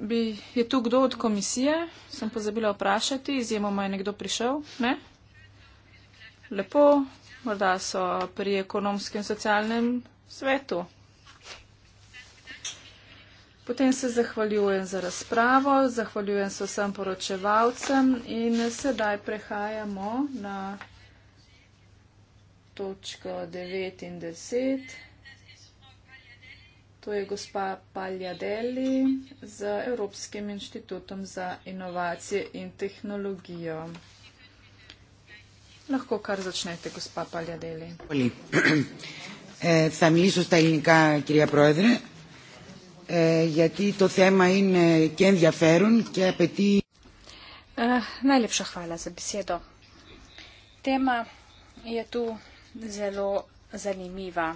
bi, je tu kdo od komisije? Sem pozabila vprašati, izjemoma je nekdo prišel. Ne? Lepo, morda so pri ekonomskem in socialnem svetu. Potem se zahvaljujem za razpravo, zahvaljujem se vsem poročevalcem in sedaj prehajamo na točko 9 in 10. To je gospa Paljadeli z Evropskim inštitutom za inovacije in tehnologijo. Lahko kar začnete, gospa Paljadeli. Eh, θα μιλήσω στα ελληνικά, κυρία Πρόεδρε, γιατί το θέμα είναι και ενδιαφέρον και απαιτεί... Najlepša hvala za besedo. Tema je tu zelo zanimiva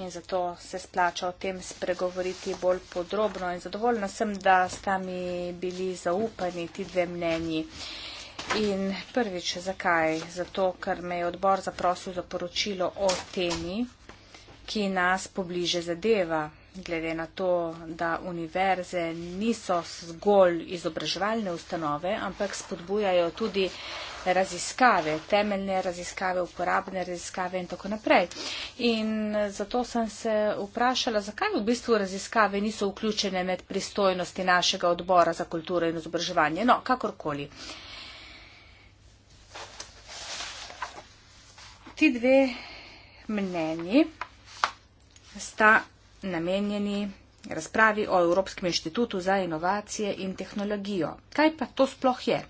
in zato se splača o tem spregovoriti bolj podrobno in zadovoljna sem, da sta mi bili zaupani ti dve mnenji. In prvič, zakaj? Zato, ker me je odbor zaprosil za poročilo o temi, ki nas pobliže zadeva, glede na to, da univerze niso zgolj izobraževalne ustanove, ampak spodbujajo tudi raziskave, temeljne raziskave, uporabne raziskave in tako naprej. In eh, zato sem se vprašala, zakaj v bistvu raziskave niso vključene med pristojnosti našega odbora za kulturo in izobraževanje. No, kakorkoli. Ti dve mnenji sta namenjeni razpravi o Evropskem inštitutu za inovacije in tehnologijo. Kaj pa to sploh je?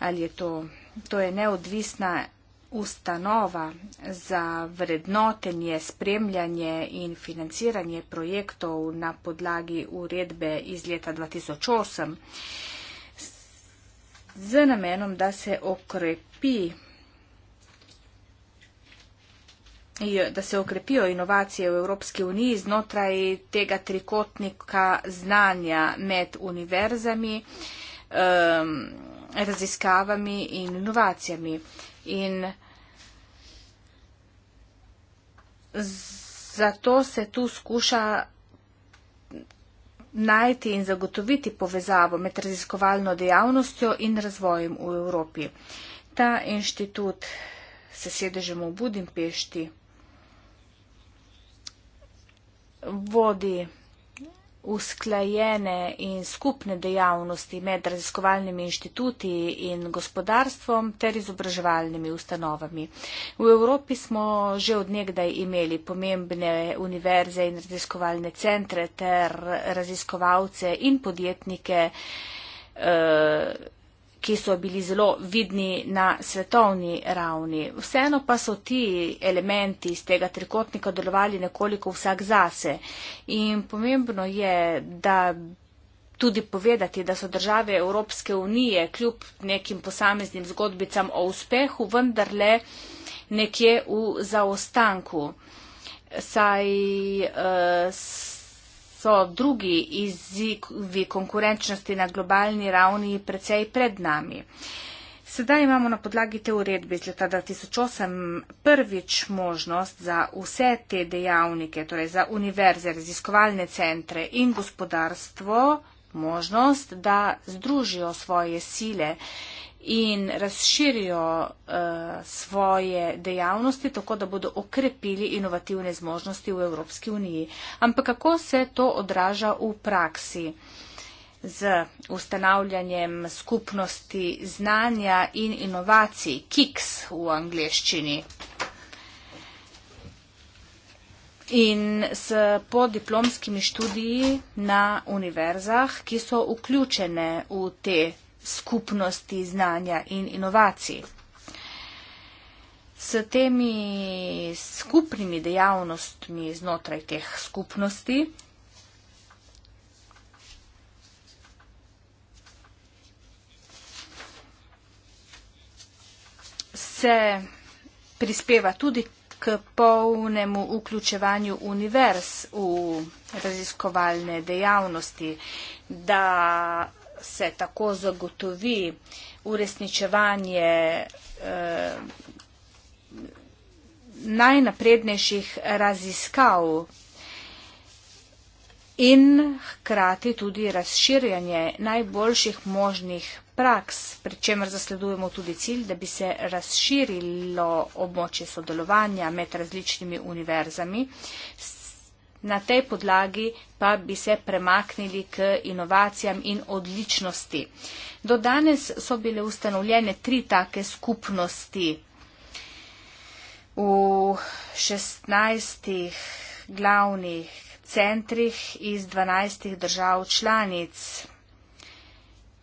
Ali je to to je neodvisna ustanova za vrednotenje, spremljanje in financiranje projektov na podlagi uredbe iz leta 2008 z namenom, da se okrepi da se okrepijo inovacije v Evropski uniji znotraj tega trikotnika znanja med univerzami, um, raziskavami in inovacijami. In zato se tu skuša najti in zagotoviti povezavo med raziskovalno dejavnostjo in razvojem v Evropi. Ta inštitut se sedežem v Budimpešti vodi usklajene in skupne dejavnosti med raziskovalnimi inštituti in gospodarstvom ter izobraževalnimi ustanovami. V Evropi smo že odnegdaj imeli pomembne univerze in raziskovalne centre ter raziskovalce in podjetnike. Eh, ki so bili zelo vidni na svetovni ravni. Vseeno pa so ti elementi iz tega trikotnika delovali nekoliko vsak zase. In pomembno je, da tudi povedati, da so države Evropske unije kljub nekim posameznim zgodbicam o uspehu vendarle nekje v zaostanku. Saj, uh, so drugi izzivi konkurenčnosti na globalni ravni precej pred nami. Sedaj imamo na podlagi te uredbe iz leta 2008 prvič možnost za vse te dejavnike, torej za univerze, raziskovalne centre in gospodarstvo, možnost, da združijo svoje sile in razširijo uh, svoje dejavnosti, tako da bodo okrepili inovativne zmožnosti v Evropski uniji. Ampak kako se to odraža v praksi z ustanavljanjem skupnosti znanja in inovacij, KIKS v angleščini? In s podiplomskimi študiji na univerzah, ki so vključene v te skupnosti znanja in inovacij. S temi skupnimi dejavnostmi znotraj teh skupnosti se prispeva tudi k polnemu vključevanju univerz v raziskovalne dejavnosti, da se tako zagotovi uresničevanje eh, najnaprednejših raziskav in hkrati tudi razširjanje najboljših možnih praks, pri čemer zasledujemo tudi cilj, da bi se razširilo območje sodelovanja med različnimi univerzami s na tej podlagi pa bi se premaknili k inovacijam in odličnosti. Do danes so bile ustanovljene tri take skupnosti v 16 glavnih centrih iz 12 držav članic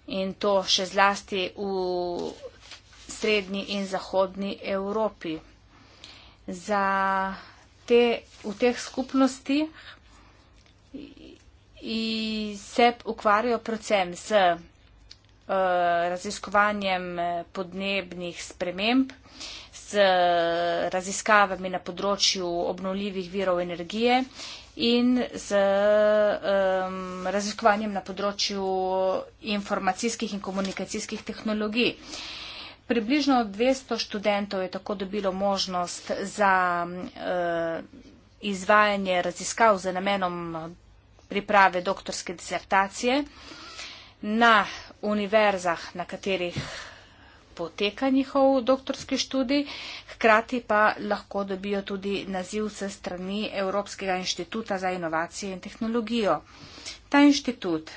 in to še zlasti v srednji in zahodni Evropi. Za te, v teh skupnostih in se ukvarjajo predvsem s uh, eh, raziskovanjem eh, podnebnih sprememb, s eh, raziskavami na področju obnovljivih virov energije in z um, raziskovanjem na področju informacijskih in komunikacijskih tehnologij. Uh, Približno 200 študentov je tako dobilo možnost za eh, izvajanje raziskav za namenom eh, priprave doktorske disertacije na univerzah, na katerih poteka njihov doktorski študij, hkrati pa lahko dobijo tudi naziv se strani Evropskega inštituta za inovacije in tehnologijo. Ta inštitut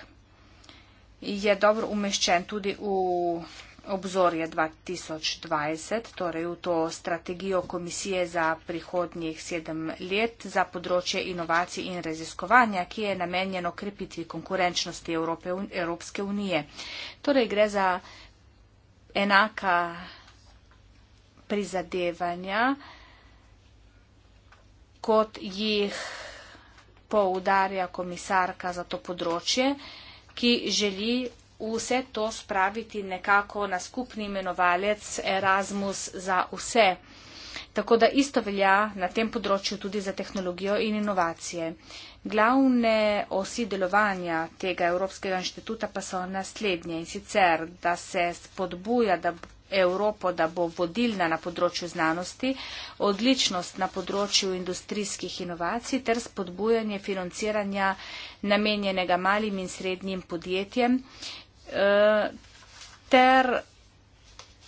je dobro umeščen tudi v obzorje 2020, torej v to strategijo komisije za prihodnjih sedem let za področje inovacij in raziskovanja, ki je namenjeno krepitvi konkurenčnosti Evrope, Evropske unije. Torej gre za enaka prizadevanja, kot jih poudarja komisarka za to področje, ki želi vse to spraviti nekako na skupni imenovalec Erasmus za vse. Tako da isto velja na tem področju tudi za tehnologijo in inovacije. Glavne osi delovanja tega Evropskega inštituta pa so naslednje in sicer, da se spodbuja da Evropo, da bo vodilna na področju znanosti, odličnost na področju industrijskih inovacij ter spodbujanje financiranja namenjenega malim in srednjim podjetjem, ter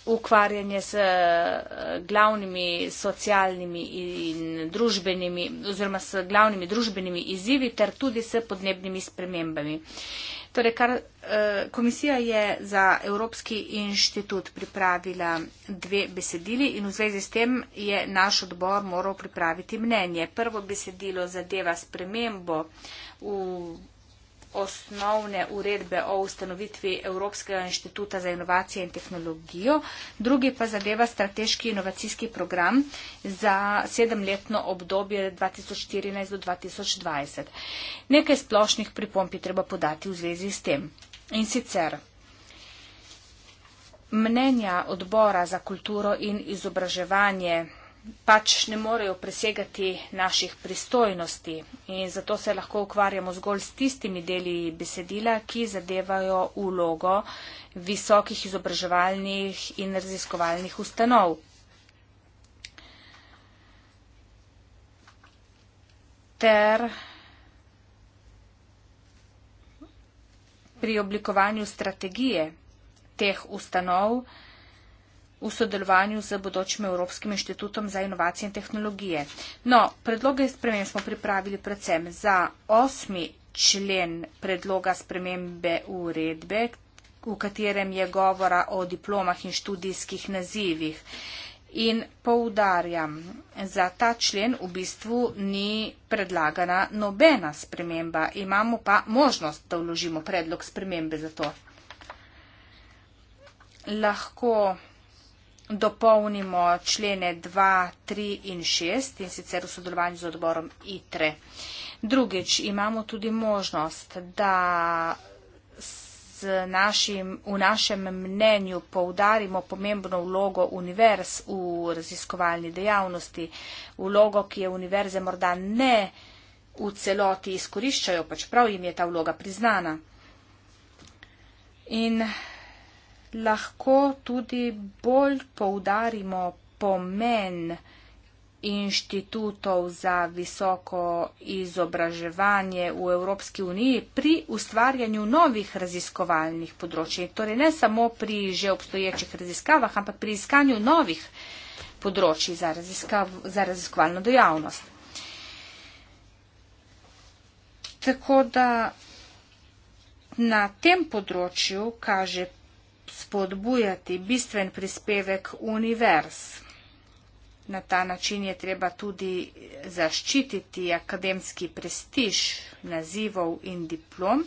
ukvarjanje s eh, glavnimi socialnimi in družbenimi oziroma s glavnimi družbenimi izzivi ter tudi s podnebnimi spremembami. Torej, kar, eh, komisija je za Evropski inštitut pripravila dve besedili in v zvezi s tem je naš odbor moral pripraviti mnenje. Prvo besedilo zadeva spremembo v osnovne uredbe o ustanovitvi Evropskega inštituta za inovacije in tehnologijo, drugi pa zadeva strateški inovacijski program za sedemletno obdobje 2014 do 2020. Nekaj splošnih pripomp je treba podati v zvezi s tem. In sicer. Mnenja odbora za kulturo in izobraževanje pač ne morejo presegati naših pristojnosti in zato se lahko ukvarjamo zgolj s tistimi deli besedila, ki zadevajo ulogo visokih izobraževalnih in raziskovalnih ustanov. Ter pri oblikovanju strategije teh ustanov, v sodelovanju z bodočim Evropskim inštitutom za inovacije in tehnologije. No, predloge sprememb smo pripravili predvsem za osmi člen predloga spremembe uredbe, v katerem je govora o diplomah in študijskih nazivih. In poudarjam, za ta člen v bistvu ni predlagana nobena sprememba. Imamo pa možnost, da vložimo predlog spremembe za to. Lahko dopolnimo člene 2, 3 in 6 in sicer v sodelovanju z odborom ITRE. Drugič, imamo tudi možnost, da našim, v našem mnenju poudarimo pomembno vlogo univerz v raziskovalni dejavnosti, vlogo, ki je univerze morda ne v celoti izkoriščajo, pač prav jim je ta vloga priznana. In lahko tudi bolj poudarimo pomen inštitutov za visoko izobraževanje v Evropski uniji pri ustvarjanju novih raziskovalnih področji. Torej ne samo pri že obstoječih raziskavah, ampak pri iskanju novih področji za, raziskav, za raziskovalno dejavnost. Tako da na tem področju kaže spodbujati bistven prispevek univerz. Na ta način je treba tudi zaščititi akademski prestiž nazivov in diplom.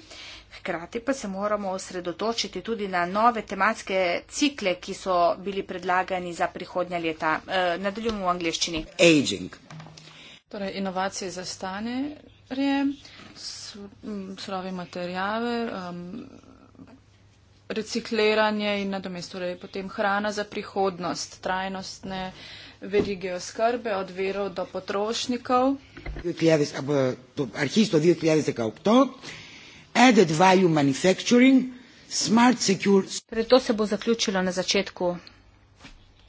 Hkrati pa se moramo osredotočiti tudi na nove tematske cikle, ki so bili predlagani za prihodnja leta. E, nadaljujemo v angliščini. Aging. Torej, inovacije za stanje, surove materijale. Um, recikliranje in nadomest, torej potem hrana za prihodnost, trajnostne verige oskrbe od verov do potrošnikov. Arhisto 2018, added value manufacturing, smart secure. Torej to se bo zaključilo na začetku,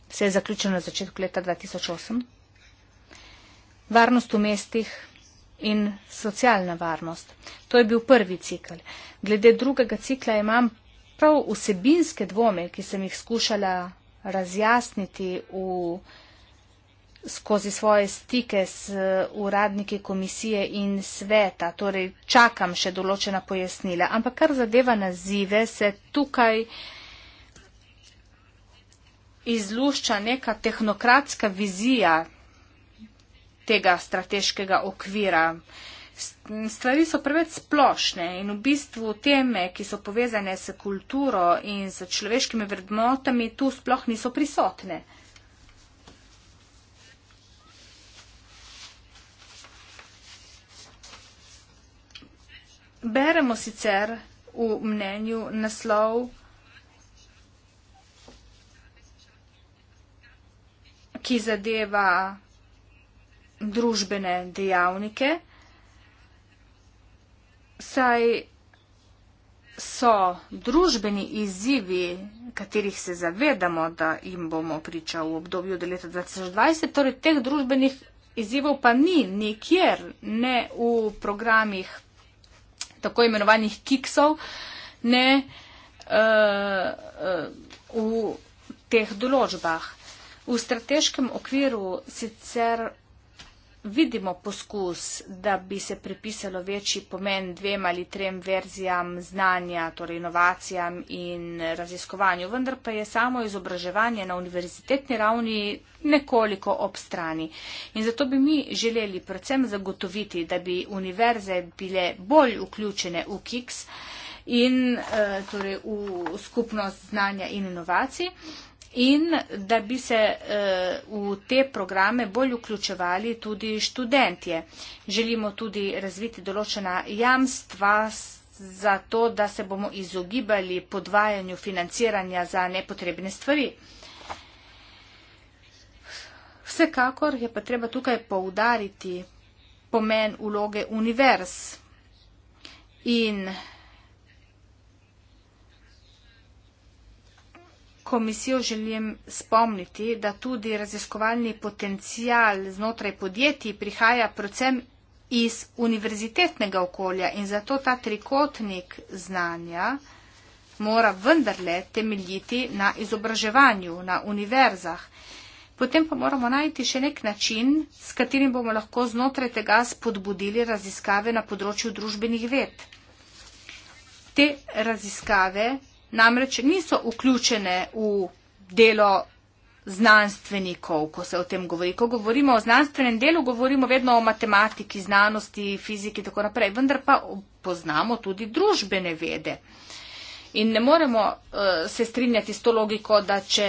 se je zaključilo na začetku leta 2008. Varnost v mestih in socialna varnost. To je bil prvi cikl. Glede drugega cikla imam prav vsebinske dvome, ki sem jih skušala razjasniti v, skozi svoje stike s uradniki komisije in sveta, torej čakam še določena pojasnila. Ampak kar zadeva nazive, se tukaj izlušča neka tehnokratska vizija tega strateškega okvira stvari so preveč splošne in v bistvu teme, ki so povezane s kulturo in s človeškimi vrednotami, tu sploh niso prisotne. Beremo sicer v mnenju naslov, ki zadeva družbene dejavnike saj so družbeni izzivi, katerih se zavedamo, da jim bomo priča v obdobju do leta 2020, torej teh družbenih izzivov pa ni nikjer, ne v programih tako imenovanih kiksov, ne uh, uh, v teh določbah. V strateškem okviru sicer vidimo poskus, da bi se pripisalo večji pomen dvema ali trem verzijam znanja, torej inovacijam in raziskovanju, vendar pa je samo izobraževanje na univerzitetni ravni nekoliko ob strani. In zato bi mi želeli predvsem zagotoviti, da bi univerze bile bolj vključene v KIKS in eh, torej v skupnost znanja in inovacij in da bi se eh, v te programe bolj vključevali tudi študentje. Želimo tudi razviti določena jamstva za to, da se bomo izogibali podvajanju financiranja za nepotrebne stvari. Vsekakor je pa treba tukaj poudariti pomen uloge univerz in komisijo želim spomniti, da tudi raziskovalni potencial znotraj podjetij prihaja predvsem iz univerzitetnega okolja in zato ta trikotnik znanja mora vendarle temeljiti na izobraževanju, na univerzah. Potem pa moramo najti še nek način, s katerim bomo lahko znotraj tega spodbudili raziskave na področju družbenih ved. Te raziskave namreč niso vključene v delo znanstvenikov, ko se o tem govori. Ko govorimo o znanstvenem delu, govorimo vedno o matematiki, znanosti, fiziki in tako naprej, vendar pa poznamo tudi družbene vede. In ne moremo uh, se strinjati s to logiko, da če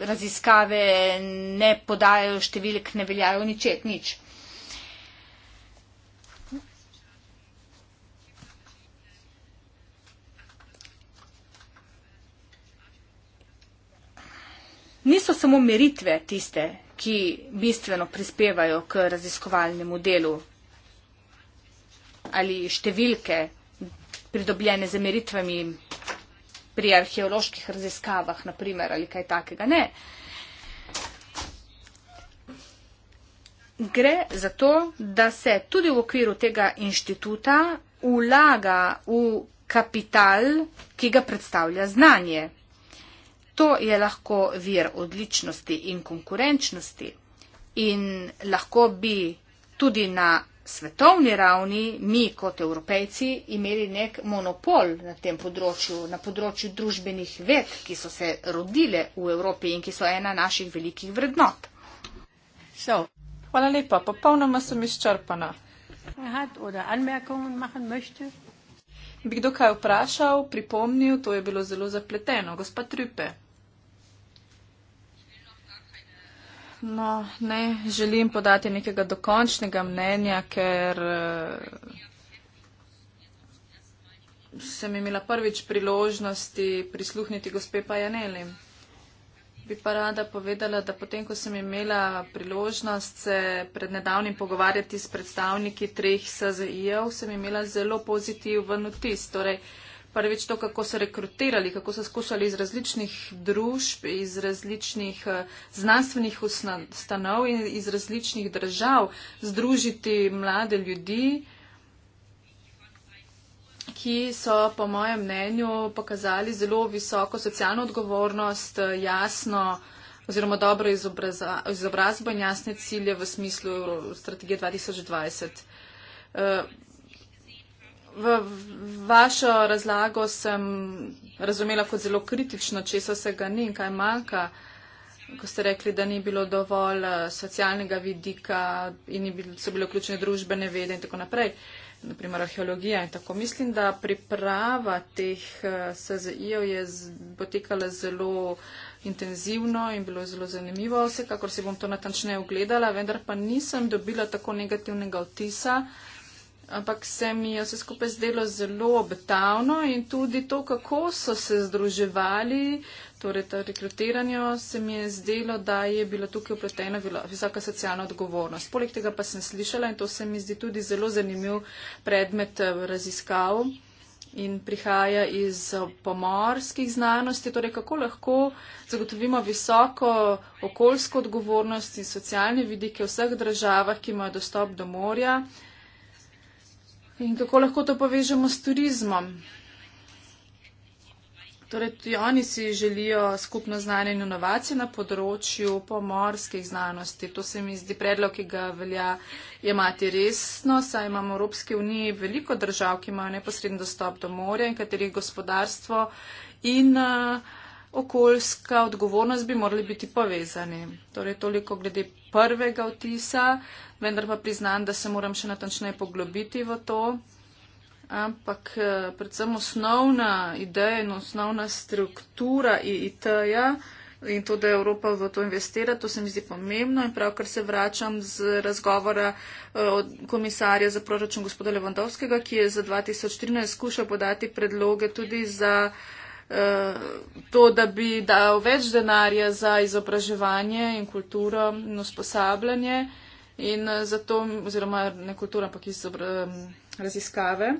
raziskave ne podajo številk, ne veljajo nič. Niso samo meritve tiste, ki bistveno prispevajo k raziskovalnemu delu ali številke pridobljene z meritvami pri arheoloških raziskavah, naprimer, ali kaj takega. Ne. Gre za to, da se tudi v okviru tega inštituta vlaga v kapital, ki ga predstavlja znanje. To je lahko vir odličnosti in konkurenčnosti in lahko bi tudi na svetovni ravni mi kot evropejci imeli nek monopol na tem področju, na področju družbenih ved, ki so se rodile v Evropi in ki so ena naših velikih vrednot. So. Hvala lepa, popolnoma sem izčrpana. Bi kdo kaj vprašal, pripomnil, to je bilo zelo zapleteno. Gospa Trupe. No, ne želim podati nekega dokončnega mnenja, ker eh, sem imela prvič priložnosti prisluhniti gospe Pajaneli. Bi pa rada povedala, da potem, ko sem imela priložnost se pred nedavnim pogovarjati s predstavniki treh SZI-ev, sem imela zelo pozitiven vtis. Torej, Prvič to, kako so rekrutirali, kako so skušali iz različnih družb, iz različnih eh, znanstvenih ustanov in iz različnih držav združiti mlade ljudi, ki so, po mojem mnenju, pokazali zelo visoko socialno odgovornost, eh, jasno oziroma dobro izobrazbo in jasne cilje v smislu strategije 2020 v vašo razlago sem razumela kot zelo kritično, če so se ga ni in kaj manjka. Ko ste rekli, da ni bilo dovolj eh, socialnega vidika in so bile vključene družbene vede in tako naprej, naprimer arheologija in tako. Mislim, da priprava teh eh, SZI-jev je potekala zelo intenzivno in bilo je zelo zanimivo, vsekakor si bom to natančneje ogledala, vendar pa nisem dobila tako negativnega vtisa, ampak se mi je vse skupaj zdelo zelo obetavno in tudi to, kako so se združevali, torej to rekrutiranje, se mi je zdelo, da je bila tukaj upletena visoka socialna odgovornost. Poleg tega pa sem slišala in to se mi zdi tudi zelo zanimiv predmet eh, raziskav in prihaja iz eh, pomorskih znanosti, torej kako lahko zagotovimo visoko okoljsko odgovornost in socialne vidike v vseh državah, ki imajo dostop do morja. In kako lahko to povežemo s turizmom? Torej, tudi oni si želijo skupno znanje in inovacije na področju pomorskih znanosti. To se mi zdi predlog, ki ga velja jemati resno, saj imamo v Evropski uniji veliko držav, ki imajo neposreden dostop do morja in katerih gospodarstvo in uh, okoljska odgovornost bi morali biti povezani. Torej, toliko glede prvega vtisa, vendar pa priznam, da se moram še natančneje poglobiti v to. Ampak eh, predvsem osnovna ideja in osnovna struktura IIT-ja in to, da Evropa v to investira, to se mi zdi pomembno in pravkar se vračam z razgovora eh, od komisarja za proračun gospoda Levandovskega, ki je za 2013 skušal podati predloge tudi za. Eh, to, da bi dal več denarja za izobraževanje in kulturo in usposabljanje in eh, zato, oziroma ne kultura, ampak eh, raziskave.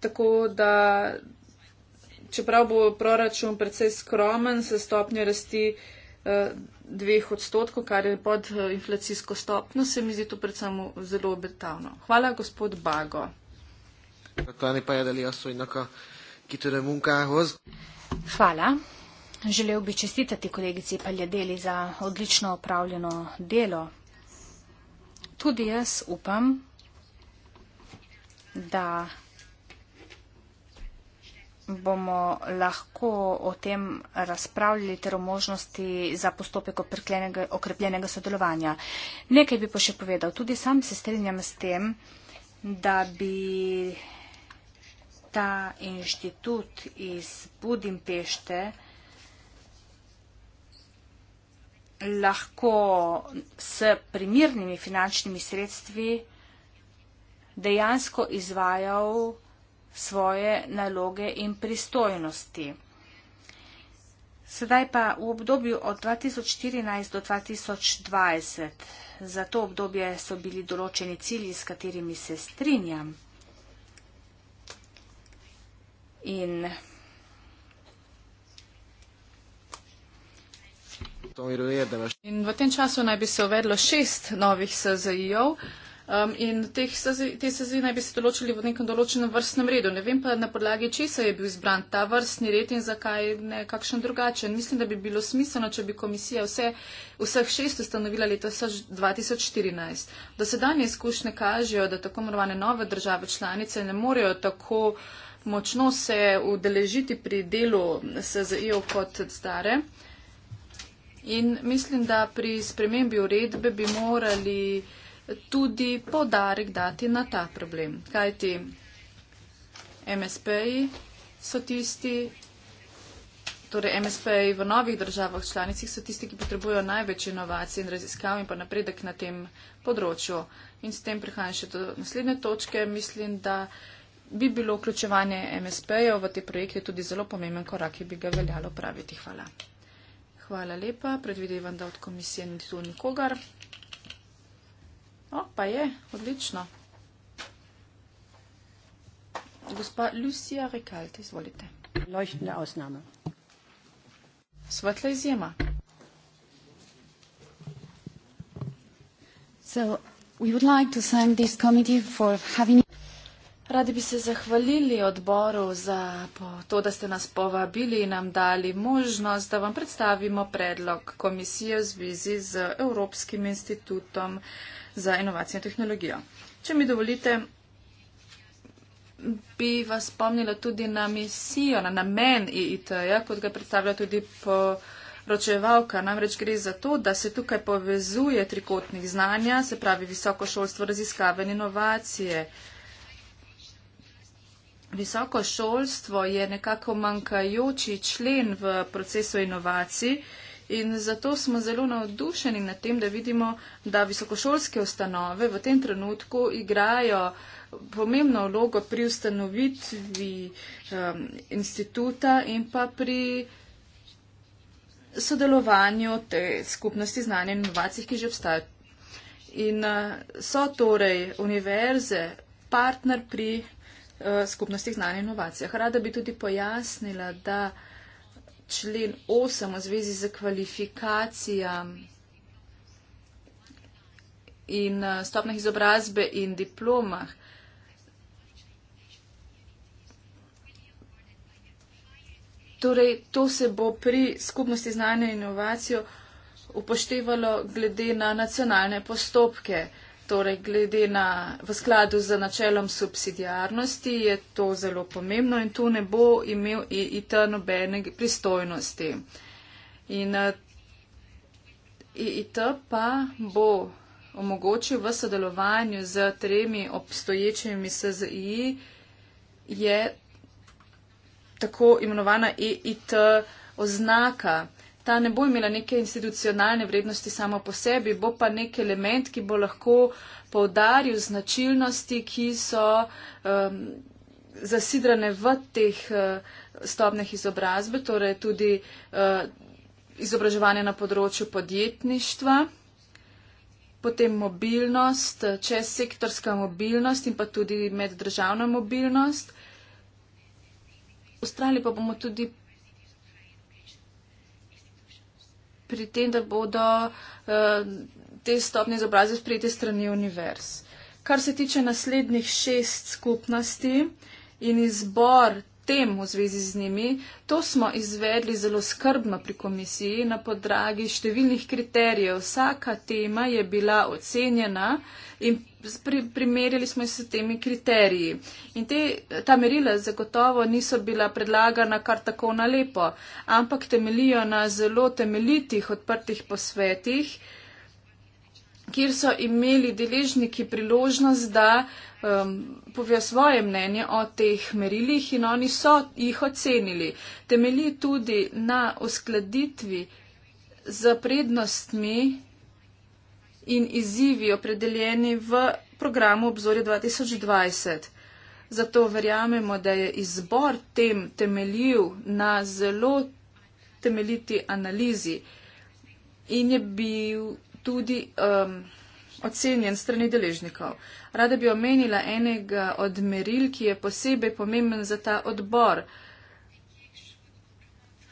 Tako da, čeprav bo proračun predvsej skromen, se stopnjo rasti dveh odstotkov, kar je pod inflacijsko stopno, se mi zdi to predvsem zelo obetavno. Hvala, gospod Bago. Tani pa je delila svojnako kitore munkához. Hvala. Želel bi čestitati kolegici Paljadeli za odlično opravljeno delo. Tudi jaz upam, da bomo lahko o tem razpravljali ter o možnosti za postopek okrepljenega sodelovanja. Nekaj bi pa po še povedal. Tudi sam se strinjam s tem, da bi ta inštitut iz Budimpešte lahko s primirnimi finančnimi sredstvi dejansko izvajal svoje naloge in pristojnosti. Sedaj pa v obdobju od 2014 do 2020. Za to obdobje so bili določeni cilji, s katerimi se strinjam. In... in v tem času naj bi se uvedlo šest novih SZI-ov. Um, in teh, te sezi naj bi se določili v nekem določenem vrstnem redu. Ne vem pa na podlagi česa je bil izbran ta vrstni red in zakaj ne kakšen drugačen. Mislim, da bi bilo smiselno, če bi komisija vse, vseh šest ustanovila leta 2014. Do sedanje izkušnje kažejo, da tako morovane nove države članice ne morejo tako močno se udeležiti pri delu SZIO kot stare. In mislim, da pri spremembi uredbe bi morali tudi podarek dati na ta problem. Kaj ti MSP-ji so tisti, torej MSP-ji v novih državah članicih so tisti, ki potrebujejo največ inovacij in raziskav in pa napredek na tem področju. In s tem prihajam še do naslednje točke. Mislim, da bi bilo vključevanje MSP-jev v te projekte tudi zelo pomemben korak, ki bi ga veljalo praviti. Hvala. Hvala lepa. Predvidevam, da od komisije ni tu nikogar. O, pa je, odlično. Gospa Lucija Rekalt, izvolite. Leuchtende Ausnahme. Svetla izjema. So, we would like to thank this committee for having. Radi bi se zahvalili odboru za to, da ste nas povabili in nam dali možnost, da vam predstavimo predlog komisije v zvezi z Evropskim institutom za inovacijo in tehnologijo. Če mi dovolite, bi vas spomnila tudi na misijo, na namen e IIT-ja, kot ga predstavlja tudi po. Ročevalka namreč gre za to, da se tukaj povezuje trikotnih znanja, se pravi visoko šolstvo, raziskave in inovacije, Visoko šolstvo je nekako manjkajoči člen v procesu inovacij in zato smo zelo navdušeni nad tem, da vidimo, da visokošolske ustanove v tem trenutku igrajo pomembno vlogo pri ustanovitvi um, instituta in pa pri sodelovanju te skupnosti znanja in inovacij, ki že obstajajo. In uh, so torej univerze partner pri Eh, skupnosti znanja in inovacijah. Rada bi tudi pojasnila, da člen 8 v zvezi z kvalifikacijami in eh, stopnih izobrazbe in diplomah. Torej, to se bo pri skupnosti znanja in inovacijo upoštevalo glede na nacionalne postopke. Uh, torej glede na v skladu z načelom subsidijarnosti je to zelo pomembno in tu ne bo imel e IT nobene pristojnosti. In eh, e IT pa bo omogočil v sodelovanju z tremi obstoječimi SZI je tako imenovana e IT oznaka ta ne bo imela neke institucionalne vrednosti samo po sebi, bo pa nek element, ki bo lahko povdaril značilnosti, ki so um, zasidrane v teh uh, stopnjah izobrazbe, torej tudi uh, izobraževanje na področju podjetništva, potem mobilnost, čezsektorska mobilnost in pa tudi meddržavna mobilnost. V Avstraliji pa bomo tudi pri tem, da bodo uh, te stopne izobrazbe sprejete strani univerz. Kar se tiče naslednjih šest skupnosti in izbor tem v zvezi z njimi, to smo izvedli zelo skrbno pri komisiji na podragi številnih kriterijev. Vsaka tema je bila ocenjena in pri, primerjali smo jih s temi kriteriji. In te, ta merila zagotovo niso bila predlagana kar tako na lepo, ampak temelijo na zelo temeljitih odprtih posvetih, kjer so imeli deležniki priložnost, da um, povejo svoje mnenje o teh merilih in oni so jih ocenili. Temelji tudi na uskladitvi z prednostmi in izzivi opredeljeni v programu obzorja 2020. Zato verjamemo, da je izbor tem temeljil na zelo temeljiti analizi in je bil tudi um, ocenjen strani deležnikov. Rada bi omenila enega od meril, ki je posebej pomemben za ta odbor.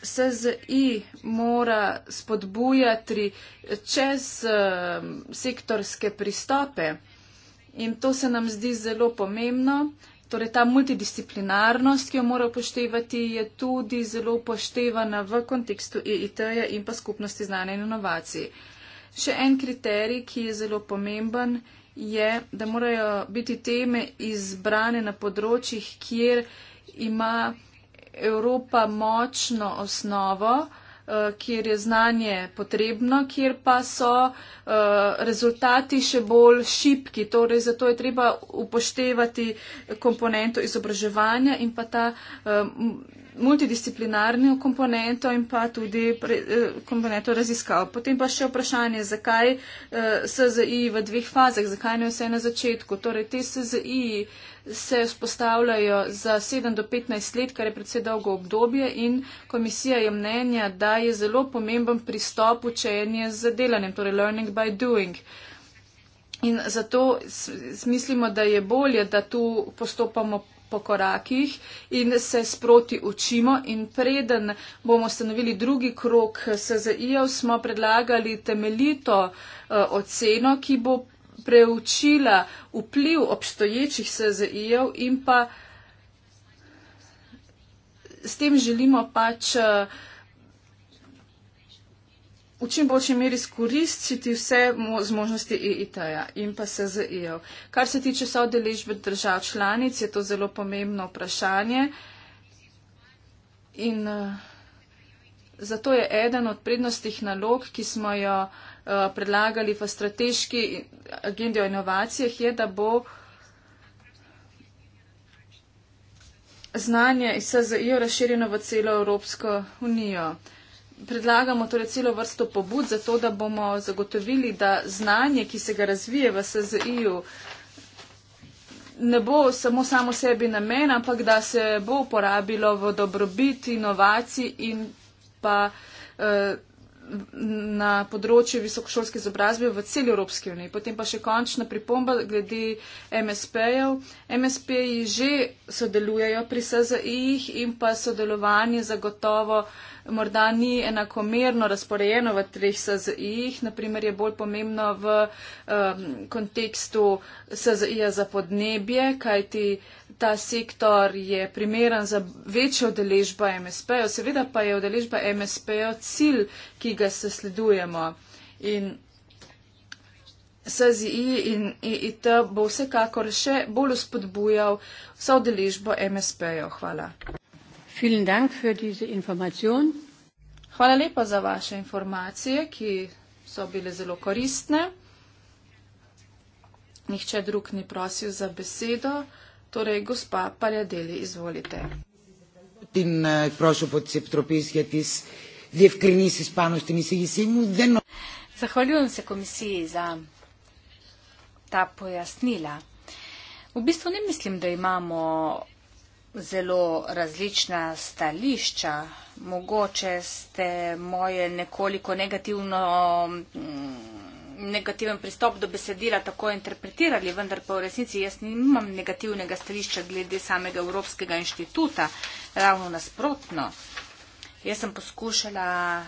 SZI mora spodbujati čez eh, sektorske pristope in to se nam zdi zelo pomembno. Torej, ta multidisciplinarnost, ki jo mora upoštevati, je tudi zelo upoštevana v kontekstu EIT-ja in pa skupnosti znanja in inovacij. Še en kriterij, ki je zelo pomemben, je, da morajo biti teme izbrane na področjih, kjer ima Evropa močno osnovo, eh, kjer je znanje potrebno, kjer pa so eh, rezultati še bolj šipki. Torej, zato je treba upoštevati komponento izobraževanja in pa ta eh, multidisciplinarni komponento in pa tudi komponento raziskav. Potem pa še vprašanje, zakaj SZI v dveh fazah, zakaj ne vse na začetku. Torej, te SZI uh, se vzpostavljajo za 7 do 15 let, kar je predvsej dolgo obdobje in komisija je mnenja, da je zelo pomemben pristop učenje z delanjem, torej learning by doing. In zato mislimo, da je bolje, da tu postopamo po korakih in se sproti učimo in preden bomo ustanovili drugi krok SZI-ev, smo predlagali temeljito uh, oceno, ki bo preučila vpliv obstoječih SZI-jev in pa s tem želimo pač eh, v čim boljši meri skoristiti vse zmožnosti EIT-ja in pa SZI-jev. Kar se tiče sodeležbe držav članic, je to zelo pomembno vprašanje. In, uh, zato je eden od prednostih nalog, ki smo jo eh, predlagali v strateški agendi o inovacijah, je, da bo znanje iz SZI-ja razširjeno v celo Evropsko unijo. Predlagamo torej celo vrsto pobud za to, da bomo zagotovili, da znanje, ki se ga razvije v SZI-ju, ne bo samo samo sebi namen, ampak da se bo uporabilo v dobrobit inovacij in pa eh, na področju visokošolske izobrazbe v cel Evropski uniji. Potem pa še končna pripomba glede MSP-jev. MSP-ji že sodelujejo pri SZI-jih in pa sodelovanje zagotovo uh, morda ni enakomerno razporejeno v treh SZI-jih, naprimer je bolj pomembno v um, kontekstu SZI-ja za podnebje, kajti ta sektor je primeren za večjo deležbo MSP-jo, seveda pa je deležba MSP-jo cilj, ki ga se sledujemo. In SZI in e IT bo vsekakor še bolj spodbujal vso deležbo MSP-jo. Hvala. Hvala lepa za vaše informacije, ki so bile zelo koristne. Nihče drug ni prosil za besedo. Torej, gospa Paljadeli, izvolite. Zahvaljujem se komisiji za ta pojasnila. V bistvu ne mislim, da imamo zelo različna stališča. Mogoče ste moje nekoliko negativno, mm, negativen pristop do besedila tako interpretirali, vendar pa v resnici jaz nimam negativnega stališča glede samega Evropskega inštituta. Ravno nasprotno, jaz sem poskušala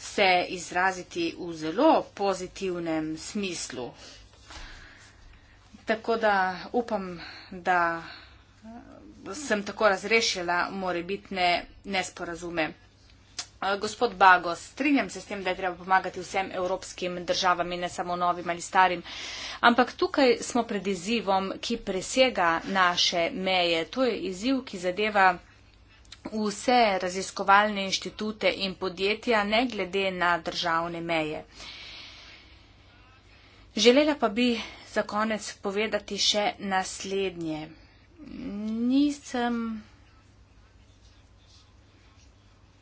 se izraziti v zelo pozitivnem smislu. Tako da upam, da sem tako razrešila morebitne nesporazume. Eh, gospod Bago, strinjam se s tem, da je treba pomagati vsem evropskim državam in ne samo novim ali starim, ampak tukaj smo pred izzivom, ki presega naše meje. To je izziv, ki zadeva vse raziskovalne inštitute in podjetja, ne glede na državne meje. Želela pa bi za konec povedati še naslednje nisem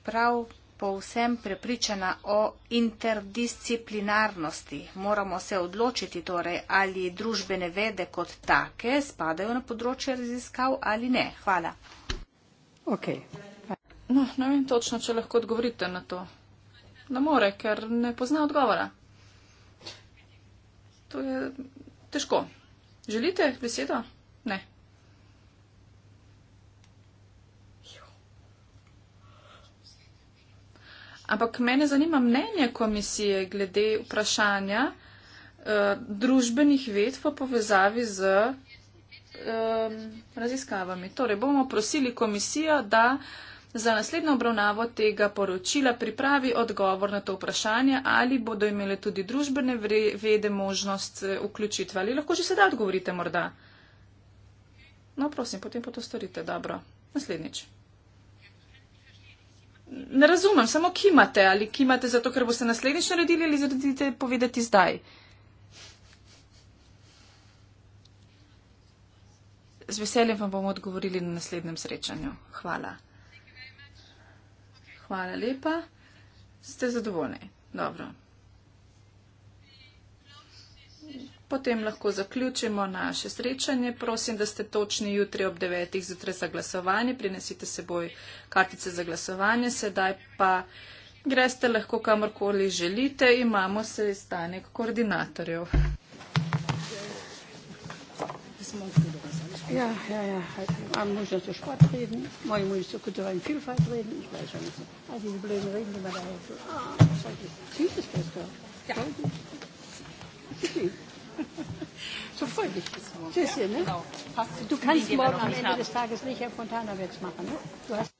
prav povsem prepričana o interdisciplinarnosti. Moramo se odločiti torej, ali družbene vede kot take spadajo na področje raziskav ali ne. Hvala. Okay. No, ne vem točno, če lahko odgovorite na to. Ne more, ker ne pozna odgovora. To je težko. Želite besedo? Ne. Ampak mene zanima mnenje komisije glede vprašanja uh, družbenih ved v povezavi z um, raziskavami. Torej bomo prosili komisijo, da za naslednjo obravnavo tega poročila pripravi odgovor na to vprašanje, ali bodo imeli tudi družbene vede možnost eh, vključitve. Ali lahko že sedaj odgovorite morda? No, prosim, potem pa to storite. Dobro. Naslednjič ne razumem, samo kimate ali kimate zato, ker boste naslednjič naredili ali zredite povedati zdaj. Z veseljem vam bomo odgovorili na naslednjem srečanju. Hvala. Hvala lepa. Ste zadovoljni? Dobro. Potem lahko zaključimo naše srečanje. Prosim, da ste točni jutri ob 9. zjutraj za glasovanje. Prinesite seboj kartice za glasovanje. Sedaj pa greste lahko kamorkoli želite. Imamo sestanek koordinatorjev. Ja, ja, ja. Imam možnost o šport reden. Moji moji so kot dovajem filfajt reden. Ich weiß schon, dass ich bin. Ah, die sind blöden reden, die man da hat. Ah, schau dich. Sieht es besser? Ja. Sieht es besser? Ja. So freue dich bis morgen. Tschüss, ja? ne? Genau. Du kannst morgen am Ende des Tages nicht Herr Fontanowitz machen. Du hast